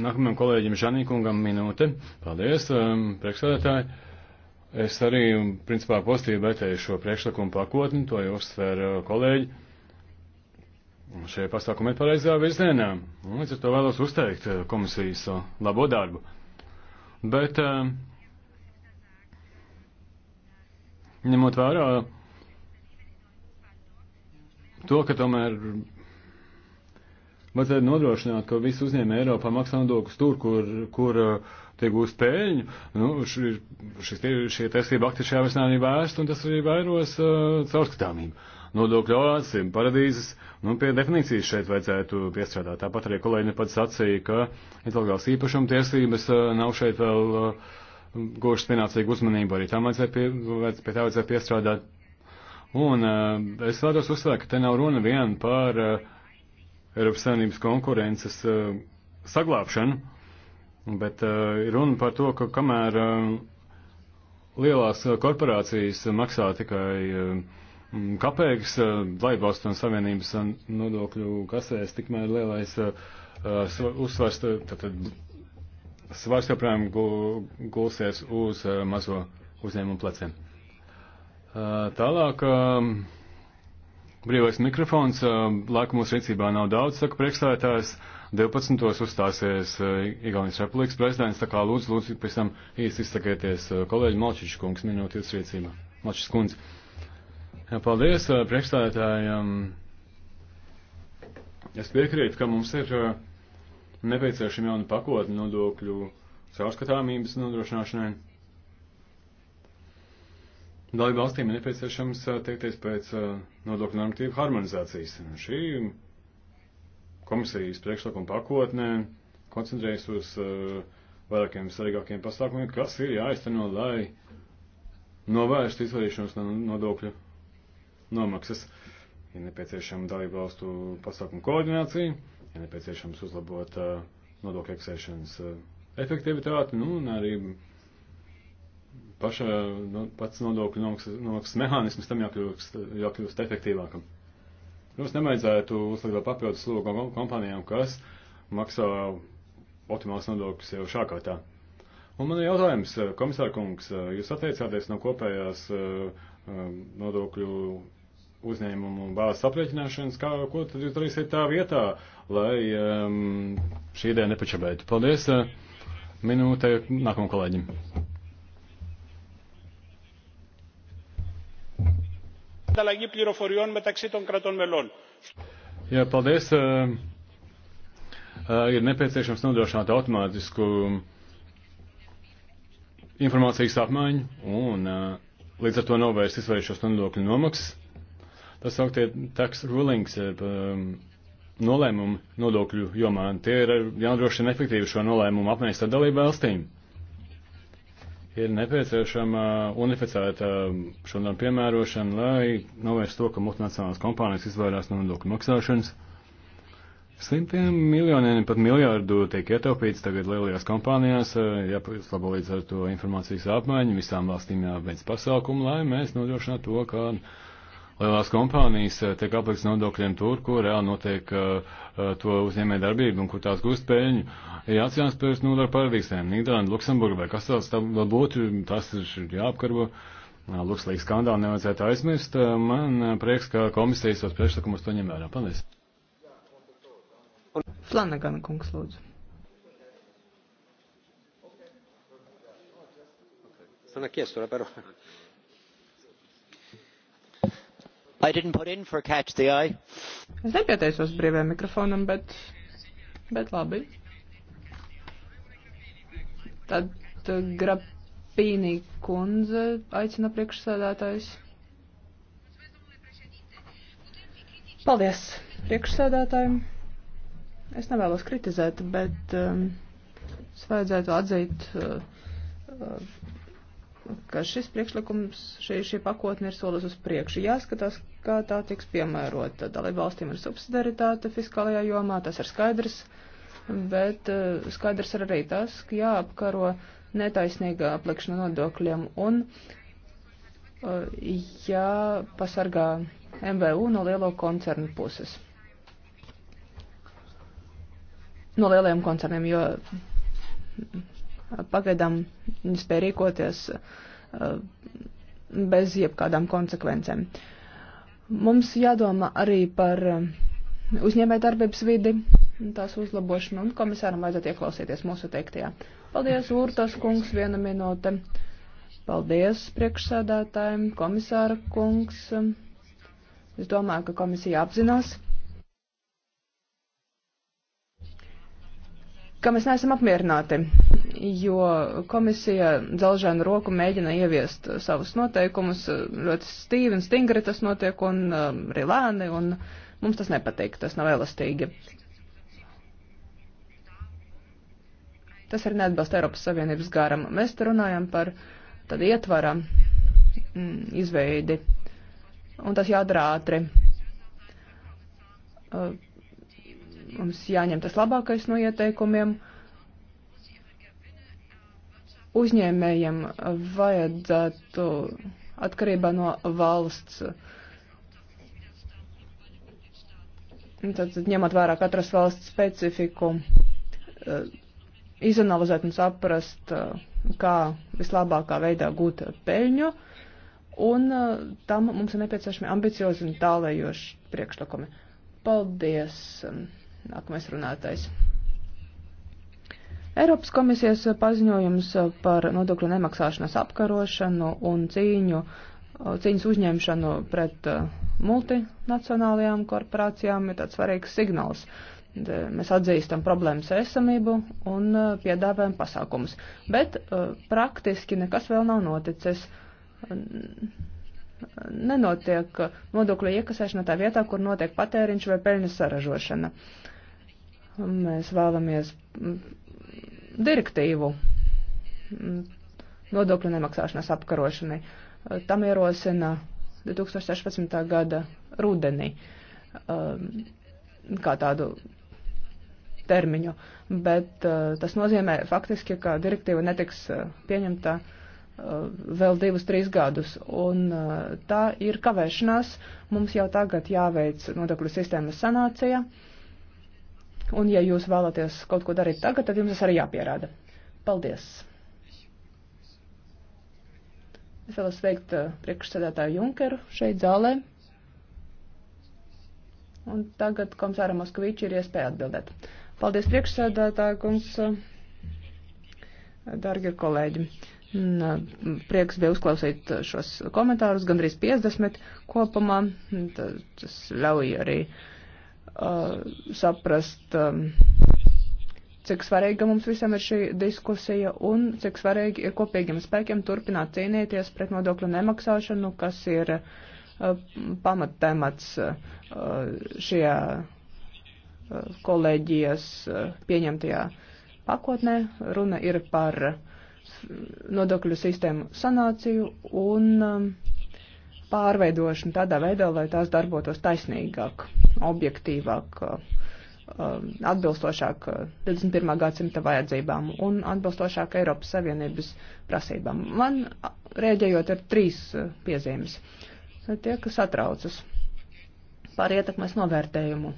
nākamajam kolēģim Žanīkungam minūte. Paldies, um, priekšsēdētāji. Es arī, principā, pozitīvi vērtēju šo priekšlikumu pakotni, to jau uzsver uh, kolēģi šie pasākumi ir pareizajā virzienā. Līdz ar to vēlos uzteikt eh, komisijas eh, labo darbu. Bet eh, ņemot vērā to, ka tomēr vajadzētu nodrošināt, ka visi uzņēmē Eiropā maksā nodokļus tur, kur, kur tiek gūst pēļņu. Nu, šis, šie tiesība akti šajā virzienā ir vērsti, un tas arī vairos uh, caurskatāmību nodokļu oāzes un paradīzes, nu, pie definīcijas šeit vajadzētu piestrādāt. Tāpat arī kolēģi pats sacīja, ka intelektuālās īpašuma tiesības eh, nav šeit vēl eh, gūšas pienācīgu uzmanību, arī tam vajadzētu pie, vajadzētu, pie tā vajadzētu piestrādāt. Un uh, es vēlos uzsvērt, ka te nav runa vien par uh, Eiropas Savienības konkurences uh, saglābšanu, bet uh, runa par to, ka kamēr uh, lielās korporācijas maksā tikai uh, Kāpēc Laibvalstu un Savienības eh, nodokļu kasēs tikmēr lielais eh, eh, uzsvars, tātad svars joprojām gulsies uz mazo uzņēmumu pleciem? Tālāk, brīvais mikrofons, laika mūsu rīcībā nav daudz, saka priekšstādātājs. 12. uzstāsies Igaunijas republikas prezidents, tā kā lūdzu, lūdzu, pēc tam īsti izsakieties kolēģi Malčiča kungs, minūtes rīcībā. Malčiča kungs. Jā, paldies priekšstādātājiem. Es piekrītu, ka mums ir nepieciešama jauna pakotne nodokļu caurskatāmības nodrošināšanai. Dalību valstīm ir nepieciešams teikties pēc nodokļu normatīvu harmonizācijas. Šī komisijas priekšlikuma pakotnē koncentrējas uz uh, vairākiem svarīgākiem pasākumiem, kas ir jāizteno, lai novērstu izvairīšanos no nodokļu nomaksas. Ir nepieciešama dalību valstu pasākumu koordinācija, ir nepieciešams uzlabot uh, nodokļu eksēšanas uh, efektivitāti, nu, un arī paša, no, nu, pats nodokļu nomaksas, nomaksas mehānisms tam jākļūst, jākļūst efektīvākam. Mums nevajadzētu uzlikt vēl papildus slogu kompānijām, kas maksā optimāls nodokļus jau šā kārtā. Un man ir jautājums, komisārkungs, uh, jūs atteicāties no kopējās uh, um, nodokļu uzņēmumu bāzes aprēķināšanas, kā, ko tad jūs darīsiet tā vietā, lai um, šī ideja nepačabētu. Paldies. Uh, minūte nākamam kolēģim. ανταλλαγή πληροφοριών μεταξύ των κρατών μελών. Jā, paldies. Uh, uh, ir nepieciešams nodrošināt automātisku informācijas apmaiņu un uh, līdz ar to novērst izvairīšos nodokļu nomaksas tas sauktie tax rulings, eh, um, nolēmumi nodokļu jomā. Tie ir jānodrošina efektīvi šo nolēmumu apmērs ar dalību valstīm. Ir nepieciešama unificēta um, šo normu piemērošana, lai novērstu to, ka multinacionālās kompānijas izvairās no nodokļu maksāšanas. Simtiem miljoniem, pat miljārdu tiek ietaupīts tagad lielajās kompānijās, eh, jāpilslabo līdz ar to informācijas apmaiņu, visām valstīm jāveic pasākumu, lai mēs nodrošinātu to, ka lielās kompānijas eh, tiek aplikts nodokļiem tur, kur reāli notiek eh, eh, to uzņēmē darbību un kur tās gūst peļņu. Ir jāatcerās par nodokļu paradīzēm, Nīderlanda, Luksemburga vai kas tāds tā vēl būtu, tas ir jāapkaro. Luksemburgas skandālu nevajadzētu aizmirst. Man prieks, ka komisijas tos priekšlikumus to ņem vērā. Paldies! Flanagana kungs, lūdzu. Sono chiesto la parola. I didn't put in for catch the eye. Es nepieteicos brīvē mikrofonam, bet, bet labi. Tad eh, Grapīnī kundze aicina priekšsēdētājs. Paldies priekšsēdētājiem. Es nevēlos kritizēt, bet um, es vajadzētu atzīt. Uh, uh, ka šis priekšlikums, šī, šī pakotne ir solis uz priekšu. Jāskatās, kā tā tiks piemērota. Dalība valstīm ir subsidaritāte fiskālajā jomā, tas ir skaidrs, bet eh, skaidrs ir arī tas, ka jāapkaro netaisnīga aplikšana nodokļiem un eh, jāpasargā MVU no lielo koncernu puses. No lielajiem koncerniem, jo Pagaidām viņi spēja rīkoties eh, bez jebkādām konsekvencēm. Mums jādomā arī par eh, uzņēmē darbības vidi, tās uzlabošanu, un komisāram vajadzētu ieklausīties mūsu teiktajā. Paldies, Urtas kungs, viena minūte. Paldies priekšsēdētājiem, komisāra kungs. Es domāju, ka komisija apzinās ka mēs neesam apmierināti, jo komisija dzelžēnu roku mēģina ieviest savus noteikumus, ļoti stīvi un stingri tas notiek un um, arī lēni, un mums tas nepatīk, tas nav elastīgi. Tas arī neatbalsta Eiropas Savienības garam. Mēs te runājam par tad ietvara mm, izveidi, un tas jādara ātri uh, Mums jāņem tas labākais no ieteikumiem. Uzņēmējiem vajadzētu atkarībā no valsts. Nu, tad, ņemot vērā katras valsts specifiku, izanalizēt un saprast, kā vislabākā veidā gūt peļņu, un tam mums ir nepieciešami ambiciozi un tālējoši priekšlikumi. Paldies! Nākamais runātais. Eiropas komisijas paziņojums par nodokļu nemaksāšanas apkarošanu un cīņu, cīņas uzņemšanu pret uh, multinacionālajām korporācijām ir tāds svarīgs signāls. Mēs atzīstam problēmas esamību un uh, piedāvājam pasākumus, bet uh, praktiski nekas vēl nav noticis. Nenotiek nodokļu iekasēšana tā vietā, kur notiek patēriņš vai peļņas saražošana. Uh, Mēs vēlamies direktīvu nodokļu nemaksāšanas apkarošanai. Tam ierosina 2016. gada rudenī um, kā tādu termiņu, bet uh, tas nozīmē faktiski, ka direktīva netiks uh, pieņemta uh, vēl divus, trīs gadus. Un tā ir kavēšanās. Mums jau tagad jāveic nodokļu sistēmas sanācija. Uh, Un, ja jūs vēlaties kaut ko darīt tagad, tad jums tas arī jāpierāda. Paldies! Es vēlos sveikt eh, priekšsēdētāju Junkeru šeit zālē. Un tagad komisāra Moskviči ir iespēja atbildēt. Paldies priekšsēdētāju, kungs, dargi kolēģi. Prieks bija uzklausīt šos komentārus, gandrīz 50 kopumā. Tas ļauj arī uh, Uh, saprast, um, cik svarīga mums visam ir šī diskusija un cik svarīgi ir kopīgiem spēkiem turpināt cīnīties pret nodokļu nemaksāšanu, kas ir uh, pamattemats uh, šajā kolēģijas pieņemtajā pakotnē. Runa ir par nodokļu sistēmu sanāciju un um, pārveidošanu tādā veidā, lai tās darbotos taisnīgāk objektīvāk, uh, um, atbilstošāk 21. Uh, gadsimta vajadzībām un atbilstošāk Eiropas Savienības prasībām. Man rēģējot ir trīs uh, piezīmes. Tie, kas atraucas par ietekmes novērtējumu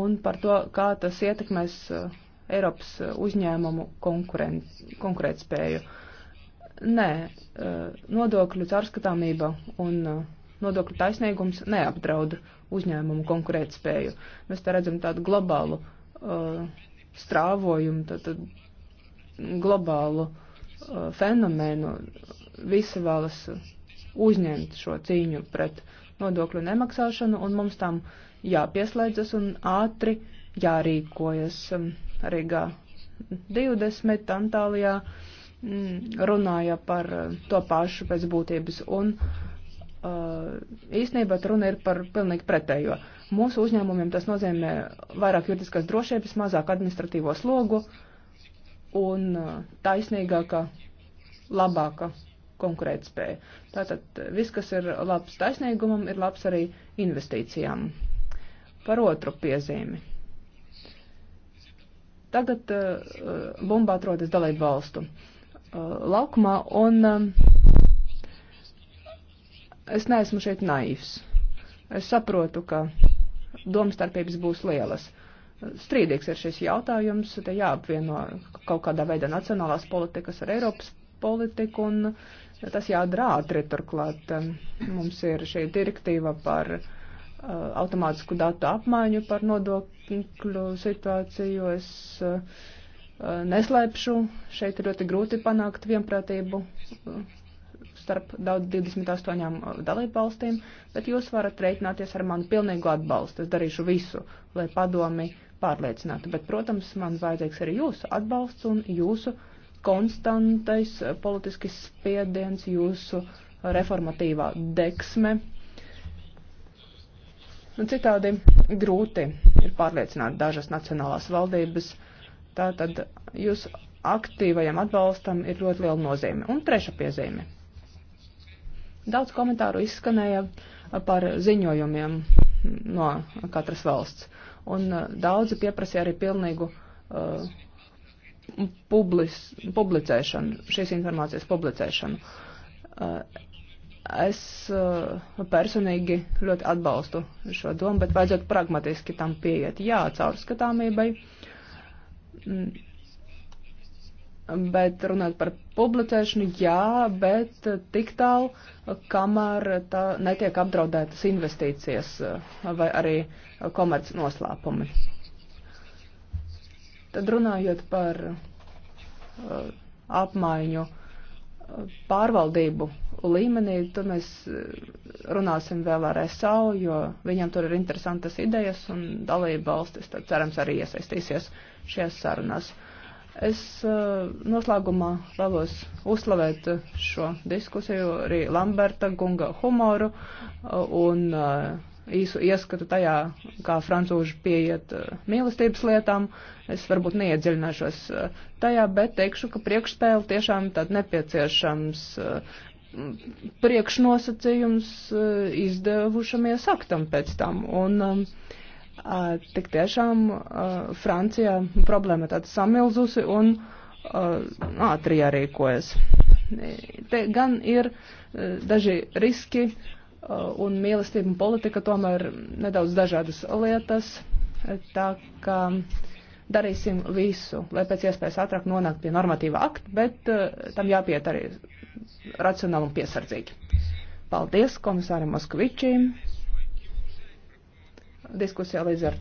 un par to, kā tas ietekmēs Eiropas uzņēmumu konkurētspēju. Nē, nodokļu caurskatāmība un nodokļu taisnīgums neapdraud uzņēmumu konkurētspēju. Mēs te redzam tādu globālu uh, strāvojumu, tātad globālu uh, fenomenu. Visi vēlas uzņemt šo cīņu pret nodokļu nemaksāšanu, un mums tam jāpieslēdzas un ātri jārīkojas. Um, Rīgā 20, Antālijā mm, runāja par uh, to pašu pēc būtības. Un, uh, Uh, īstenībā runa ir par pilnīgi pretējo. Mūsu uzņēmumiem tas nozīmē vairāk juridiskās drošības, mazāk administratīvo slogu un uh, taisnīgāka, labāka konkurētspēja. Tātad uh, viss, kas ir labs taisnīgumam, ir labs arī investīcijām. Par otru piezīmi. Tagad uh, bumba atrodas dalību valstu uh, laukumā un uh, Es neesmu šeit naivs. Es saprotu, ka domstarpības būs lielas. Strīdīgs ir šis jautājums, te jāapvieno kaut kādā veidā nacionālās politikas ar Eiropas politiku, un tas jādara ātri turklāt. Um, mums ir šī direktīva par uh, automātisku datu apmaiņu par nodokļu situāciju. Es uh, neslēpšu, šeit ir ļoti grūti panākt vienprātību uh, starp 28 dalību valstīm, bet jūs varat reiķināties ar manu pilnīgu atbalstu. Es darīšu visu, lai padomi pārliecinātu. Bet, protams, man vajadzīgs arī jūsu atbalsts un jūsu konstantais uh, politiskis spiediens, jūsu reformatīvā deksme. Un citādi grūti ir pārliecināt dažas nacionālās valdības. Tātad jūs aktīvajam atbalstam ir ļoti liela nozīme. Un treša piezīme. Daudz komentāru izskanēja par ziņojumiem no katras valsts, un uh, daudzi pieprasīja arī pilnīgu uh, publis, publicēšanu, šīs informācijas publicēšanu. Uh, es uh, personīgi ļoti atbalstu šo domu, bet vajadzētu pragmatiski tam pieiet. Jā, caurskatāmībai. Mm, Bet runāt par publicēšanu, jā, bet tik tālu, kamēr tā netiek apdraudētas investīcijas eh, vai arī komerc noslēpumi. Tad runājot par eh, apmaiņu eh, pārvaldību līmenī, tad mēs runāsim vēl ar SAU, jo viņam tur ir interesantas idejas un dalība valstis, tad cerams arī iesaistīsies šajās sarunās. Es eh, noslēgumā vēlos uzslavēt eh, šo diskusiju, arī Lamberta Gunga humoru eh, un īsu ieskatu tajā, kā francūži pieiet mīlestības lietām. Es varbūt neiedziļināšos tajā, bet teikšu, ka priekšspēle tiešām tad nepieciešams priekšnosacījums izdevušamies aktam pēc tam. Un, um, Tik tiešām Francijā problēma tāda samilzusi un ātri jārīkojas. Te gan ir daži riski un mīlestība un politika tomēr nedaudz dažādas lietas, tā kā darīsim visu, lai pēc iespējas ātrāk nonāktu pie normatīva akta, bet tam jāpiet arī racionāli un piesardzīgi. Paldies komisāram Moskvičīm diskusijā līdz ar